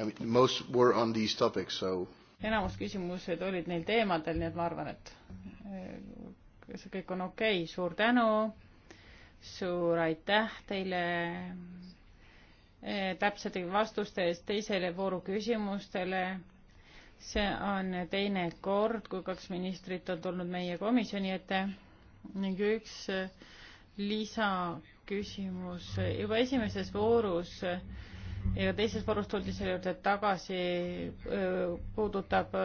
I mean, most were on these topics, so enamus küsimused olid neil teemadel, nii et ma arvan, et eh, see kõik on okei okay., suur tänu, suur aitäh teile eh, täpsete vastuste eest teisele vooru küsimustele see on teine kord, kui kaks ministrit on tulnud meie komisjoni ette ning üks lisaküsimus juba esimeses voorus ja teises voorus tuldi selle juurde tagasi, puudutab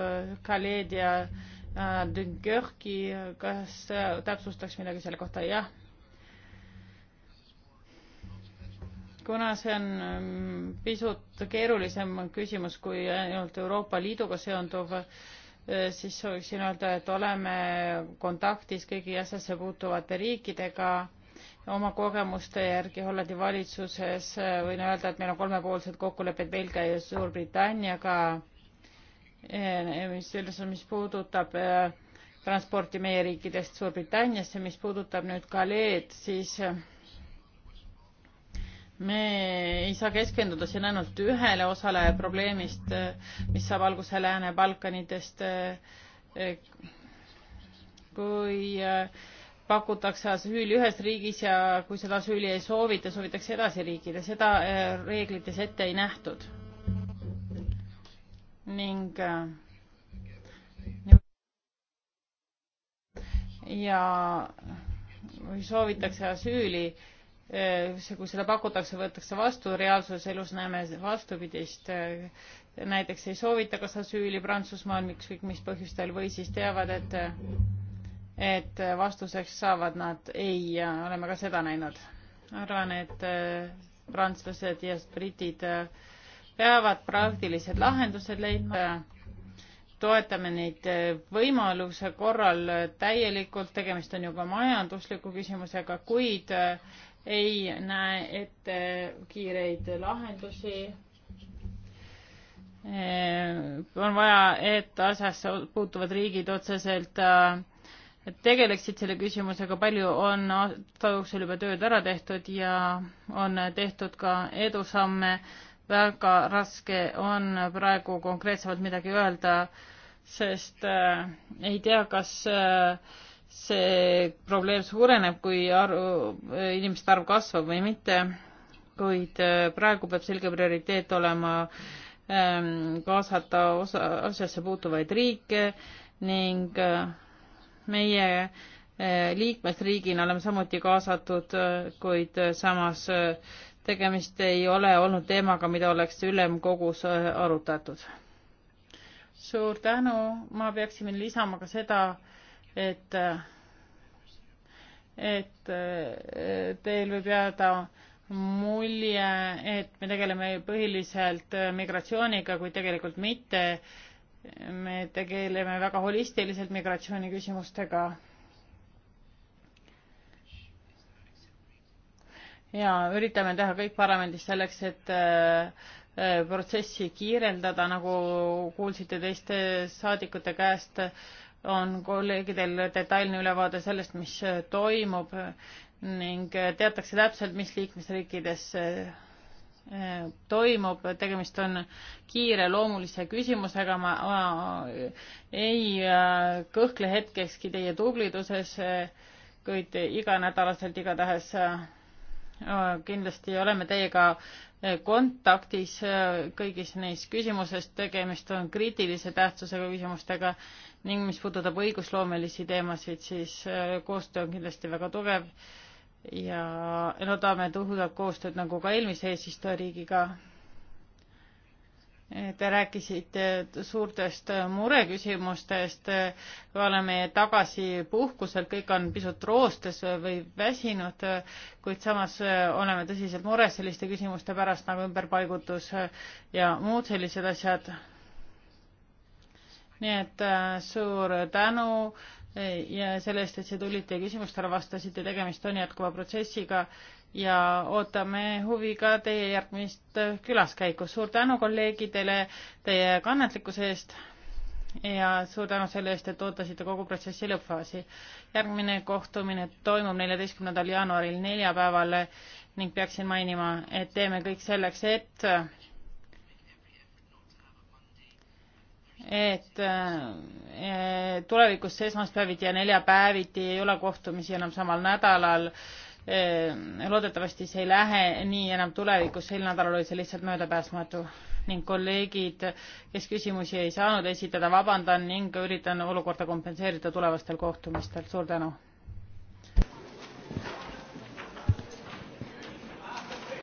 Khaled ja äh, Dunkirki, kas äh, täpsustaks midagi selle kohta? jah kuna see on mm, pisut keerulisem küsimus kui ainult Euroopa Liiduga seonduv, eh, siis sooviksin öelda, et oleme kontaktis kõigi asjasse puutuvate riikidega. oma kogemuste järgi Hollandi valitsuses eh, võin öelda, et meil on kolmepoolsed kokkulepped Belgia ja Suurbritanniaga, eh, mis selles, mis puudutab transporti meie riikidest Suurbritanniasse, mis puudutab nüüd Galeed, siis me ei saa keskenduda siin ainult ühele osale probleemist, mis saab alguse Lääne-Balkanitest, kui pakutakse asüüli ühes riigis ja kui seda asüüli ei soovita, soovitakse edasi riigile, seda eh, reeglites ette ei nähtud. ning eh, ja kui soovitakse asüüli, Eh, kui seda pakutakse, võetakse vastu, reaalsuses elus näeme vastupidist. Eh, näiteks ei soovita kas asüüli Prantsusmaal, ükskõik mis põhjustel, või siis teavad, et, et vastuseks saavad nad ei, oleme ka seda näinud. arvan, et eh, prantslased ja britid peavad praktilised lahendused leidma. toetame neid võimaluse korral täielikult, tegemist on ju ka majandusliku küsimusega, kuid ei näe ette kiireid lahendusi. Ehm, on vaja, et asjasse puutuvad riigid otseselt äh, tegeleksid selle küsimusega, palju on aasta jooksul juba tööd ära tehtud ja on tehtud ka edusamme. väga raske on praegu konkreetsemalt midagi öelda, sest äh, ei tea, kas äh, see probleem suureneb, kui arv, inimeste arv kasvab või mitte, kuid äh, praegu peab selge prioriteet olema ähm, kaasata osa, asjasse puutuvaid riike ning äh, meie äh, liikmesriigina oleme samuti kaasatud, kuid samas tegemist ei ole olnud teemaga, mida oleks ülemkogus arutatud. suur tänu, ma peaksin lisama ka seda, et, et teil võib jääda mulje, et me tegeleme põhiliselt migratsiooniga, kuid tegelikult mitte. me tegeleme väga holistiliselt migratsiooniküsimustega. ja üritame teha kõik parlamendis selleks, et äh, protsessi kiireldada, nagu kuulsite teiste saadikute käest, on kolleegidel detailne ülevaade sellest, mis toimub ning teatakse täpselt, mis liikmesriikides eh, toimub, tegemist on kiireloomulise küsimusega, ma ei eh, kõhkle hetkekski teie tubliduses, eh, kuid iganädalaselt igatahes kindlasti oleme teiega kontaktis äh, kõigis neis küsimuses, tegemist on kriitilise tähtsusega küsimustega ning mis puudutab õigusloomelisi teemasid, siis äh, koostöö on kindlasti väga tugev ja no tahame tugevat koostööd nagu ka eelmise eesistuja riigiga Te rääkisite suurtest mureküsimustest, me oleme tagasi puhkuselt, kõik on pisut roostes või väsinud, kuid samas oleme tõsiselt mures selliste küsimuste pärast nagu ümberpaigutus ja muud sellised asjad. nii et äh, suur tänu äh, ja selle eest, et siia tulite ja küsimustele vastasite, tegemist on jätkuva protsessiga ja ootame huviga teie järgmist külaskäiku. suur tänu kolleegidele teie kannatlikkuse eest ja suur tänu selle eest, et ootasite kogu protsessi lõppfaasi. järgmine kohtumine toimub neljateistkümnendal jaanuaril neljapäeval ning peaksin mainima, et teeme kõik selleks, et et tulevikus esmaspäeviti ja neljapäeviti ei ole kohtumisi enam samal nädalal Ehm, loodetavasti see ei lähe nii enam tulevikus, sel nädalal oli see lihtsalt möödapääsmatu ning kolleegid, kes küsimusi ei saanud esitada, vabandan ning üritan olukorda kompenseerida tulevastel kohtumistel, suur tänu.